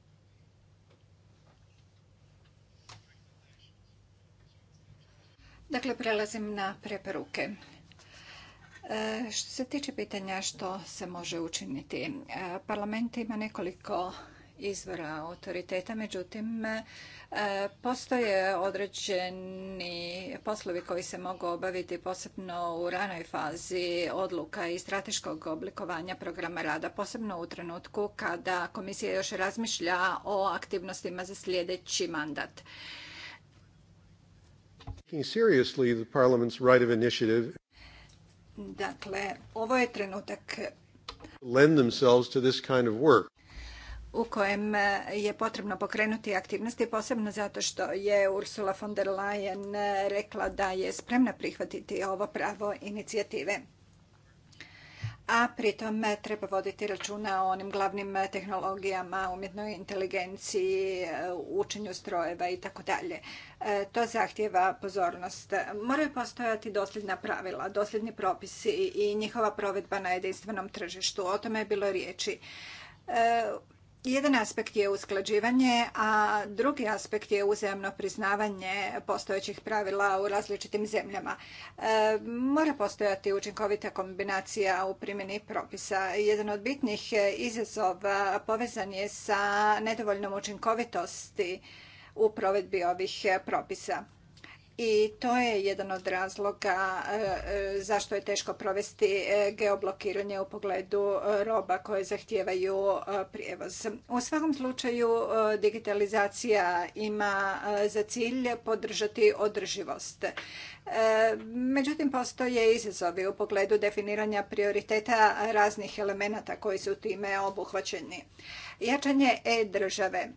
Dakle, prelazim na preporuke. E, što se tiče pitanja što se može učiniti, e, parlament ima nekoliko izvora autoriteta, međutim e, postoje određeni poslovi koji se mogu obaviti posebno u ranoj fazi odluka i strateškog oblikovanja programa rada, posebno u trenutku kada komisija još razmišlja o aktivnostima za sljedeći mandat seriously Dakle, ovo je trenutak u kojem e, je potrebno pokrenuti aktivnosti, posebno zato što je Ursula von der Leyen rekla da je spremna prihvatiti ovo pravo inicijative a pritom treba voditi računa o onim glavnim tehnologijama, umjetnoj inteligenciji, učenju strojeva i tako dalje. E, to zahtjeva pozornost. Moraju postojati dosljedna pravila, dosljedni propisi i njihova provedba na jedinstvenom tržištu. O tome je bilo riječi. E, jedan aspekt je usklađivanje, a drugi aspekt je uzajamno priznavanje postojećih pravila u različitim zemljama. E, mora postojati učinkovita kombinacija u primjeni propisa. Jedan od bitnih izazova povezan je sa nedovoljnom učinkovitosti u provedbi ovih propisa i to je jedan od razloga e, e, zašto je teško provesti e, geoblokiranje u pogledu roba koje zahtijevaju prijevoz. U svakom slučaju digitalizacija ima za cilj podržati održivost. Međutim, postoje izazovi u pogledu definiranja prioriteta raznih elemenata koji su time obuhvaćeni. Jačanje e-države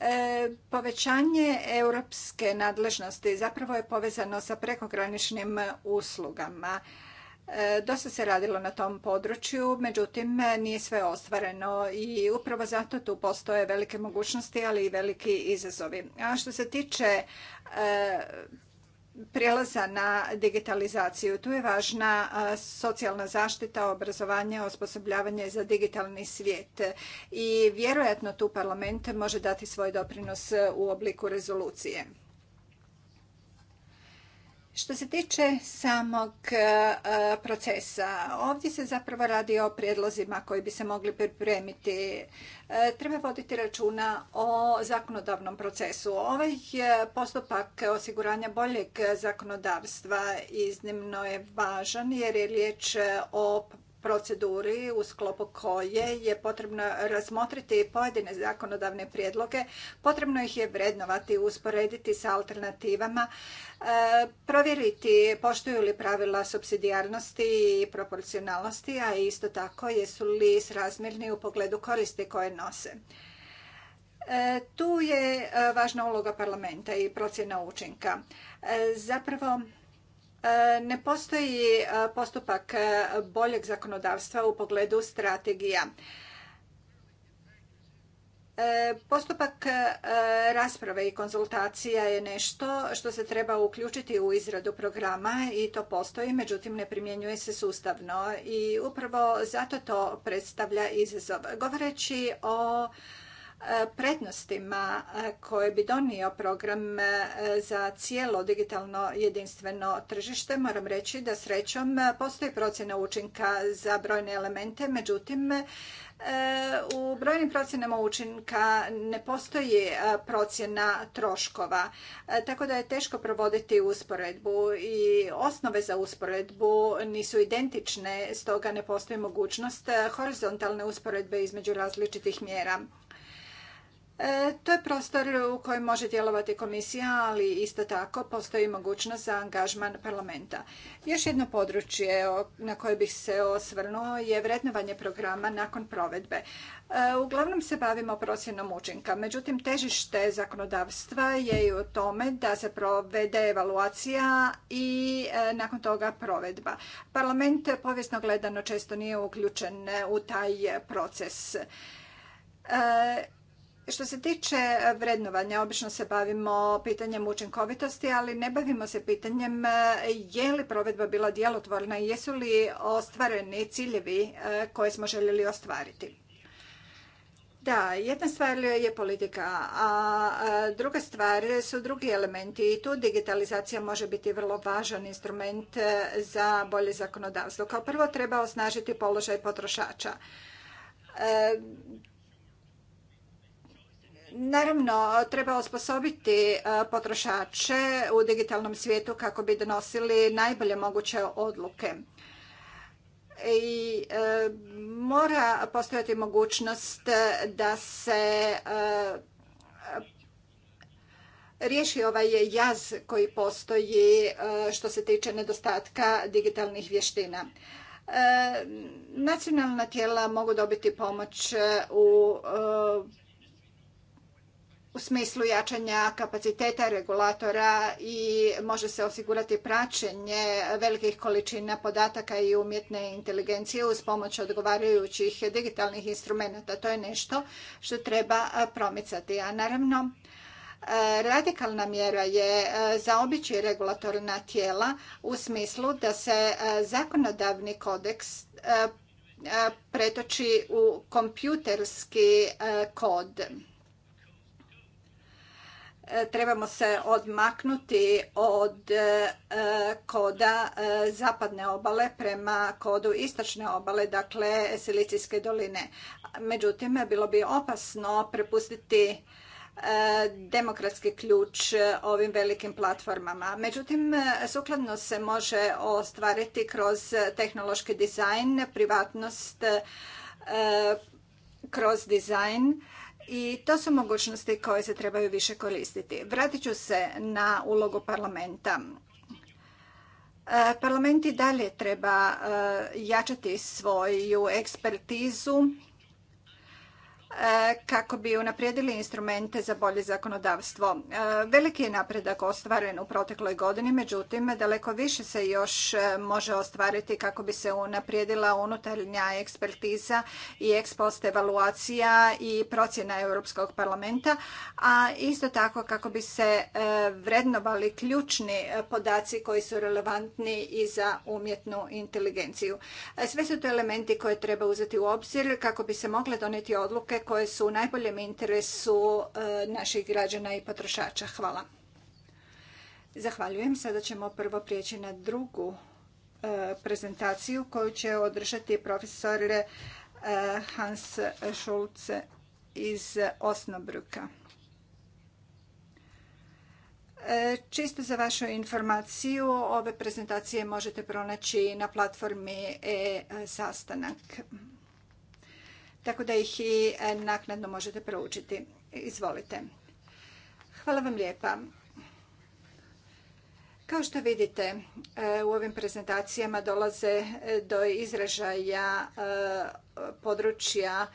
E, povećanje europske nadležnosti zapravo je povezano sa prekograničnim uslugama. E, dosta se radilo na tom području, međutim nije sve ostvareno i upravo zato tu postoje velike mogućnosti, ali i veliki izazovi. A što se tiče e, prijelaza na digitalizaciju. Tu je važna socijalna zaštita, obrazovanje, osposobljavanje za digitalni svijet. I vjerojatno tu parlament može dati svoj doprinos e, u obliku rezolucije. Što se tiče samog e, e, procesa, ovdje se zapravo radi o prijedlozima koji bi se mogli pripremiti. E, treba voditi računa o zakonodavnom procesu. Ovaj postupak osiguranja boljeg zakonodavstva iznimno je važan jer je riječ o proceduri u sklopu koje je potrebno razmotriti pojedine zakonodavne prijedloge, potrebno ih je vrednovati, usporediti sa alternativama, e, provjeriti poštuju li pravila subsidijarnosti i proporcionalnosti, a isto tako jesu li srazmjerni u pogledu koristi koje nose. E, tu je e, važna uloga parlamenta i procjena učinka. Zapravo, E, ne postoji e, postupak e, boljeg zakonodavstva u pogledu strategija. Postupak rasprave i konzultacija je nešto što se treba uključiti u izradu programa i to postoji, međutim ne primjenjuje se sustavno i upravo zato to predstavlja izazov. Govoreći o prednostima e, koje bi donio program e, za cijelo digitalno jedinstveno tržište, moram reći da srećom e, postoji procjena učinka za brojne elemente, međutim u brojnim procjenama učinka ne postoji procjena troškova, tako da je teško provoditi usporedbu i osnove za usporedbu nisu identične, stoga ne postoji mogućnost horizontalne usporedbe između različitih mjera. E, to je prostor u kojem može djelovati komisija, ali isto tako postoji mogućnost za angažman parlamenta. Još jedno područje na koje bih se osvrnuo je vrednovanje programa nakon provedbe. E, uglavnom se bavimo procjenom učinka, međutim težište zakonodavstva je i u tome da se provede evaluacija i e, nakon toga provedba. Parlament povijesno gledano često nije uključen u taj proces. Što se tiče e, vrednovanja, obično se bavimo pitanjem učinkovitosti, ali ne bavimo se pitanjem e, je li provedba bila djelotvorna i jesu li ostvareni ciljevi e, koje smo željeli ostvariti. Da, jedna stvar je politika, a druga stvar su drugi elementi i tu digitalizacija može biti vrlo važan instrument za bolje zakonodavstvo. Kao prvo treba osnažiti položaj potrošača. Naravno, treba osposobiti e, potrošače u digitalnom svijetu kako bi donosili najbolje moguće odluke. I e, mora postojati mogućnost da se e, riješi ovaj jaz koji postoji što se tiče nedostatka digitalnih vještina. nacionalna tijela mogu dobiti pomoć u u smislu jačanja kapaciteta regulatora i može se osigurati praćenje velikih količina podataka i umjetne inteligencije uz pomoć odgovarajućih digitalnih instrumenata. To je nešto što treba promicati. A naravno, Radikalna mjera je zaobići regulatorna tijela u smislu da se zakonodavni kodeks pretoči u kompjuterski kod trebamo se odmaknuti od e, e, koda e, zapadne obale prema kodu istočne obale, dakle Silicijske doline. Međutim, bilo bi opasno prepustiti demokratski ključ ovim velikim platformama. Međutim, sukladno se može ostvariti kroz tehnološki dizajn, privatnost, kroz dizajn i to su mogućnosti koje se trebaju više koristiti. Vratit ću se na ulogu parlamenta. E, parlament i dalje treba e, jačati svoju ekspertizu E, kako bi unaprijedili instrumente za bolje zakonodavstvo. E, veliki je napredak ostvaren u protekloj godini, međutim, daleko više se još e, može ostvariti kako bi se unaprijedila unutarnja ekspertiza i ekspost evaluacija i procjena Europskog parlamenta, a isto tako kako bi se vrednovali ključni podaci koji su relevantni i za umjetnu inteligenciju. Sve su to elementi koje treba uzeti u obzir kako bi se mogle donijeti odluke koje su u najboljem interesu e, naših građana i potrošača. Hvala. Zahvaljujem. Sada ćemo prvo prijeći na drugu e, prezentaciju koju će održati profesor e, Hans Schulz iz Osnobruka. Čisto za vašu informaciju, ove prezentacije možete pronaći na platformi e-sastanak tako da ih i e, naknadno možete proučiti. Izvolite. Hvala vam lijepa. Kao što vidite, e, u ovim prezentacijama dolaze e, do izražaja područja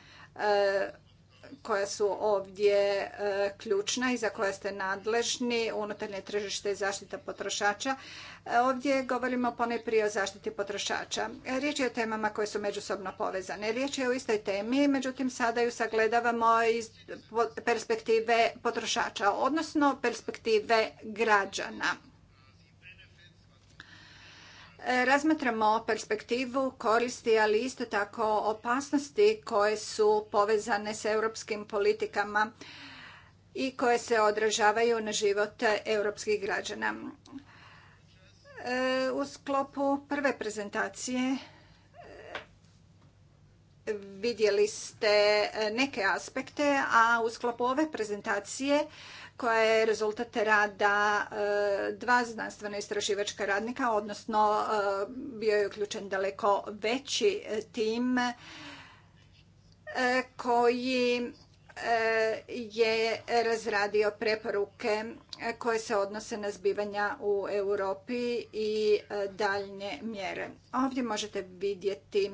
koja su ovdje ključna i za koja ste nadležni, unutarnje tržište i zaštita potrošača. Ovdje govorimo prije o zaštiti potrošača. Riječ je o temama koje su međusobno povezane. Riječ je o istoj temi, međutim sada ju sagledavamo iz perspektive potrošača, odnosno perspektive građana. Razmatramo perspektivu koristi, ali isto tako opasnosti koje su povezane s europskim politikama i koje se odražavaju na život europskih građana u sklopu prve prezentacije vidjeli ste neke aspekte, a u sklopu ove prezentacije koja je rezultat rada e, dva znanstveno istraživačka radnika, odnosno e, bio je uključen daleko veći tim e, koji je razradio preporuke E, koje se odnose na zbivanja u Europi i e, daljnje mjere. Ovdje možete vidjeti e,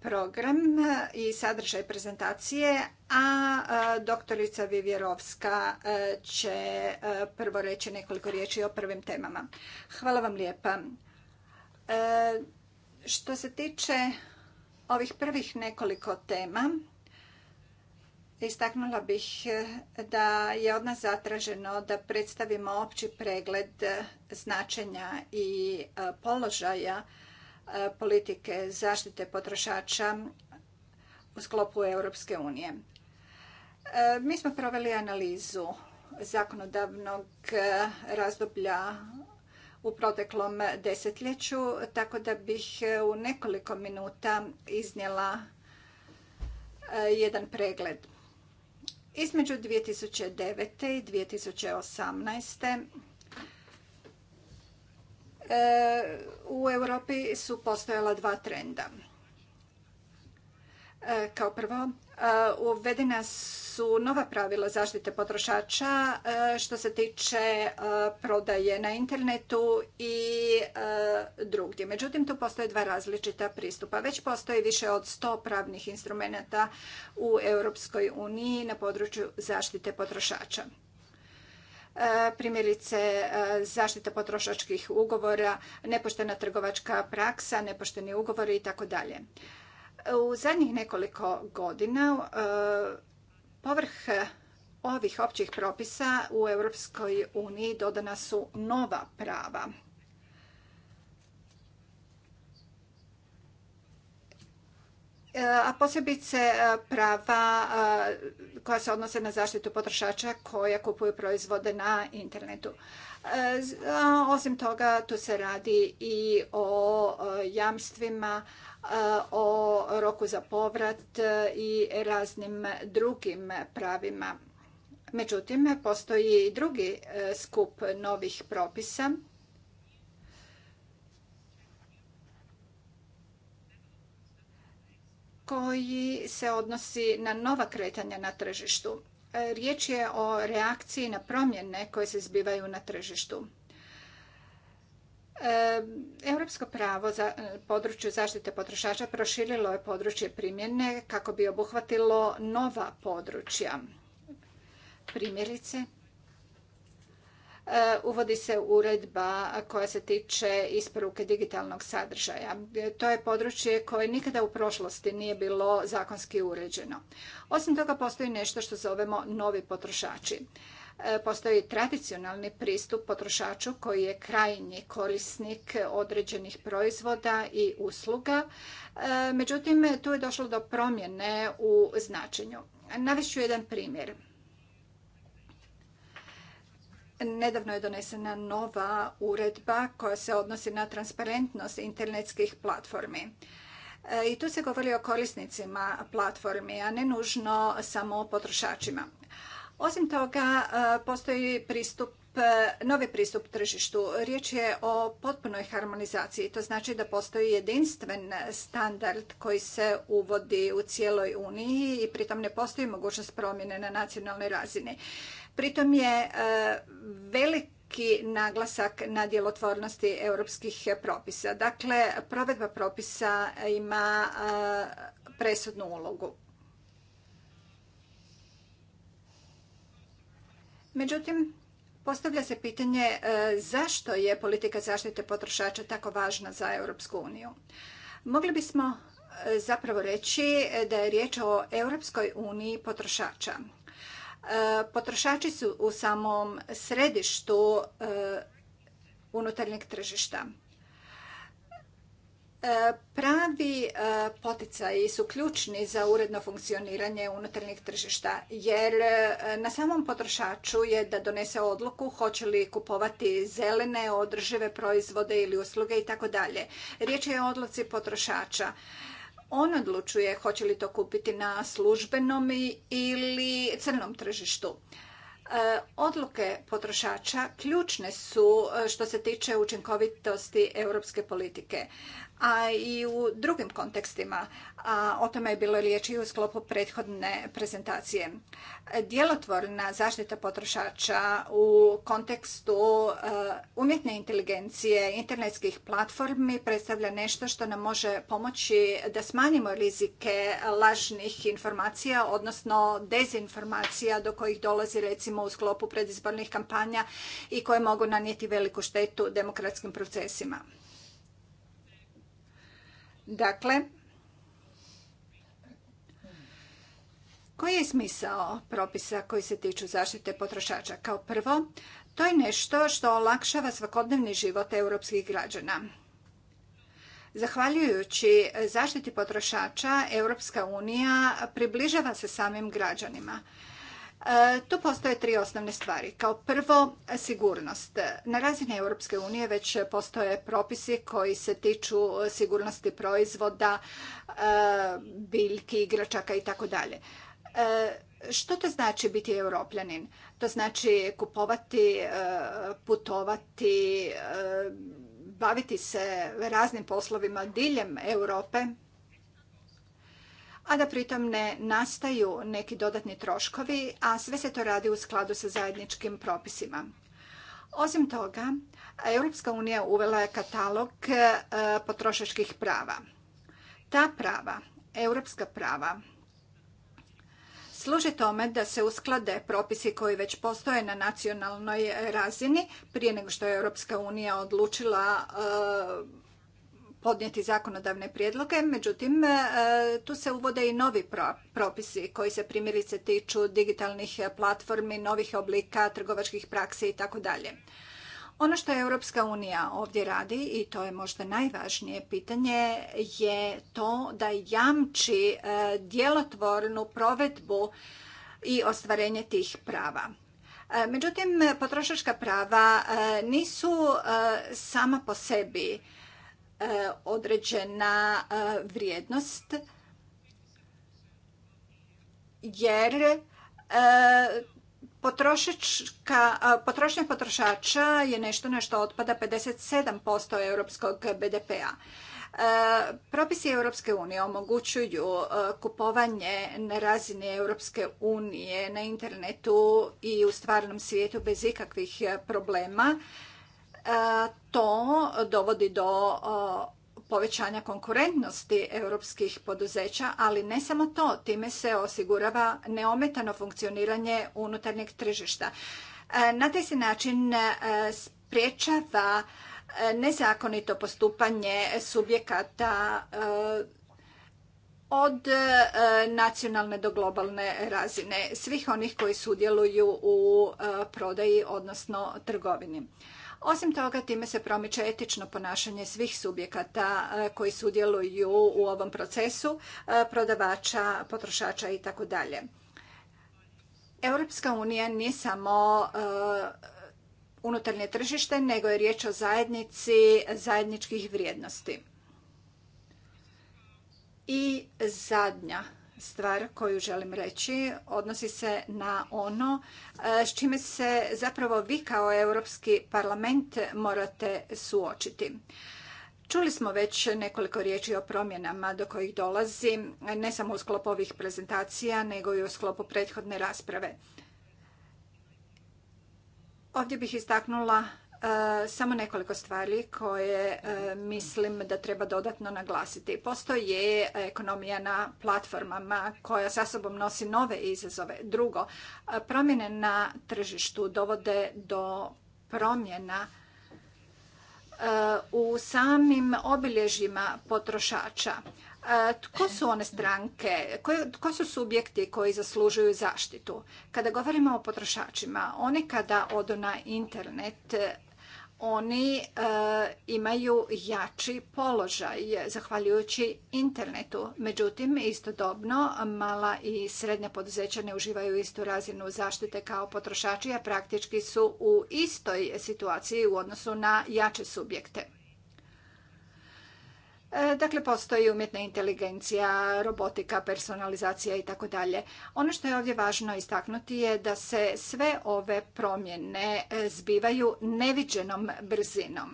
program i sadržaj prezentacije, a doktorica Vivjerovska će prvo reći nekoliko riječi o prvim temama. Hvala vam lijepa. Što se tiče ovih prvih nekoliko tema, Istaknula bih eh, da je od nas zatraženo da predstavimo opći pregled eh, značenja i eh, položaja politike zaštite potrošača u sklopu Europske unije. Mi smo proveli analizu zakonodavnog razdoblja u proteklom desetljeću, tako da bih u nekoliko minuta iznijela jedan pregled. Između 2009. i 2018. E, u Europi su postojala dva trenda. E, kao prvo, Uh, uvedena su nova pravila zaštite potrošača uh, što se tiče uh, prodaje na internetu i drugdje. Međutim, tu postoje dva različita pristupa. Već postoji više od 100 pravnih instrumenata u Europskoj uniji na području zaštite potrošača primjerice zaštita potrošačkih ugovora, nepoštena trgovačka praksa, nepošteni ugovori i tako dalje. U zadnjih nekoliko godina e, povrh ovih općih propisa u Europskoj uniji dodana su nova prava. E, a posebice prava e, koja se odnose na zaštitu potrošača koja kupuju proizvode na internetu. Osim toga, tu se radi i o jamstvima o roku za povrat i raznim drugim pravima. Međutim, postoji i drugi e, skup novih propisa koji se odnosi na nova kretanja na tržištu. E, riječ je o reakciji na promjene koje se zbivaju na tržištu. Europsko pravo za e, području zaštite potrošača proširilo je područje primjene kako bi obuhvatilo nova područja. Primjerice, e, uvodi se uredba koja se tiče isporuke digitalnog sadržaja. E, to je područje koje nikada u prošlosti nije bilo zakonski uređeno. Osim toga postoji nešto što zovemo novi potrošači. E, postoji tradicionalni pristup potrošaču koji je krajnji korisnik određenih proizvoda i usluga. E, međutim, tu je došlo do promjene u značenju. Navišću jedan primjer. Nedavno je donesena nova uredba koja se odnosi na transparentnost internetskih platformi. E, I tu se govori o korisnicima platformi, a ne nužno samo o potrošačima. Osim toga, e, postoji pristup e, novi pristup tržištu. Riječ je o potpunoj harmonizaciji. To znači da postoji jedinstven standard koji se uvodi u cijeloj Uniji i pritom ne postoji mogućnost promjene na nacionalnoj razini. Pritom je e, veliki naglasak na djelotvornosti europskih propisa. Dakle, provedba propisa ima presudnu ulogu. Međutim, postavlja se pitanje e, zašto je politika zaštite potrošača tako važna za Europsku uniju. Mogli bismo e, zapravo reći da je riječ o Europskoj uniji potrošača. E, potrošači su u samom središtu unutarnjeg tržišta. E, pravi e, poticaji su ključni za uredno funkcioniranje unutarnjeg tržišta, jer e, na samom potrošaču je da donese odluku hoće li kupovati zelene, održive proizvode ili usluge itd. Riječ je o odluci potrošača. On odlučuje hoće li to kupiti na službenom ili crnom tržištu. Odluke potrošača ključne su što se tiče učinkovitosti europske politike a i u drugim kontekstima. A o tome je bilo riječi i u sklopu prethodne prezentacije. Djelotvorna zaštita potrošača u kontekstu e, umjetne inteligencije, internetskih platformi predstavlja nešto što nam može pomoći da smanjimo rizike lažnih informacija, odnosno dezinformacija do kojih dolazi recimo u sklopu predizbornih kampanja i koje mogu nanijeti veliku štetu demokratskim procesima. Dakle, koji je smisao propisa koji se tiču zaštite potrošača? Kao prvo, to je nešto što olakšava svakodnevni život europskih građana. Zahvaljujući zaštiti potrošača, Europska unija približava se samim građanima. E, tu postoje tri osnovne stvari. Kao prvo, sigurnost. Na razini Europske unije već postoje propisi koji se tiču e, sigurnosti proizvoda, e, biljki, igračaka i tako dalje. Što to znači biti europljanin? To znači kupovati, putovati, baviti se raznim poslovima diljem Europe a da pritom ne nastaju neki dodatni troškovi, a sve se to radi u skladu sa zajedničkim propisima. Osim toga, Europska unija uvela je katalog e, potrošačkih prava. Ta prava, europska prava, služi tome da se usklade propisi koji već postoje na nacionalnoj razini prije nego što je Europska unija odlučila e, podnijeti zakonodavne prijedloge, međutim e, tu se uvode i novi propisi koji se primjerice tiču digitalnih platformi, novih oblika trgovačkih praksi itd. Ono što je Europska unija ovdje radi i to je možda najvažnije pitanje je to da jamči e, djelotvornu provedbu i ostvarenje tih prava. E, međutim, potrošačka prava nisu sama po sebi E, određena e, vrijednost jer e, potrošnja potrošača je nešto na što otpada 57% europskog BDP-a. Propisi Europske unije omogućuju kupovanje na razini Europske unije na internetu i u stvarnom svijetu bez ikakvih problema E, to dovodi do povećanja konkurentnosti europskih poduzeća, ali ne samo to, time se osigurava neometano funkcioniranje unutarnjeg tržišta. E, na taj se način e, spriječava nezakonito postupanje subjekata od nacionalne do globalne razine, svih onih koji sudjeluju u prodaji, odnosno trgovini. Osim toga, time se promiče etično ponašanje svih subjekata e, koji sudjeluju u ovom procesu, e, prodavača, potrošača i tako dalje. Europska unija nije samo e, unutarnje tržište, nego je riječ o zajednici zajedničkih vrijednosti. I zadnja stvar koju želim reći odnosi se na ono e, s čime se zapravo vi kao Europski parlament morate suočiti. Čuli smo već nekoliko riječi o promjenama do kojih dolazi, ne samo u sklopu ovih prezentacija, nego i u sklopu prethodne rasprave. Ovdje bih istaknula E, samo nekoliko stvari koje e, mislim da treba dodatno naglasiti. postoje ekonomija na platformama koja sa sobom nosi nove izazove. Drugo, e, promjene na tržištu dovode do promjena u samim obilježjima potrošača. Tko su one stranke? Tko su subjekti koji zaslužuju zaštitu? Kada govorimo o potrošačima, oni kada odu na internet oni e, imaju jači položaj zahvaljujući internetu. Međutim, istodobno mala i srednja poduzeća ne uživaju istu razinu zaštite kao potrošači, a praktički su u istoj situaciji u odnosu na jače subjekte. E, dakle, postoji umjetna inteligencija, robotika, personalizacija i tako dalje. Ono što je ovdje važno istaknuti je da se sve ove promjene e, zbivaju neviđenom brzinom.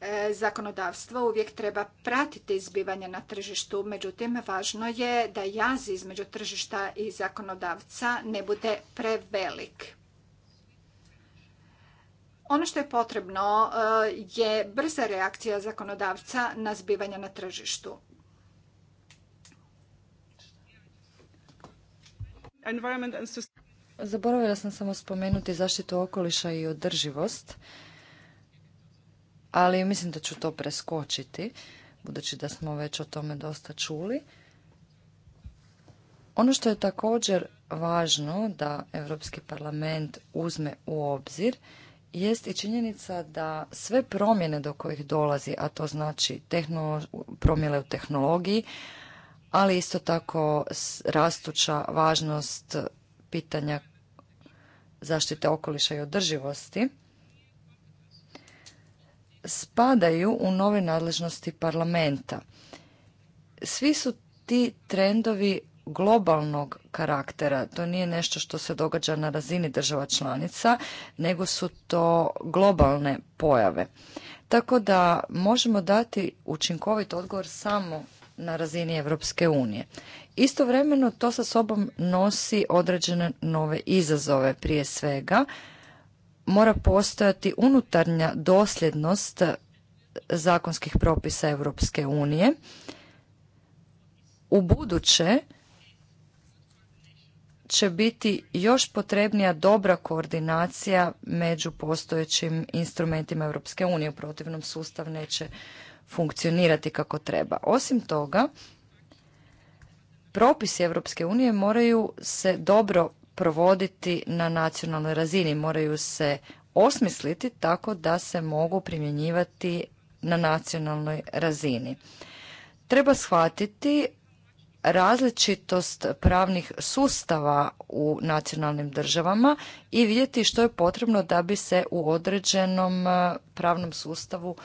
E, zakonodavstvo uvijek treba pratiti izbivanje na tržištu, međutim važno je da jaz između tržišta i zakonodavca ne bude prevelik. Ono što je potrebno e, je brza reakcija zakonodavca na zbivanja na tržištu. Zaboravila sam samo spomenuti zaštitu okoliša i održivost, ali mislim da ću to preskočiti, budući da smo već o tome dosta čuli. Ono što je također važno da Europski parlament uzme u obzir jest i činjenica da sve promjene do kojih dolazi, a to znači promjene u tehnologiji, ali isto tako rastuća važnost pitanja zaštite okoliša i održivosti, spadaju u nove nadležnosti parlamenta. Svi su ti trendovi globalnog karaktera. To nije nešto što se događa na razini država članica, nego su to globalne pojave. Tako da možemo dati učinkovit odgovor samo na razini Europske unije. Istovremeno to sa sobom nosi određene nove izazove prije svega. Mora postojati unutarnja dosljednost zakonskih propisa Europske unije. U buduće će biti još potrebnija dobra koordinacija među postojećim instrumentima Europske unije. U protivnom sustav neće funkcionirati kako treba. Osim toga, propisi Europske unije moraju se dobro provoditi na nacionalnoj razini, moraju se osmisliti tako da se mogu primjenjivati na nacionalnoj razini. Treba shvatiti različitost pravnih sustava u nacionalnim državama i vidjeti što je potrebno da bi se u određenom e, pravnom sustavu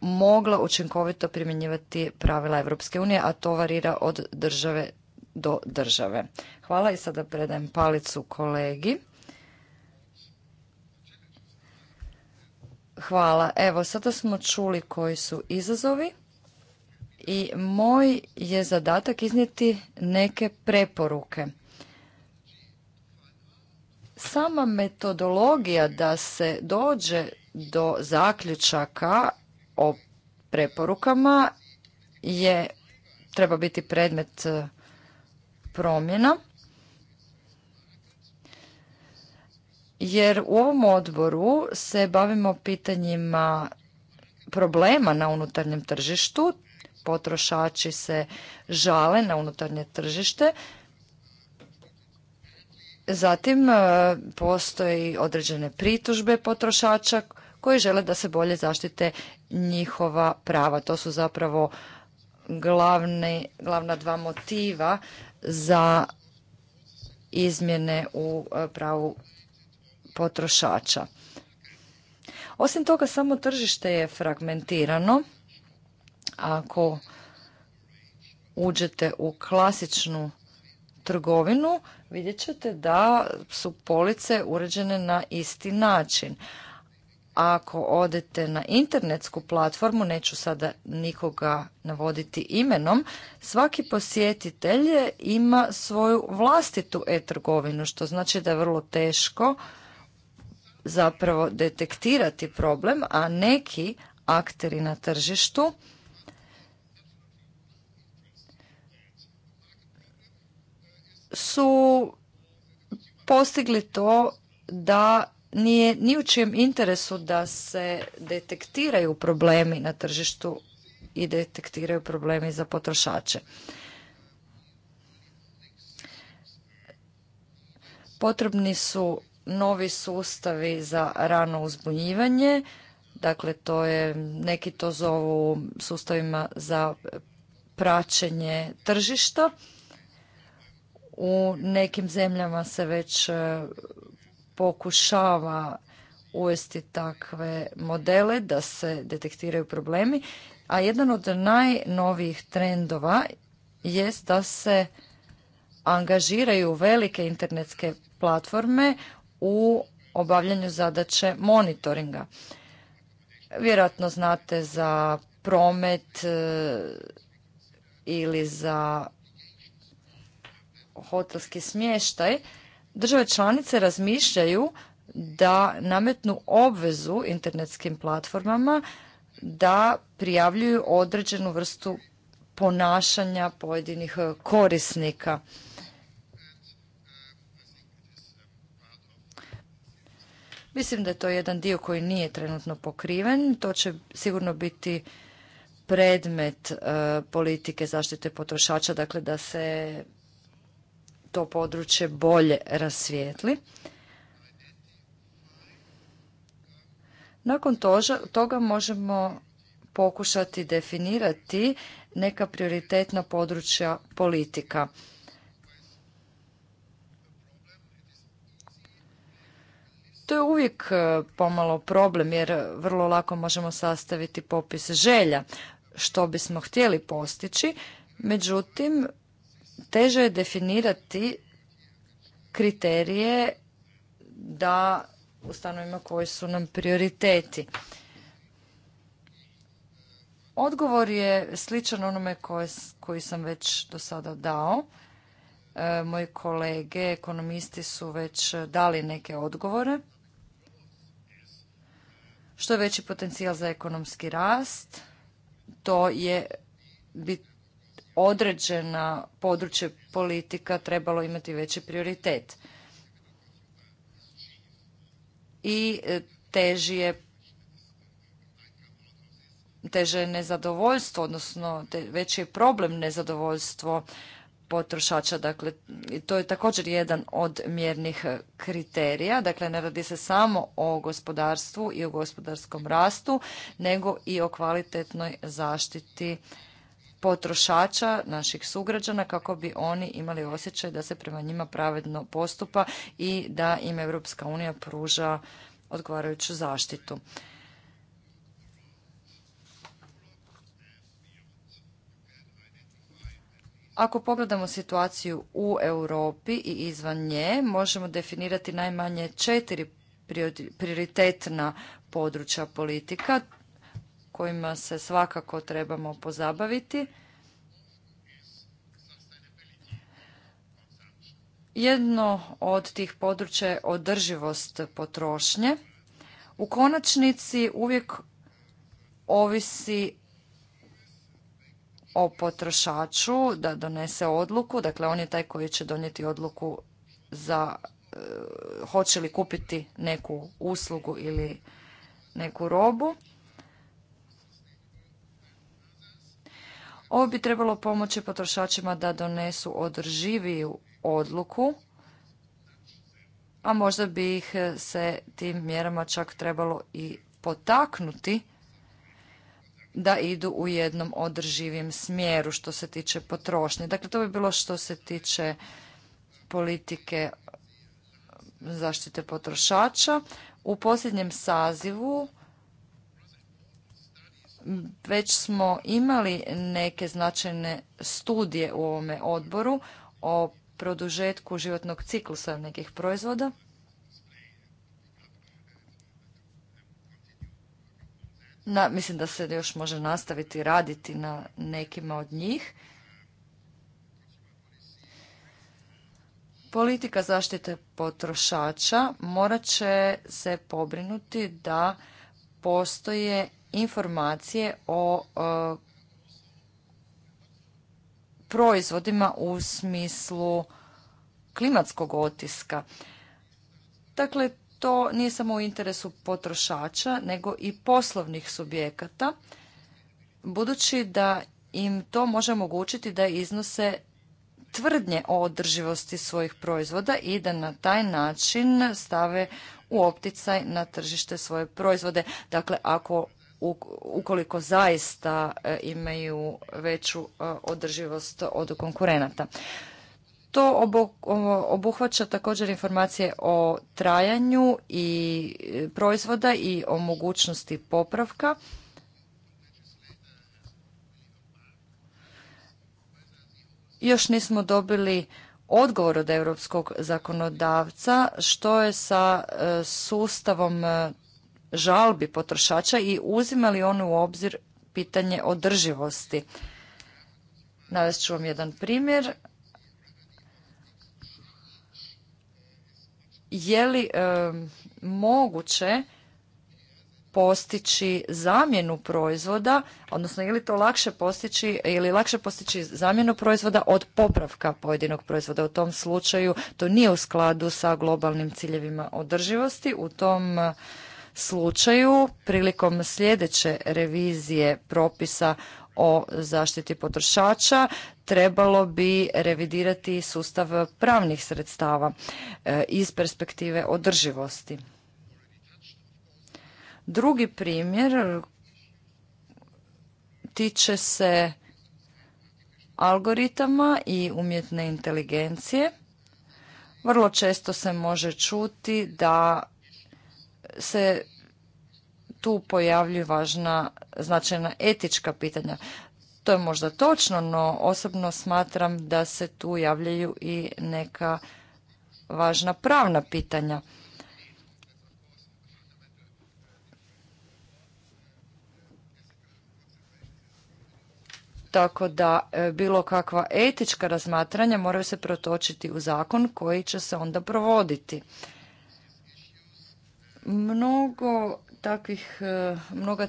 mogla učinkovito primjenjivati pravila Europske unije, a to varira od države do države. Hvala i sada predajem palicu kolegi. Hvala. Evo, sada smo čuli koji su izazovi i moj je zadatak iznijeti neke preporuke. Sama metodologija da se dođe do zaključaka o preporukama je treba biti predmet e, promjena. Jer u ovom odboru se bavimo pitanjima problema na unutarnjem tržištu potrošači se žale na unutarnje tržište. Zatim e, postoji određene pritužbe potrošača koji žele da se bolje zaštite njihova prava. To su zapravo glavna dva motiva za izmjene u e, pravu potrošača. Osim toga, samo tržište je fragmentirano ako uđete u klasičnu trgovinu, vidjet ćete da su police uređene na isti način. Ako odete na internetsku platformu, neću sada nikoga navoditi imenom, svaki posjetitelj ima svoju vlastitu e-trgovinu, što znači da je vrlo teško zapravo detektirati problem, a neki akteri na tržištu su postigli to da nije ni u čijem interesu da se detektiraju problemi na tržištu i detektiraju problemi za potrošače. Potrebni su novi sustavi za rano uzbunjivanje, dakle to je, neki to zovu sustavima za praćenje tržišta. U nekim zemljama se već e, pokušava uvesti takve modele da se detektiraju problemi, a jedan od najnovijih trendova jest da se angažiraju velike internetske platforme u obavljanju zadaće monitoringa. Vjerojatno znate za promet e, ili za hotelski smještaj, države članice razmišljaju da nametnu obvezu internetskim platformama da prijavljuju određenu vrstu ponašanja pojedinih e, korisnika. Mislim da je to jedan dio koji nije trenutno pokriven. To će sigurno biti predmet e, politike zaštite potrošača, dakle da se to područje bolje rasvijetli. Nakon toga možemo pokušati definirati neka prioritetna područja politika. To je uvijek e, pomalo problem jer vrlo lako možemo sastaviti popis želja što bismo htjeli postići, međutim teže je definirati kriterije da ustanovimo koji su nam prioriteti. Odgovor je sličan onome koji sam već do sada dao. E, moji kolege, ekonomisti su već dali neke odgovore. Što je veći potencijal za ekonomski rast, to je bit određena područja politika trebalo imati veći prioritet. I e, teži je teže nezadovoljstvo, odnosno veći je problem nezadovoljstvo potrošača. Dakle, to je također jedan od mjernih kriterija. Dakle, ne radi se samo o gospodarstvu i o gospodarskom rastu, nego i o kvalitetnoj zaštiti potrošača, naših sugrađana, kako bi oni imali osjećaj da se prema njima pravedno postupa i da im Europska unija pruža odgovarajuću zaštitu. Ako pogledamo situaciju u Europi i izvan nje, možemo definirati najmanje četiri prioritetna područja politika kojima se svakako trebamo pozabaviti. Jedno od tih područja je održivost potrošnje. U konačnici uvijek ovisi o potrošaču da donese odluku, dakle on je taj koji će donijeti odluku za e, hoće li kupiti neku uslugu ili neku robu. Ovo bi trebalo pomoći potrošačima da donesu održiviju odluku, a možda bi ih se tim mjerama čak trebalo i potaknuti da idu u jednom održivijem smjeru što se tiče potrošnje. Dakle, to bi bilo što se tiče politike zaštite potrošača. U posljednjem sazivu već smo imali neke značajne studije u ovome odboru o produžetku životnog ciklusa nekih proizvoda. mislim da se još može nastaviti raditi na nekima od njih. Politika zaštite potrošača morat će se pobrinuti da postoje informacije o e, proizvodima u smislu klimatskog otiska. Dakle, to nije samo u interesu potrošača, nego i poslovnih subjekata, budući da im to može omogućiti da iznose tvrdnje o održivosti svojih proizvoda i da na taj način stave u opticaj na tržište svoje proizvode. Dakle, ako ukoliko zaista e, imaju veću e, održivost od konkurenata. To obuhvaća također informacije o trajanju i e, proizvoda i o mogućnosti popravka. Još nismo dobili odgovor od europskog zakonodavca što je sa sustavom žalbi potrošača i uzima li on u obzir pitanje održivosti. Navest ću vam jedan primjer. Je li e, moguće postići zamjenu proizvoda, odnosno je li to lakše postići ili lakše postići zamjenu proizvoda od popravka pojedinog proizvoda. U tom slučaju to nije u skladu sa globalnim ciljevima održivosti. U tom slučaju prilikom sljedeće revizije propisa o zaštiti potrošača trebalo bi revidirati sustav pravnih sredstava e, iz perspektive održivosti. Drugi primjer tiče se algoritama i umjetne inteligencije. Vrlo često se može čuti da se tu pojavljuju važna značajna etička pitanja. To je možda točno, no osobno smatram da se tu javljaju i neka važna pravna pitanja. Tako da e, bilo kakva etička razmatranja moraju se protočiti u zakon koji će se onda provoditi. Mnogo takvih, e, mnoga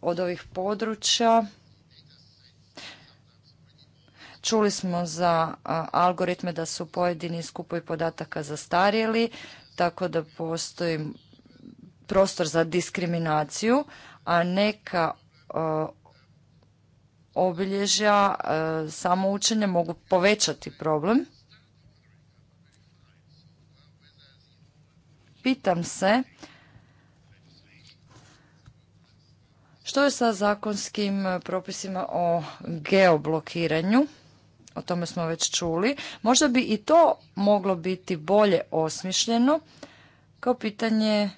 od ovih područja Čuli smo za algoritme da su pojedini skupovi podataka zastarjeli, tako da postoji prostor za diskriminaciju, a neka e, obilježja e, samoučenja mogu povećati problem. pitam se što je sa zakonskim propisima o geoblokiranju. O tome smo već čuli. Možda bi i to moglo biti bolje osmišljeno kao pitanje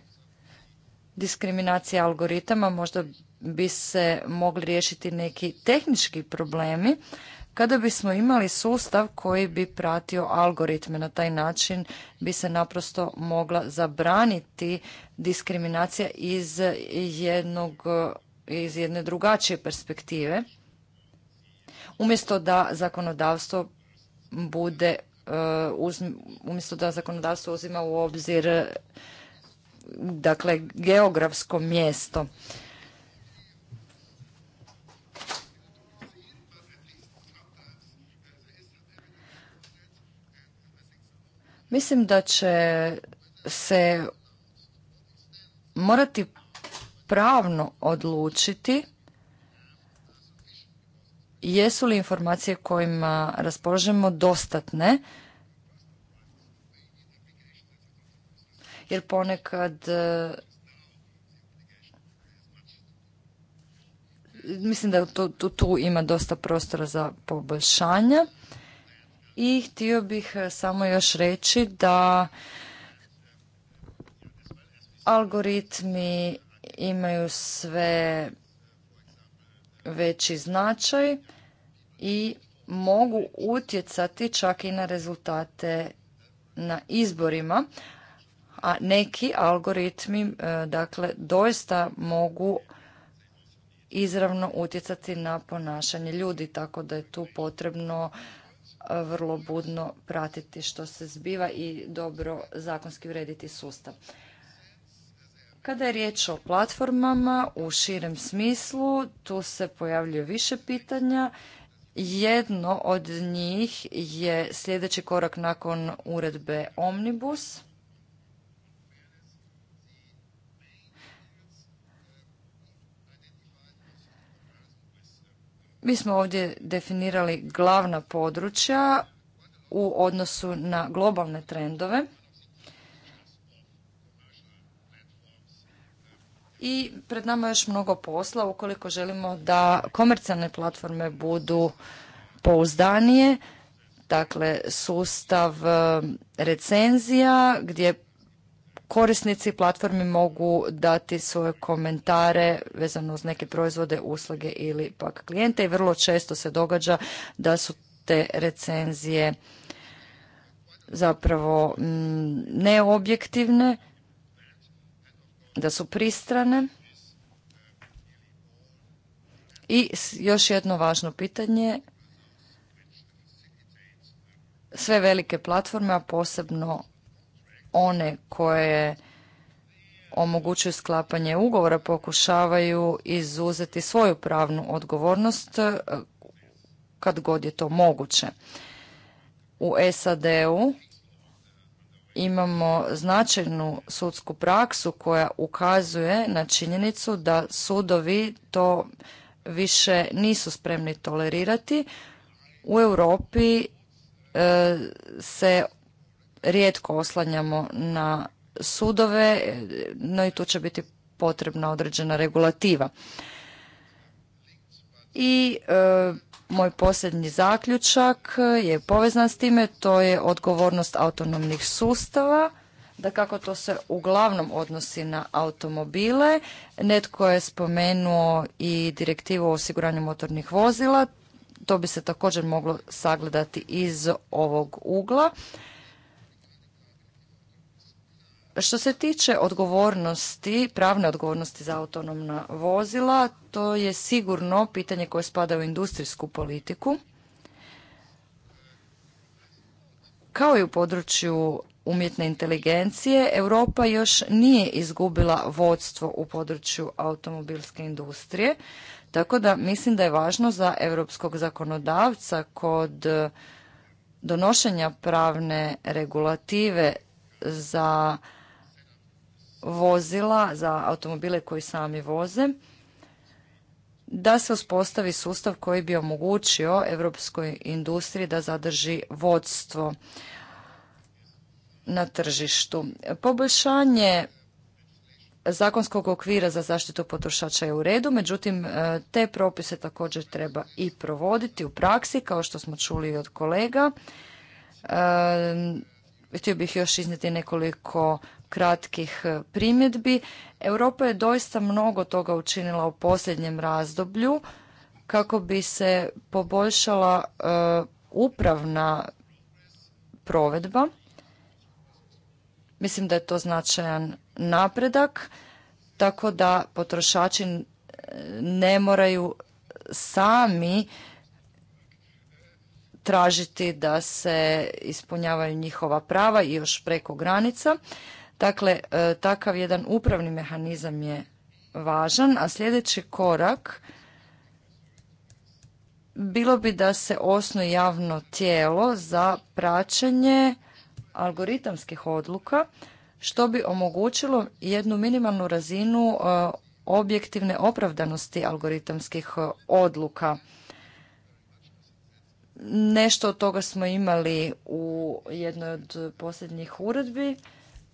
diskriminacije algoritama. Možda bi se mogli riješiti neki tehnički problemi kada bismo imali sustav koji bi pratio algoritme na taj način bi se naprosto mogla zabraniti diskriminacija iz jednog iz jedne drugačije perspektive umjesto da zakonodavstvo bude e, umjesto da zakonodavstvo uzima u obzir dakle geografsko mjesto Mislim da će se morati pravno odlučiti jesu li informacije kojima raspolažemo dostatne jer ponekad e, mislim da tu, tu ima dosta prostora za poboljšanja i htio bih e, samo još reći da algoritmi imaju sve veći značaj i mogu utjecati čak i na rezultate na izborima, a neki algoritmi e, dakle doista mogu izravno utjecati na ponašanje ljudi, tako da je tu potrebno vrlo budno pratiti što se zbiva i dobro zakonski urediti sustav. Kada je riječ o platformama u širem smislu, tu se pojavljuje više pitanja. Jedno od njih je sljedeći korak nakon uredbe Omnibus. Mi smo ovdje definirali glavna područja u odnosu na globalne trendove. I pred nama je još mnogo posla ukoliko želimo da komercijalne platforme budu pouzdanije, dakle sustav eh, recenzija gdje korisnici platformi mogu dati svoje komentare vezano uz neke proizvode, usluge ili pak klijente i vrlo često se događa da su te recenzije zapravo mm, neobjektivne, da su pristrane. I još jedno važno pitanje. Sve velike platforme, a posebno one koje omogućuju sklapanje ugovora pokušavaju izuzeti svoju pravnu odgovornost e, kad god je to moguće. U SAD-u imamo značajnu sudsku praksu koja ukazuje na činjenicu da sudovi to više nisu spremni tolerirati. U Europi e, se rijetko oslanjamo na sudove, no i tu će biti potrebna određena regulativa. I e, moj posljednji zaključak je povezan s time, to je odgovornost autonomnih sustava, da kako to se uglavnom odnosi na automobile. Netko je spomenuo i direktivu o osiguranju motornih vozila, to bi se također moglo sagledati iz ovog ugla. Što se tiče odgovornosti, pravne odgovornosti za autonomna vozila, to je sigurno pitanje koje spada u industrijsku politiku. Kao i u području umjetne inteligencije, Europa još nije izgubila vodstvo u području automobilske industrije, tako da mislim da je važno za europskog zakonodavca kod donošenja pravne regulative za vozila za automobile koji sami voze da se uspostavi sustav koji bi omogućio europskoj industriji da zadrži vodstvo na tržištu. Poboljšanje zakonskog okvira za zaštitu potrošača je u redu, međutim e, te propise također treba i provoditi u praksi, kao što smo čuli od kolega. E, htio bih još iznijeti nekoliko kratkih e, primjedbi. Europa je doista mnogo toga učinila u posljednjem razdoblju kako bi se poboljšala e, upravna provedba. Mislim da je to značajan napredak, tako da potrošači e, ne moraju sami tražiti da se ispunjavaju njihova prava i još preko granica. Dakle, e, takav jedan upravni mehanizam je važan, a sljedeći korak bilo bi da se osnuje javno tijelo za praćenje algoritamskih odluka, što bi omogućilo jednu minimalnu razinu e, objektivne opravdanosti algoritamskih e, odluka. Nešto od toga smo imali u jednoj od posljednjih uredbi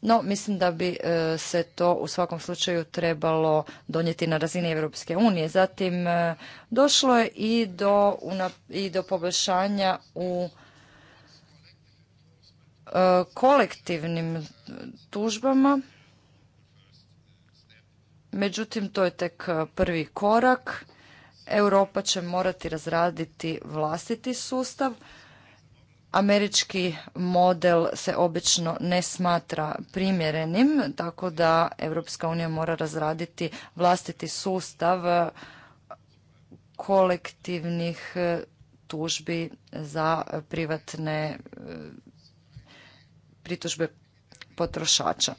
no, mislim da bi e, se to u svakom slučaju trebalo donijeti na razini Europske unije. Zatim, e, došlo je i do, i do poboljšanja u e, kolektivnim tužbama. Međutim, to je tek prvi korak. Europa će morati razraditi vlastiti sustav američki model se obično ne smatra primjerenim, tako da Europska unija mora razraditi vlastiti sustav e, kolektivnih e, tužbi za privatne e, pritužbe potrošača.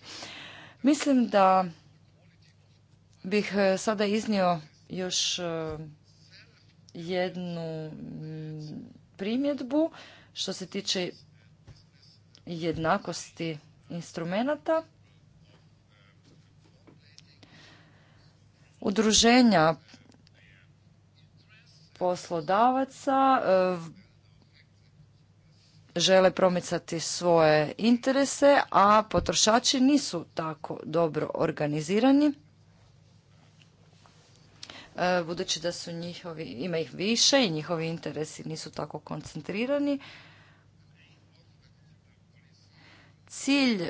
Mislim da bih sada iznio još jednu primjedbu što se tiče jednakosti instrumenata, udruženja poslodavaca eh, žele promicati svoje interese, a potrošači nisu tako dobro organizirani. E, budući da su njihovi, ima ih više i njihovi interesi nisu tako koncentrirani. Cilj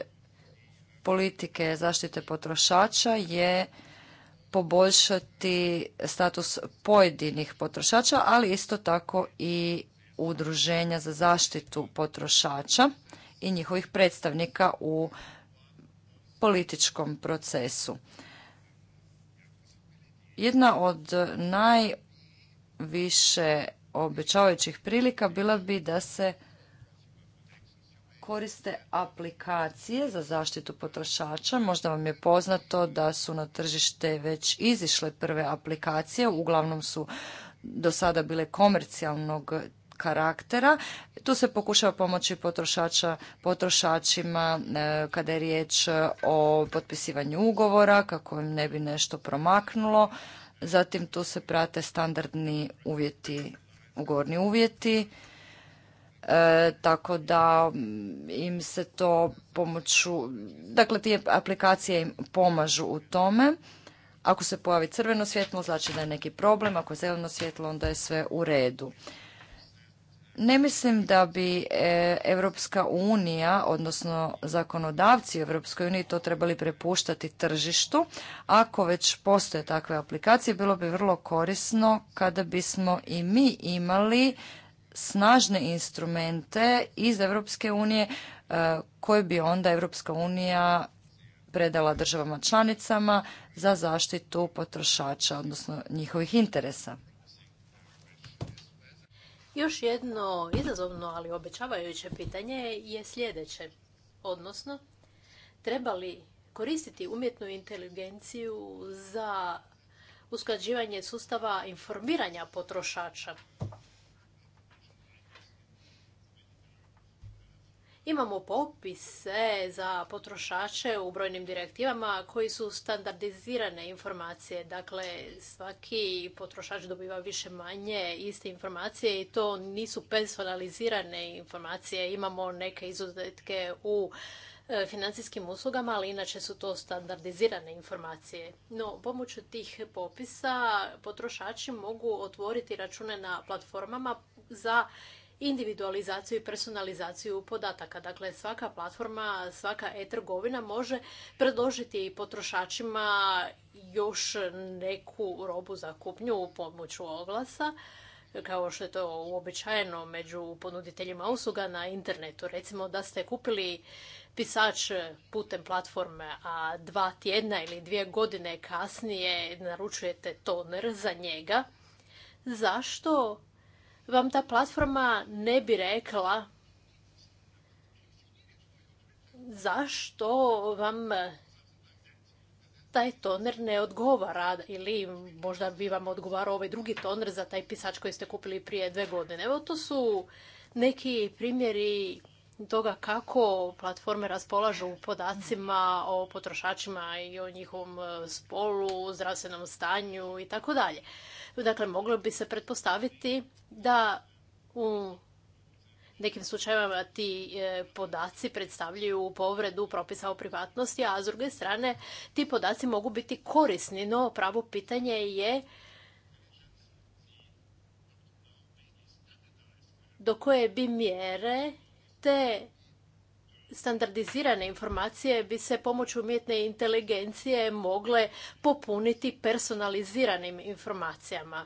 politike zaštite potrošača je poboljšati status pojedinih potrošača, ali isto tako i udruženja za zaštitu potrošača i njihovih predstavnika u političkom procesu. Jedna od najviše obećavajućih prilika bila bi da se koriste aplikacije za zaštitu potrošača. Možda vam je poznato da su na tržište već izišle prve aplikacije, uglavnom su do sada bile komercijalnog karaktera. Tu se pokušava pomoći potrošača, potrošačima e, kada je riječ e, o potpisivanju ugovora, kako im ne bi nešto promaknulo. Zatim tu se prate standardni uvjeti, ugovorni uvjeti. E, tako da im se to pomoću, dakle ti aplikacije im pomažu u tome. Ako se pojavi crveno svjetlo, znači da je neki problem, ako je zeleno svjetlo, onda je sve u redu. Ne mislim da bi Europska unija, odnosno zakonodavci Europskoj uniji to trebali prepuštati tržištu. Ako već postoje takve aplikacije, bilo bi vrlo korisno kada bismo i mi imali snažne instrumente iz Europske unije e, koje bi onda Europska unija predala državama članicama za zaštitu potrošača, odnosno njihovih interesa. Još jedno izazovno, ali obećavajuće pitanje je sljedeće. Odnosno, treba li koristiti umjetnu inteligenciju za usklađivanje sustava informiranja potrošača? Imamo popise za potrošače u brojnim direktivama koji su standardizirane informacije. Dakle, svaki potrošač dobiva više manje iste informacije i to nisu personalizirane informacije. Imamo neke izuzetke u e, financijskim uslugama, ali inače su to standardizirane informacije. No, pomoću tih popisa potrošači mogu otvoriti račune na platformama za individualizaciju i personalizaciju podataka. Dakle, svaka platforma, svaka e-trgovina može predložiti potrošačima još neku robu za kupnju u pomoću oglasa kao što je to uobičajeno među ponuditeljima usluga na internetu. Recimo da ste kupili pisač putem platforme, a dva tjedna ili dvije godine kasnije naručujete toner za njega. Zašto vam ta platforma ne bi rekla zašto vam taj toner ne odgovara ili možda bi vam odgovarao ovaj drugi toner za taj pisač koji ste kupili prije dve godine. Evo to su neki primjeri toga kako platforme raspolažu podacima o potrošačima i o njihovom spolu, zdravstvenom stanju i tako dalje. Dakle, moglo bi se pretpostaviti da u nekim slučajevima ti e, podaci predstavljaju povredu propisa o privatnosti, a s druge strane ti podaci mogu biti korisni, no pravo pitanje je do koje bi mjere te standardizirane informacije bi se pomoću umjetne inteligencije mogle popuniti personaliziranim informacijama.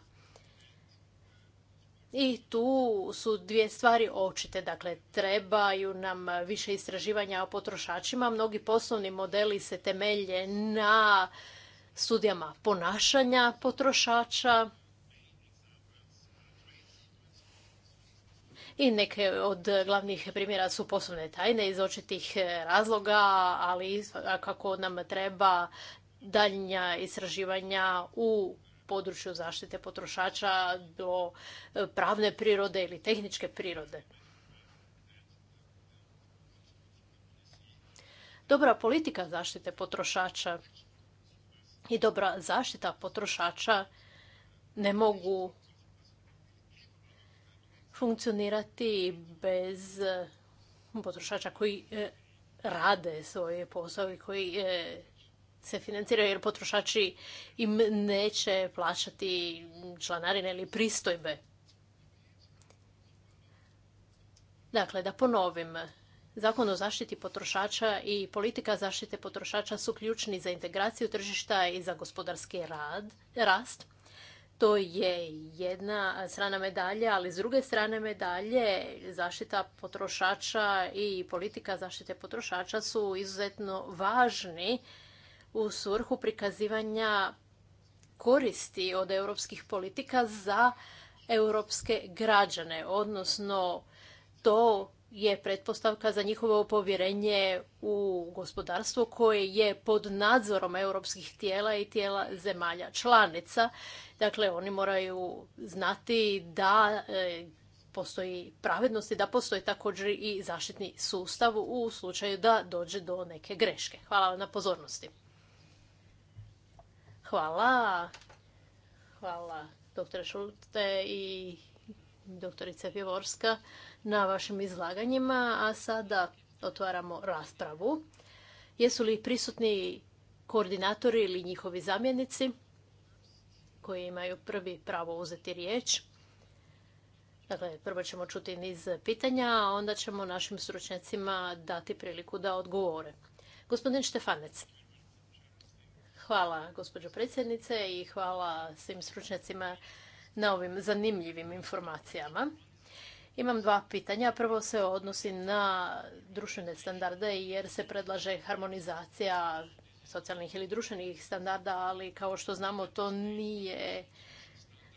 I tu su dvije stvari očite. Dakle, trebaju nam više istraživanja o potrošačima. Mnogi poslovni modeli se temelje na studijama ponašanja potrošača, I neke od glavnih primjera su poslovne tajne iz očitih e, razloga, ali kako nam treba daljnja istraživanja u području zaštite potrošača do e, pravne prirode ili tehničke prirode. Dobra politika zaštite potrošača i dobra zaštita potrošača ne mogu funkcionirati bez potrošača koji e, rade svoje posao i koji e, se financiraju jer potrošači im neće plaćati članarine ili pristojbe. Dakle, da ponovim, Zakon o zaštiti potrošača i politika zaštite potrošača su ključni za integraciju tržišta i za gospodarski rast to je jedna strana medalje, ali s druge strane medalje zaštita potrošača i politika zaštite potrošača su izuzetno važni u svrhu prikazivanja koristi od europskih politika za europske građane, odnosno to je pretpostavka za njihovo povjerenje u gospodarstvo koje je pod nadzorom europskih tijela i tijela zemalja članica. Dakle, oni moraju znati da e, postoji pravednost i da postoji također i zaštitni sustav u slučaju da dođe do neke greške. Hvala vam na pozornosti. Hvala. Hvala doktore Šulte i doktorice Pivorska na vašim izlaganjima, a sada otvaramo raspravu. Jesu li prisutni koordinatori ili njihovi zamjenici koji imaju prvi pravo uzeti riječ? Dakle, prvo ćemo čuti niz pitanja, a onda ćemo našim stručnjacima dati priliku da odgovore. Gospodin Štefanec. Hvala, gospođo predsjednice, i hvala svim stručnjacima na ovim zanimljivim informacijama. Imam dva pitanja. Prvo se odnosi na društvene standarde jer se predlaže harmonizacija socijalnih ili društvenih standarda, ali kao što znamo to nije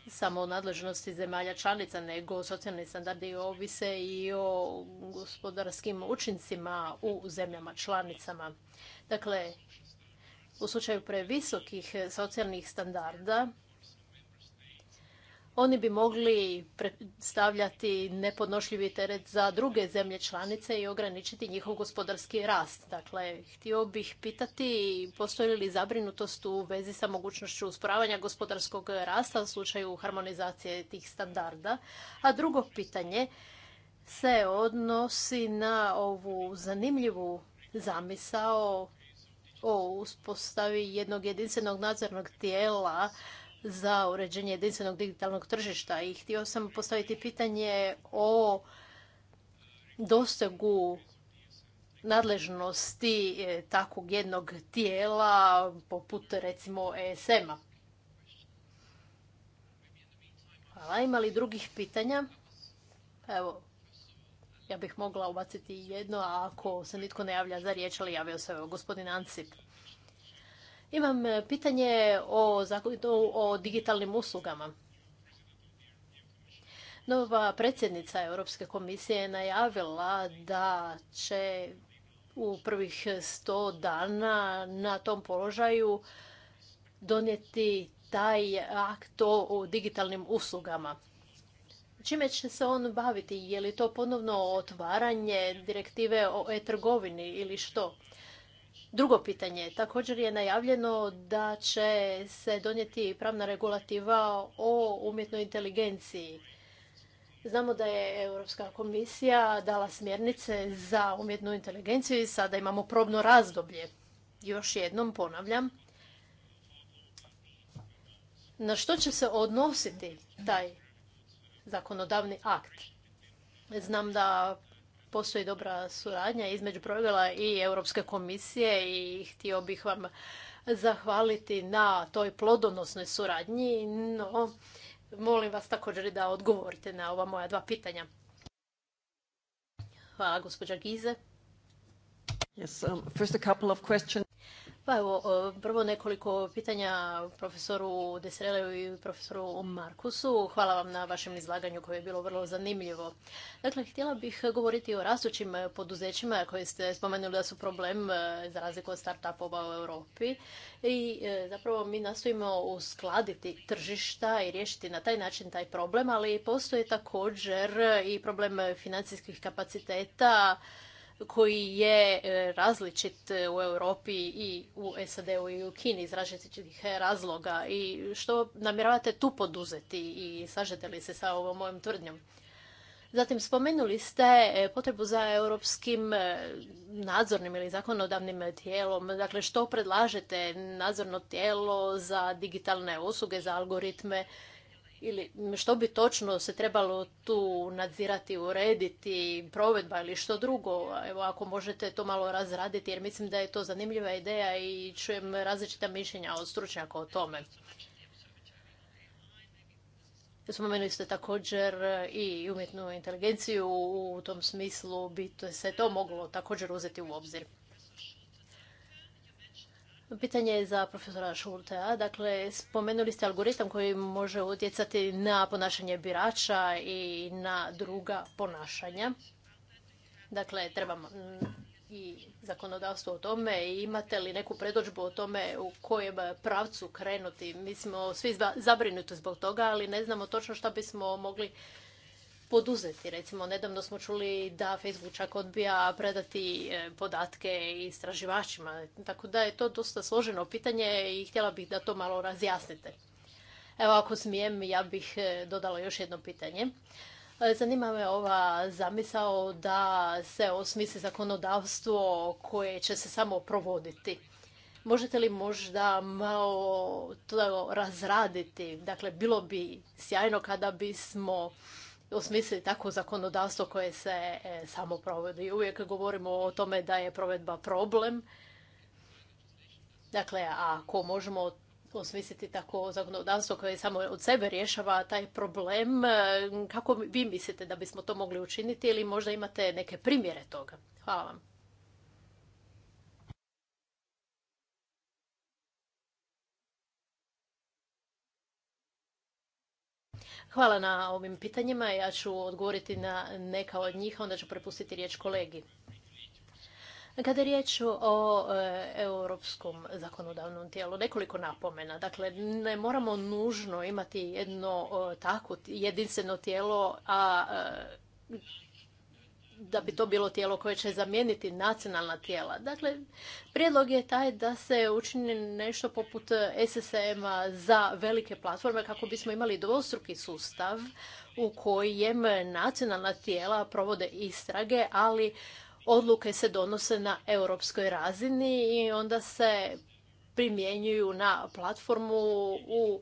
samo nadležnosti zemalja članica, nego socijalni standardi ovise i o gospodarskim učincima u zemljama članicama. Dakle, u slučaju previsokih socijalnih standarda oni bi mogli predstavljati nepodnošljivi teret za druge zemlje članice i ograničiti njihov gospodarski rast. Dakle, htio bih pitati postoji li zabrinutost u vezi sa mogućnošću usporavanja gospodarskog rasta u slučaju harmonizacije tih standarda. A drugo pitanje se odnosi na ovu zanimljivu zamisao o uspostavi jednog jedinstvenog nadzornog tijela za uređenje jedinstvenog digitalnog tržišta i htio sam postaviti pitanje o dosegu nadležnosti e, takvog jednog tijela poput recimo ESM-a. Hvala. Ima li drugih pitanja? Evo, ja bih mogla ubaciti jedno, a ako se nitko ne javlja za riječ, ali javio se evo, gospodin Ancip. Imam e, pitanje o o digitalnim uslugama. Nova predsjednica Europske komisije je najavila da će u prvih sto dana na tom položaju donijeti taj akt o digitalnim uslugama. Čime će se on baviti? Je li to ponovno otvaranje direktive o e-trgovini ili što? Drugo pitanje, također je najavljeno da će se donijeti pravna regulativa o umjetnoj inteligenciji. Znamo da je Europska komisija dala smjernice za umjetnu inteligenciju i sada imamo probno razdoblje. Još jednom ponavljam, na što će se odnositi taj zakonodavni akt? Znam da postoji dobra suradnja između Provjela i Europske komisije i htio bih vam zahvaliti na toj plodonosnoj suradnji, no molim vas također da odgovorite na ova moja dva pitanja. Hvala, gospođa Gize. Yes, um, first pa evo, e, prvo nekoliko pitanja profesoru Desreleju i profesoru Markusu. Hvala vam na vašem izlaganju koje je bilo vrlo zanimljivo. Dakle, htjela bih govoriti o rastućim poduzećima koje ste spomenuli da su problem e, za razliku od startupova u Europi. I e, zapravo mi nastojimo uskladiti tržišta i riješiti na taj način taj problem, ali postoje također i problem financijskih kapaciteta koji je e, različit u Europi i u SAD-u i u Kini iz različitih razloga i što namjeravate tu poduzeti i sažete li se sa ovom mojom tvrdnjom? Zatim spomenuli ste e, potrebu za europskim e, nadzornim ili zakonodavnim tijelom. Dakle, što predlažete nadzorno tijelo za digitalne usluge, za algoritme? ili što bi točno se trebalo tu nadzirati, urediti, provedba ili što drugo. Evo, ako možete to malo razraditi, jer mislim da je to zanimljiva ideja i čujem različita mišljenja od stručnjaka o tome. Spomenuli ste također i umjetnu inteligenciju, u tom smislu bi se to moglo također uzeti u obzir. Pitanje je za profesora Šultea. Dakle, spomenuli ste algoritam koji može utjecati na ponašanje birača i na druga ponašanja. Dakle, trebamo i zakonodavstvo o tome imate li neku predođbu o tome u kojem pravcu krenuti. Mi smo svi zabrinuti zbog toga, ali ne znamo točno što bismo mogli poduzeti. Recimo, nedavno smo čuli da Facebook čak odbija predati e, podatke istraživačima, tako da je to dosta složeno pitanje i htjela bih da to malo razjasnite. Evo, ako smijem, ja bih e, dodala još jedno pitanje. E, zanima me ova zamisao da se osmisli zakonodavstvo koje će se samo provoditi. Možete li možda malo to razraditi? Dakle, bilo bi sjajno kada bismo osmisliti tako zakonodavstvo koje se e, samo provodi. Uvijek govorimo o tome da je provedba problem. Dakle, ako možemo osmisliti tako zakonodavstvo koje samo od sebe rješava taj problem, e, kako vi mislite da bismo to mogli učiniti ili možda imate neke primjere toga? Hvala vam. Hvala na ovim pitanjima. Ja ću odgovoriti na neka od njih, onda ću prepustiti riječ kolegi. Kada je riječ o e, europskom zakonodavnom tijelu, nekoliko napomena. Dakle, ne moramo nužno imati jedno e, tako jedinstveno tijelo, a e, da bi to bilo tijelo koje će zamijeniti nacionalna tijela. Dakle, prijedlog je taj da se učini nešto poput SSM-a za velike platforme kako bismo imali dvostruki sustav u kojem nacionalna tijela provode istrage, ali odluke se donose na europskoj razini i onda se primjenjuju na platformu u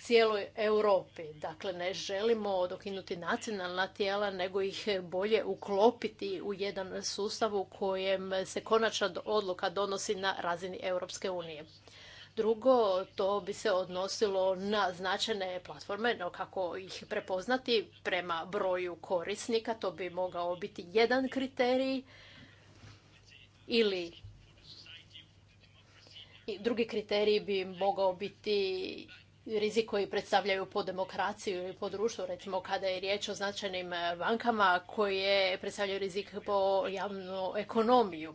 cijeloj Europi. Dakle, ne želimo dokinuti nacionalna tijela, nego ih bolje uklopiti u jedan sustav u kojem se konačna odluka donosi na razini Europske unije. Drugo, to bi se odnosilo na značajne platforme, no kako ih prepoznati prema broju korisnika, to bi mogao biti jedan kriterij ili drugi kriterij bi mogao biti rizik koji predstavljaju po demokraciju ili po društvu, recimo kada je riječ o značajnim bankama koje predstavljaju rizik po javnu ekonomiju.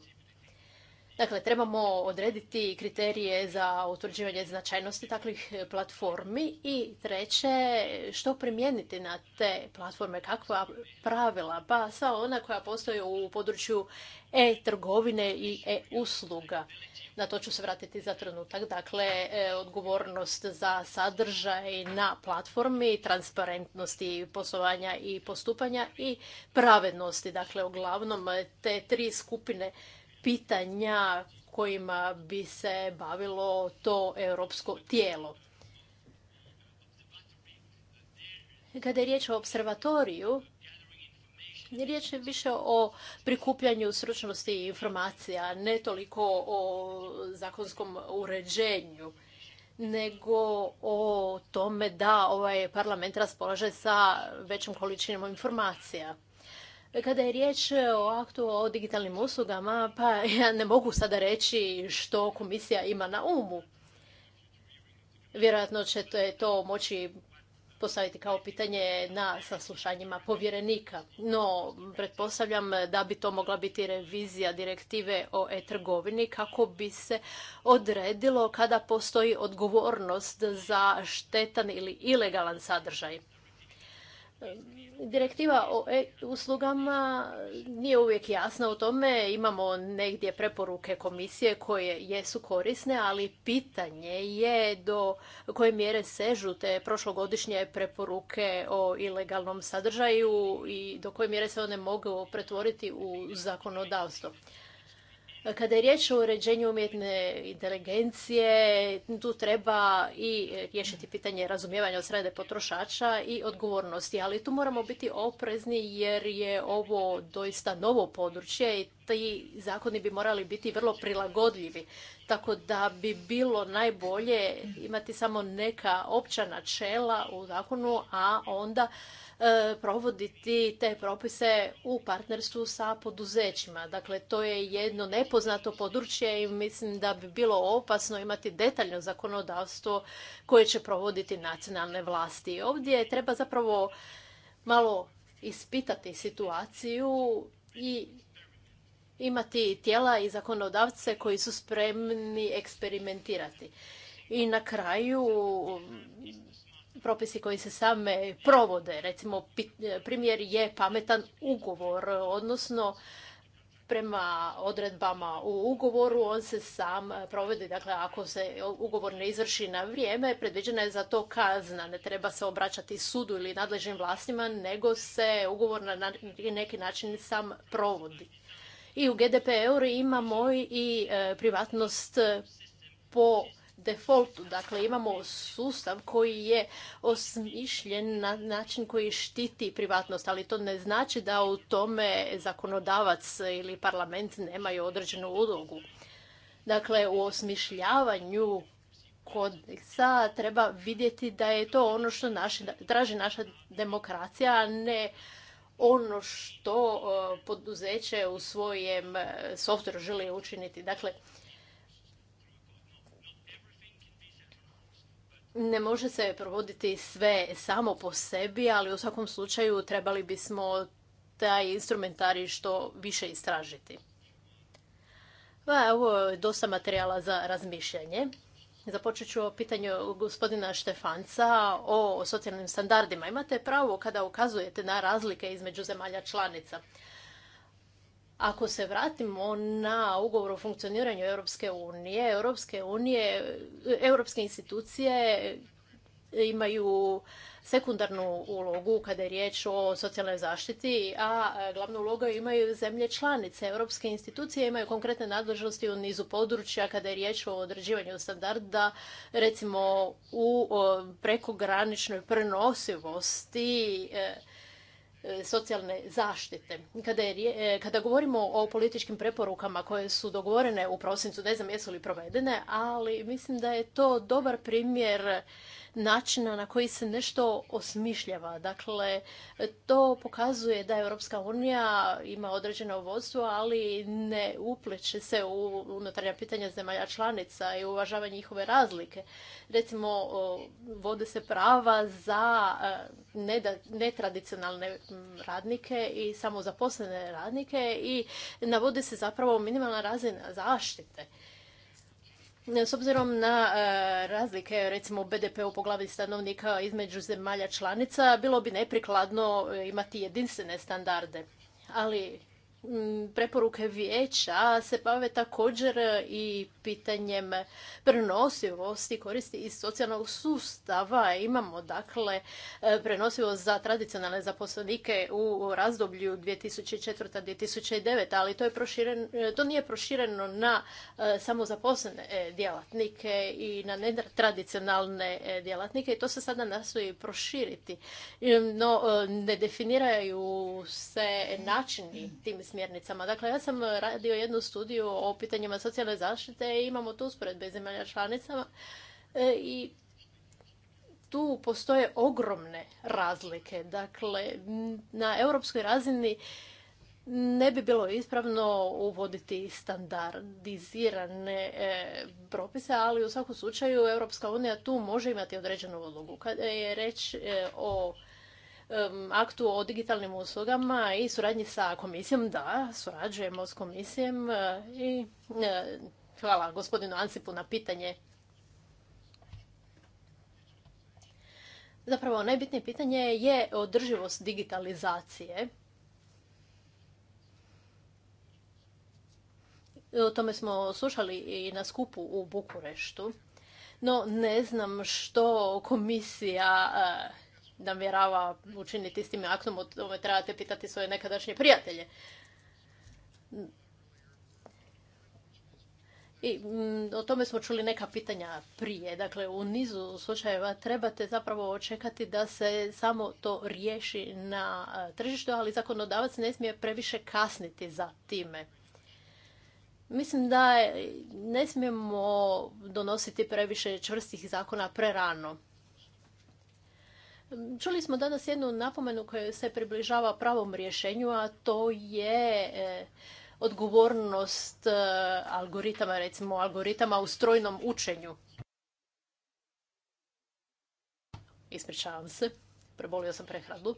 Dakle, trebamo odrediti kriterije za utvrđivanje značajnosti takvih platformi i treće, što primijeniti na te platforme, kakva pravila, pa sva ona koja postoje u području e-trgovine i e-usluga. Na to ću se vratiti za trenutak. Dakle, e, odgovornost za sadržaj na platformi, transparentnosti poslovanja i postupanja i pravednosti. Dakle, uglavnom te tri skupine pitanja kojima bi se bavilo to europsko tijelo. Kada je riječ o observatoriju, riječ je više o prikupljanju stručnosti i informacija, ne toliko o zakonskom uređenju nego o tome da ovaj parlament raspolaže sa većom količinom informacija. Kada je riječ e, o aktu o digitalnim uslugama, pa ja ne mogu sada reći što komisija ima na umu. Vjerojatno ćete to moći postaviti kao pitanje na saslušanjima povjerenika. No, pretpostavljam da bi to mogla biti revizija direktive o e-trgovini kako bi se odredilo kada postoji odgovornost za štetan ili ilegalan sadržaj. Direktiva o e uslugama nije uvijek jasna u tome. Imamo negdje preporuke komisije koje jesu korisne, ali pitanje je do koje mjere sežu te prošlogodišnje preporuke o ilegalnom sadržaju i do koje mjere se one mogu pretvoriti u zakonodavstvo. Kada je riječ o uređenju umjetne inteligencije, tu treba i riješiti pitanje razumijevanja od srede potrošača i odgovornosti, ali tu moramo biti oprezni jer je ovo doista novo područje i ti zakoni bi morali biti vrlo prilagodljivi. Tako da bi bilo najbolje imati samo neka opća načela u zakonu, a onda E, provoditi te propise u partnerstvu sa poduzećima. Dakle, to je jedno nepoznato područje i mislim da bi bilo opasno imati detaljno zakonodavstvo koje će provoditi nacionalne vlasti. Ovdje treba zapravo malo ispitati situaciju i imati tijela i zakonodavce koji su spremni eksperimentirati. I na kraju propisi koji se same provode. Recimo, primjer je pametan ugovor, odnosno prema odredbama u ugovoru on se sam provodi. Dakle, ako se ugovor ne izvrši na vrijeme, predviđena je za to kazna. Ne treba se obraćati sudu ili nadležnim vlastima, nego se ugovor na neki način sam provodi. I u GDPR-u imamo i e, privatnost po defaultu. Dakle, imamo sustav koji je osmišljen na način koji štiti privatnost, ali to ne znači da u tome zakonodavac ili parlament nemaju određenu ulogu. Dakle, u osmišljavanju kodeksa treba vidjeti da je to ono što traži naša demokracija, a ne ono što poduzeće u svojem e, softveru želi učiniti. Dakle, ne može se provoditi sve samo po sebi, ali u svakom slučaju trebali bismo taj instrumentari što više istražiti. Pa, ovo je dosta materijala za razmišljanje. Započet ću o pitanju gospodina Štefanca o socijalnim standardima. Imate pravo kada ukazujete na razlike između zemalja članica. Ako se vratimo na ugovor o funkcioniranju Europske unije, Europske unije, europske institucije imaju sekundarnu ulogu kada je riječ o socijalnoj zaštiti, a glavnu ulogu imaju zemlje članice. Europske institucije imaju konkretne nadležnosti u nizu područja kada je riječ o određivanju standarda, recimo u prekograničnoj prenosivosti e, E, socijalne zaštite. Kada, e, kada govorimo o političkim preporukama koje su dogovorene u prosincu, ne znam jesu li provedene, ali mislim da je to dobar primjer načina na koji se nešto osmišljava. Dakle, to pokazuje da Europska unija ima određeno vodstvo, ali ne upleće se u unutarnja pitanja zemalja članica i uvažava njihove razlike. Recimo, vode se prava za e, netradicionalne radnike i samo zaposlene radnike i navode se zapravo minimalna razina zaštite. S obzirom na e, razlike, recimo BDP u poglavi stanovnika između zemalja članica, bilo bi neprikladno e, imati jedinstvene standarde. Ali preporuke vijeća se bave također i pitanjem prenosivosti koristi iz socijalnog sustava. Imamo dakle e, prenosivost za tradicionalne zaposlenike u razdoblju 2004-2009, ali to, je proširen, e, to nije prošireno na e, samozaposlene djelatnike i na netradicionalne djelatnike i to se sada nastoji proširiti. No, ne definiraju se načini tim smjernicama. Dakle, ja sam radio jednu studiju o pitanjima socijalne zaštite i imamo tu usporedbe zemalja članicama e, i tu postoje ogromne razlike. Dakle, na europskoj razini ne bi bilo ispravno uvoditi standardizirane e, propise, ali u svakom slučaju Europska unija tu može imati određenu ulogu. Kada je reč e, o aktu o digitalnim uslugama i suradnji sa komisijom. Da, surađujemo s komisijom e, i e, hvala gospodinu Ansipu na pitanje. Zapravo, najbitnije pitanje je održivost digitalizacije. O tome smo slušali i na skupu u Bukureštu. No, ne znam što komisija e, namjerava učiniti s tim aktom, o tome trebate pitati svoje nekadašnje prijatelje. I mm, o tome smo čuli neka pitanja prije. Dakle, u nizu slučajeva trebate zapravo očekati da se samo to riješi na e, tržištu, ali zakonodavac ne smije previše kasniti za time. Mislim da ne smijemo donositi previše čvrstih zakona prerano. Čuli smo danas jednu napomenu koja se približava pravom rješenju, a to je e, odgovornost e, algoritama, recimo algoritama u strojnom učenju. Ispričavam se, prebolio sam prehradu.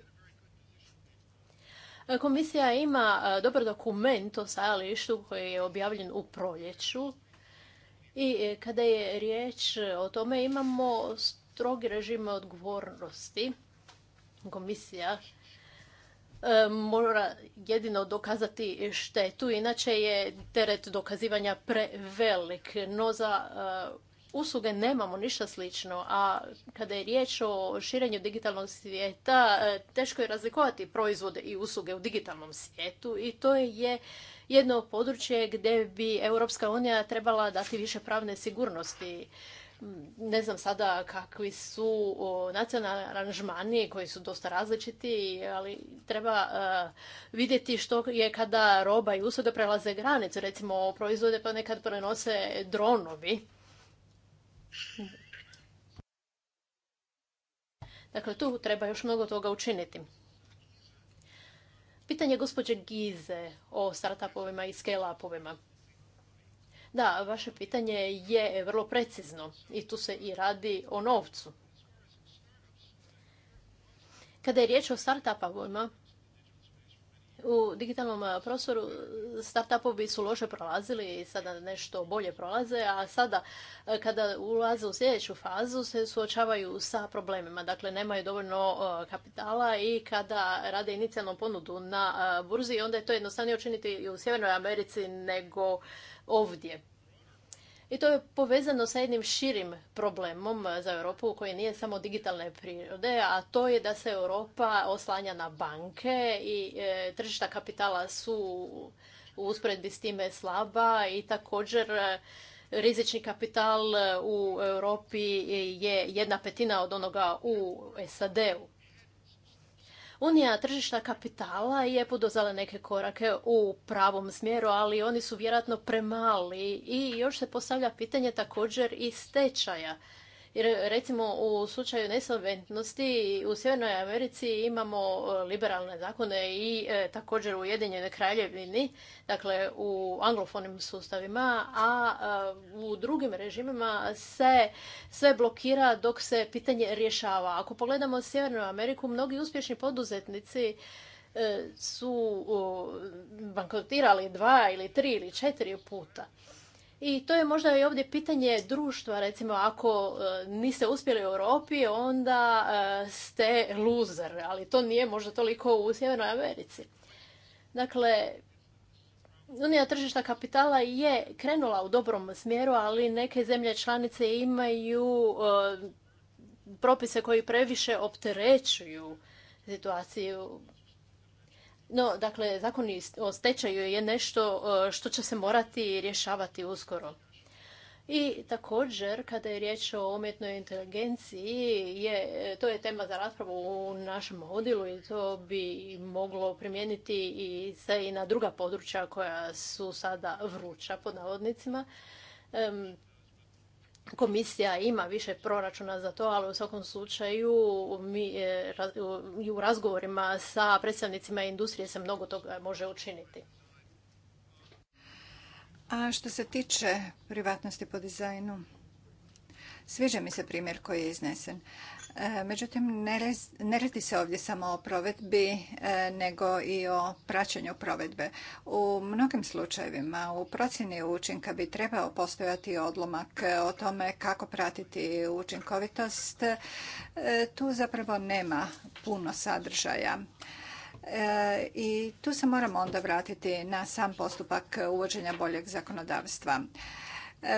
E, komisija ima dobar dokument o stajalištu koji je objavljen u proljeću i kada je riječ o tome imamo strogi režim odgovornosti, komisija e, mora jedino dokazati štetu, inače je teret dokazivanja prevelik. No za e, usluge nemamo ništa slično, a kada je riječ o širenju digitalnog svijeta, e, teško je razlikovati proizvode i usluge u digitalnom svijetu i to je jedno područje gdje bi Europska unija trebala dati više pravne sigurnosti ne znam sada kakvi su nacionalni aranžmani koji su dosta različiti, ali treba e, vidjeti što je kada roba i usluge prelaze granicu. Recimo, proizvode pa nekad prenose dronovi. Dakle, tu treba još mnogo toga učiniti. Pitanje gospođe Gize o startupovima i scale-upovima. Da, vaše pitanje je vrlo precizno i tu se i radi o novcu. Kada je riječ o startupovima, u digitalnom e, prostoru e, startupovi su loše prolazili i sada nešto bolje prolaze, a sada e, kada ulaze u sljedeću fazu se suočavaju sa problemima. Dakle, nemaju dovoljno kapitala i kada rade inicijalnu ponudu na burzi, onda je to jednostavnije učiniti i u Sjevernoj Americi nego ovdje. I to je povezano sa jednim širim problemom za Europu koji nije samo digitalne prirode, a to je da se Europa oslanja na banke i e, tržišta kapitala su u usporedbi s time slaba i također e, rizični kapital u Europi je jedna petina od onoga u SAD-u. Unija tržišta kapitala je poduzela neke korake u pravom smjeru, ali oni su vjerojatno premali i još se postavlja pitanje također i stečaja. Jer recimo u slučaju nesolventnosti u Sjevernoj Americi imamo e, liberalne zakone i e, također u Ujedinjenoj kraljevini, dakle u anglofonim sustavima, a, e, u drugim režimima se sve blokira dok se pitanje rješava. Ako pogledamo Sjevernu Ameriku, mnogi uspješni poduzetnici su bankrotirali dva ili tri ili četiri puta. I to je možda i ovdje pitanje društva. Recimo, ako e, niste uspjeli u Europi, onda e, ste loser, ali to nije možda toliko u Sjevernoj Americi. Dakle, Unija tržišta kapitala je krenula u dobrom smjeru, ali neke zemlje članice imaju e, propise koji previše opterećuju situaciju. No, dakle, zakon o stečaju je nešto e, što će se morati rješavati uskoro. I također, kada je riječ o umjetnoj inteligenciji, je, to je tema za raspravu u našem odjelu i to bi moglo primijeniti i se i na druga područja koja su sada vruća pod navodnicima komisija ima više proračuna za to, ali u svakom slučaju mi e, i u razgovorima sa predstavnicima industrije se mnogo toga može učiniti. A što se tiče privatnosti po dizajnu, sviđa mi se primjer koji je iznesen. E, međutim, ne radi se ovdje samo o provedbi, e, nego i o praćenju provedbe. U mnogim slučajevima u procjeni učinka bi trebao postojati odlomak o tome kako pratiti učinkovitost. E, tu zapravo nema puno sadržaja. I tu se moramo onda vratiti na sam postupak uvođenja boljeg zakonodavstva.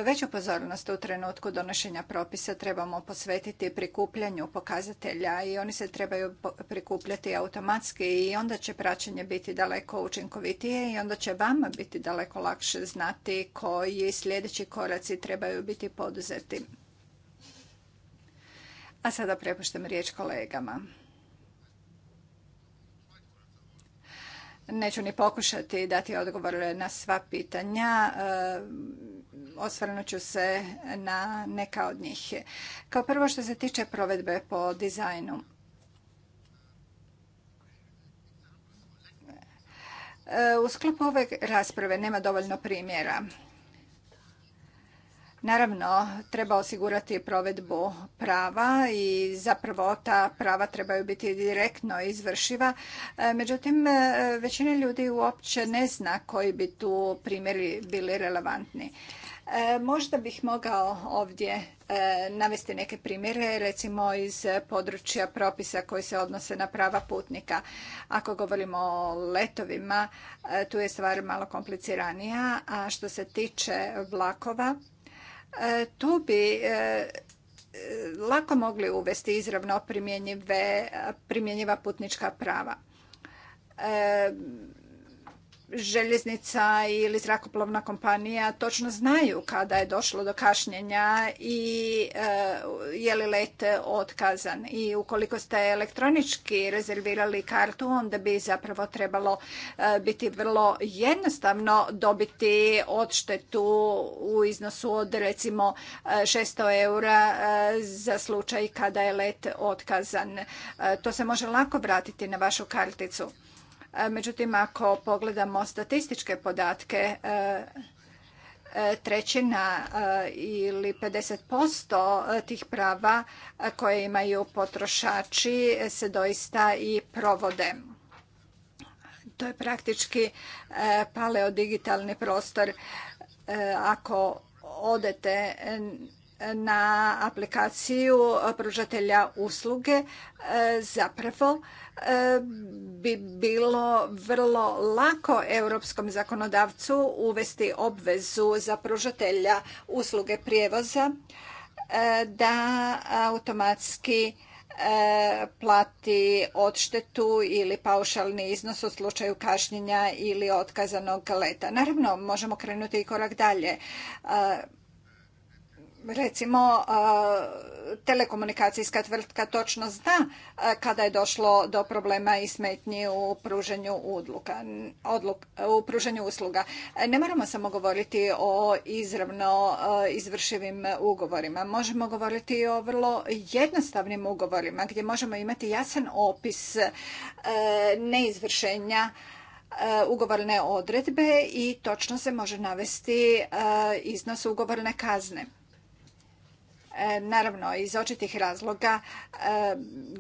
Veću pozornost u trenutku donošenja propisa trebamo posvetiti prikupljanju pokazatelja i oni se trebaju prikupljati automatski i onda će praćenje biti daleko učinkovitije i onda će vama biti daleko lakše znati koji sljedeći koraci trebaju biti poduzeti. A sada prepuštam riječ kolegama. Neću ni pokušati dati odgovor na sva pitanja osvrnut ću se na neka od njih. Kao prvo što se tiče provedbe po dizajnu. E, u sklopu ove rasprave nema dovoljno primjera. Naravno, treba osigurati provedbu prava i zapravo ta prava trebaju biti direktno izvršiva. E, međutim, e, većina ljudi uopće ne zna koji bi tu primjeri bili relevantni. E, možda bih mogao ovdje e, navesti neke primjere, recimo iz područja propisa koji se odnose na prava putnika. Ako govorimo o letovima, e, tu je stvar malo kompliciranija, a što se tiče vlakova, tu bi lako mogli uvesti izravno primjenjiva putnička prava željeznica ili zrakoplovna kompanija točno znaju kada je došlo do kašnjenja i e, je li let otkazan. I ukoliko ste elektronički rezervirali kartu, onda bi zapravo trebalo e, biti vrlo jednostavno dobiti odštetu u iznosu od recimo 600 e, eura za slučaj kada je let otkazan. To se može lako vratiti na vašu karticu. E, međutim, ako pogledamo statističke podatke, e, e, trećina ili 50% tih prava koje imaju potrošači se doista i provode. To je praktički paleodigitalni prostor. Ako odete na aplikaciju pružatelja usluge, zapravo E, bi bilo vrlo lako europskom zakonodavcu uvesti obvezu za pružatelja usluge prijevoza e, da automatski e, plati odštetu ili paušalni iznos u slučaju kašnjenja ili otkazanog leta. Naravno, možemo krenuti i korak dalje recimo telekomunikacijska tvrtka točno zna kada je došlo do problema i smetnji u pruženju udluka, u pruženju usluga. Ne moramo samo govoriti o izravno izvršivim ugovorima. Možemo govoriti i o vrlo jednostavnim ugovorima gdje možemo imati jasan opis neizvršenja ugovorne odredbe i točno se može navesti iznos ugovorne kazne. E, naravno, iz očitih razloga e,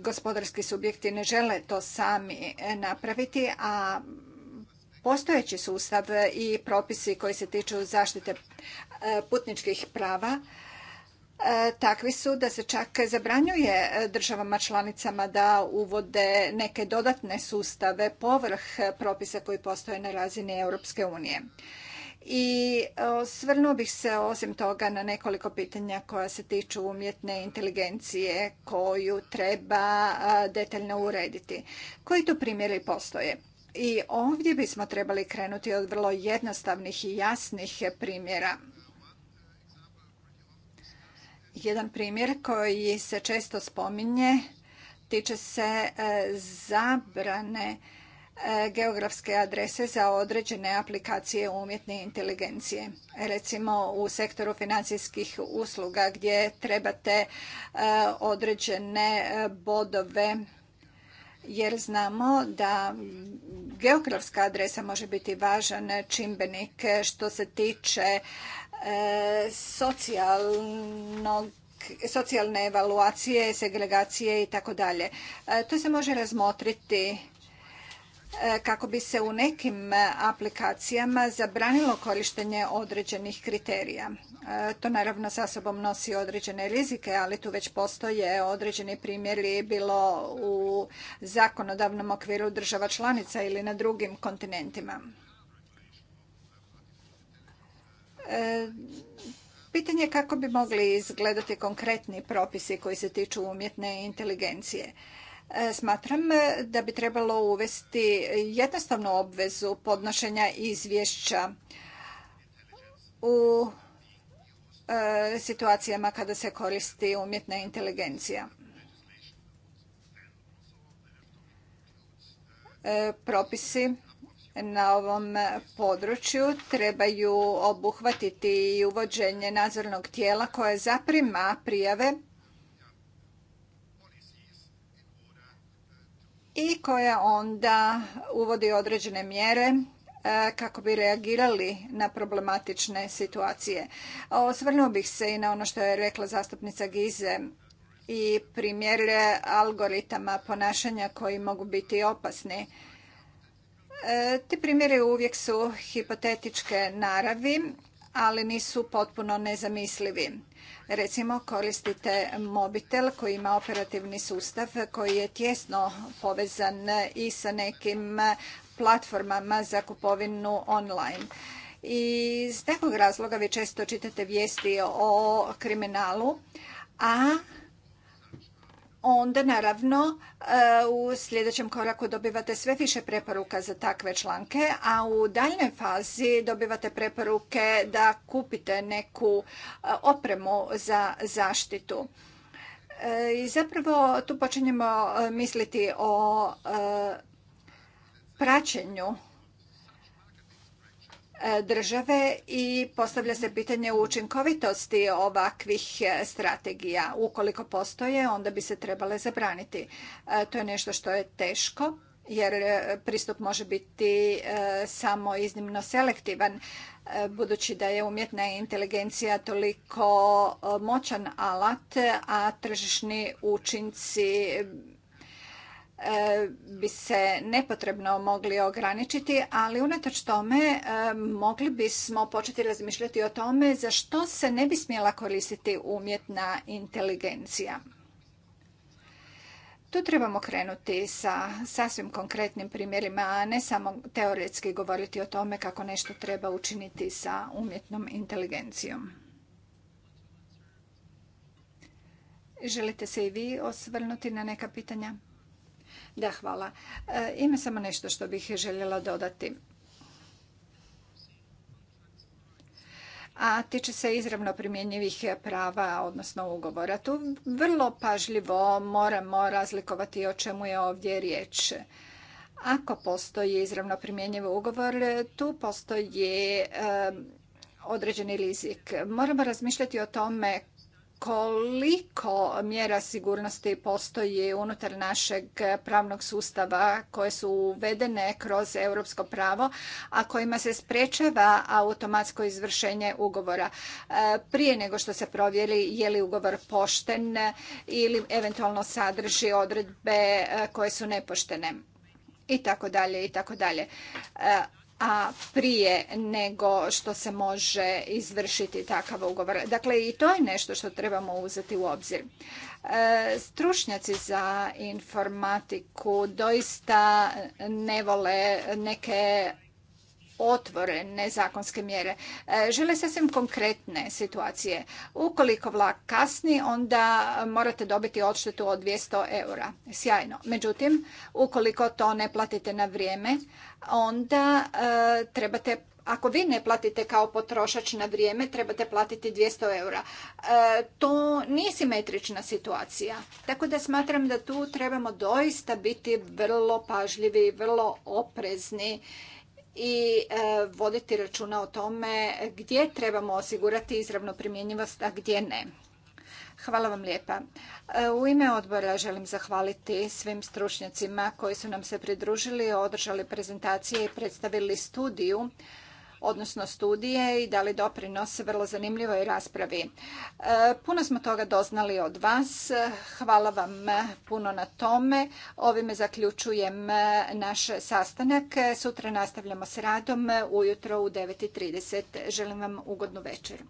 gospodarski subjekti ne žele to sami e, napraviti, a postojeći sustav i propisi koji se tiču zaštite putničkih prava takvi su da se čak zabranjuje državama članicama da uvode neke dodatne sustave povrh propisa koji postoje na razini Europske unije i e, osvrnuo bih se osim toga na nekoliko pitanja koja se tiču umjetne inteligencije koju treba e, detaljno urediti. Koji tu primjeri postoje? I ovdje bismo trebali krenuti od vrlo jednostavnih i jasnih primjera. Jedan primjer koji se često spominje tiče se e, zabrane E, geografske adrese za određene aplikacije umjetne inteligencije. Recimo u sektoru financijskih usluga gdje trebate e, određene e, bodove jer znamo da geografska adresa može biti važan čimbenik što se tiče socijalnog socijalne evaluacije, segregacije i tako dalje. To se može razmotriti E, kako bi se u nekim e, aplikacijama zabranilo korištenje određenih kriterija. E, to naravno sa sobom nosi određene rizike, ali tu već postoje određeni primjeri bilo u zakonodavnom okviru država članica ili na drugim kontinentima. Pitanje je kako bi mogli izgledati konkretni propisi koji se tiču umjetne inteligencije. E, smatram e, da bi trebalo uvesti jednostavnu obvezu podnošenja izvješća u e, situacijama kada se koristi umjetna inteligencija. Propisi na ovom području trebaju obuhvatiti i uvođenje nadzornog tijela koje zaprima prijave i koja onda uvodi određene mjere e, kako bi reagirali na problematične situacije. Osvrnuo bih se i na ono što je rekla zastupnica Gize i primjere algoritama ponašanja koji mogu biti opasni. E, ti primjeri uvijek su hipotetičke naravi, ali nisu potpuno nezamislivi. Recimo koristite mobitel koji ima operativni sustav koji je tjesno povezan i sa nekim platformama za kupovinu online. I iz nekog razloga vi često čitate vijesti o kriminalu, a onda naravno e, u sljedećem koraku dobivate sve više preporuka za takve članke, a u daljnoj fazi dobivate preporuke da kupite neku e, opremu za zaštitu. E, I zapravo tu počinjemo misliti o praćenju E, države i postavlja se pitanje učinkovitosti ovakvih e, strategija. Ukoliko postoje, onda bi se trebale zabraniti. E, to je nešto što je teško jer pristup može biti samo iznimno selektivan budući da je umjetna inteligencija toliko moćan alat, a tržišni učinci E, bi se nepotrebno mogli ograničiti, ali unatoč tome e, mogli bismo početi razmišljati o tome za što se ne bi smjela koristiti umjetna inteligencija. Tu trebamo krenuti sa sasvim konkretnim primjerima, a ne samo teoretski govoriti o tome kako nešto treba učiniti sa umjetnom inteligencijom. Želite se i vi osvrnuti na neka pitanja? Da, hvala. E, ima samo nešto što bih željela dodati. a tiče se izravno primjenjivih prava, odnosno ugovora. Tu vrlo pažljivo moramo razlikovati o čemu je ovdje riječ. Ako postoji izravno primjenjiv ugovor, tu postoji e, određeni rizik. Moramo razmišljati o tome koliko mjera sigurnosti postoji unutar našeg pravnog sustava koje su uvedene kroz europsko pravo, a kojima se sprečava automatsko izvršenje ugovora. E, prije nego što se provjeri je li ugovor pošten ili eventualno sadrži odredbe e, koje su nepoštene i tako dalje i tako dalje. E, a prije nego što se može izvršiti takav ugovor. Dakle, i to je nešto što trebamo uzeti u obzir. E, stručnjaci za informatiku doista ne vole neke otvorene zakonske mjere. E, žele sasvim konkretne situacije. Ukoliko vlak kasni, onda morate dobiti odštetu od 200 eura. Sjajno. Međutim, ukoliko to ne platite na vrijeme, onda e, trebate ako vi ne platite kao potrošač na vrijeme, trebate platiti 200 eura. E, to nije simetrična situacija. Tako da smatram da tu trebamo doista biti vrlo pažljivi, vrlo oprezni i e, voditi računa o tome gdje trebamo osigurati izravno primjenjivost, a gdje ne. Hvala vam lijepa. E, u ime odbora želim zahvaliti svim stručnjacima koji su nam se pridružili, održali prezentacije i predstavili studiju odnosno studije i dali doprinos vrlo zanimljivoj raspravi. E, puno smo toga doznali od vas. Hvala vam puno na tome. Ovime zaključujem naš sastanak. Sutra nastavljamo s radom ujutro u 9.30. Želim vam ugodnu večer.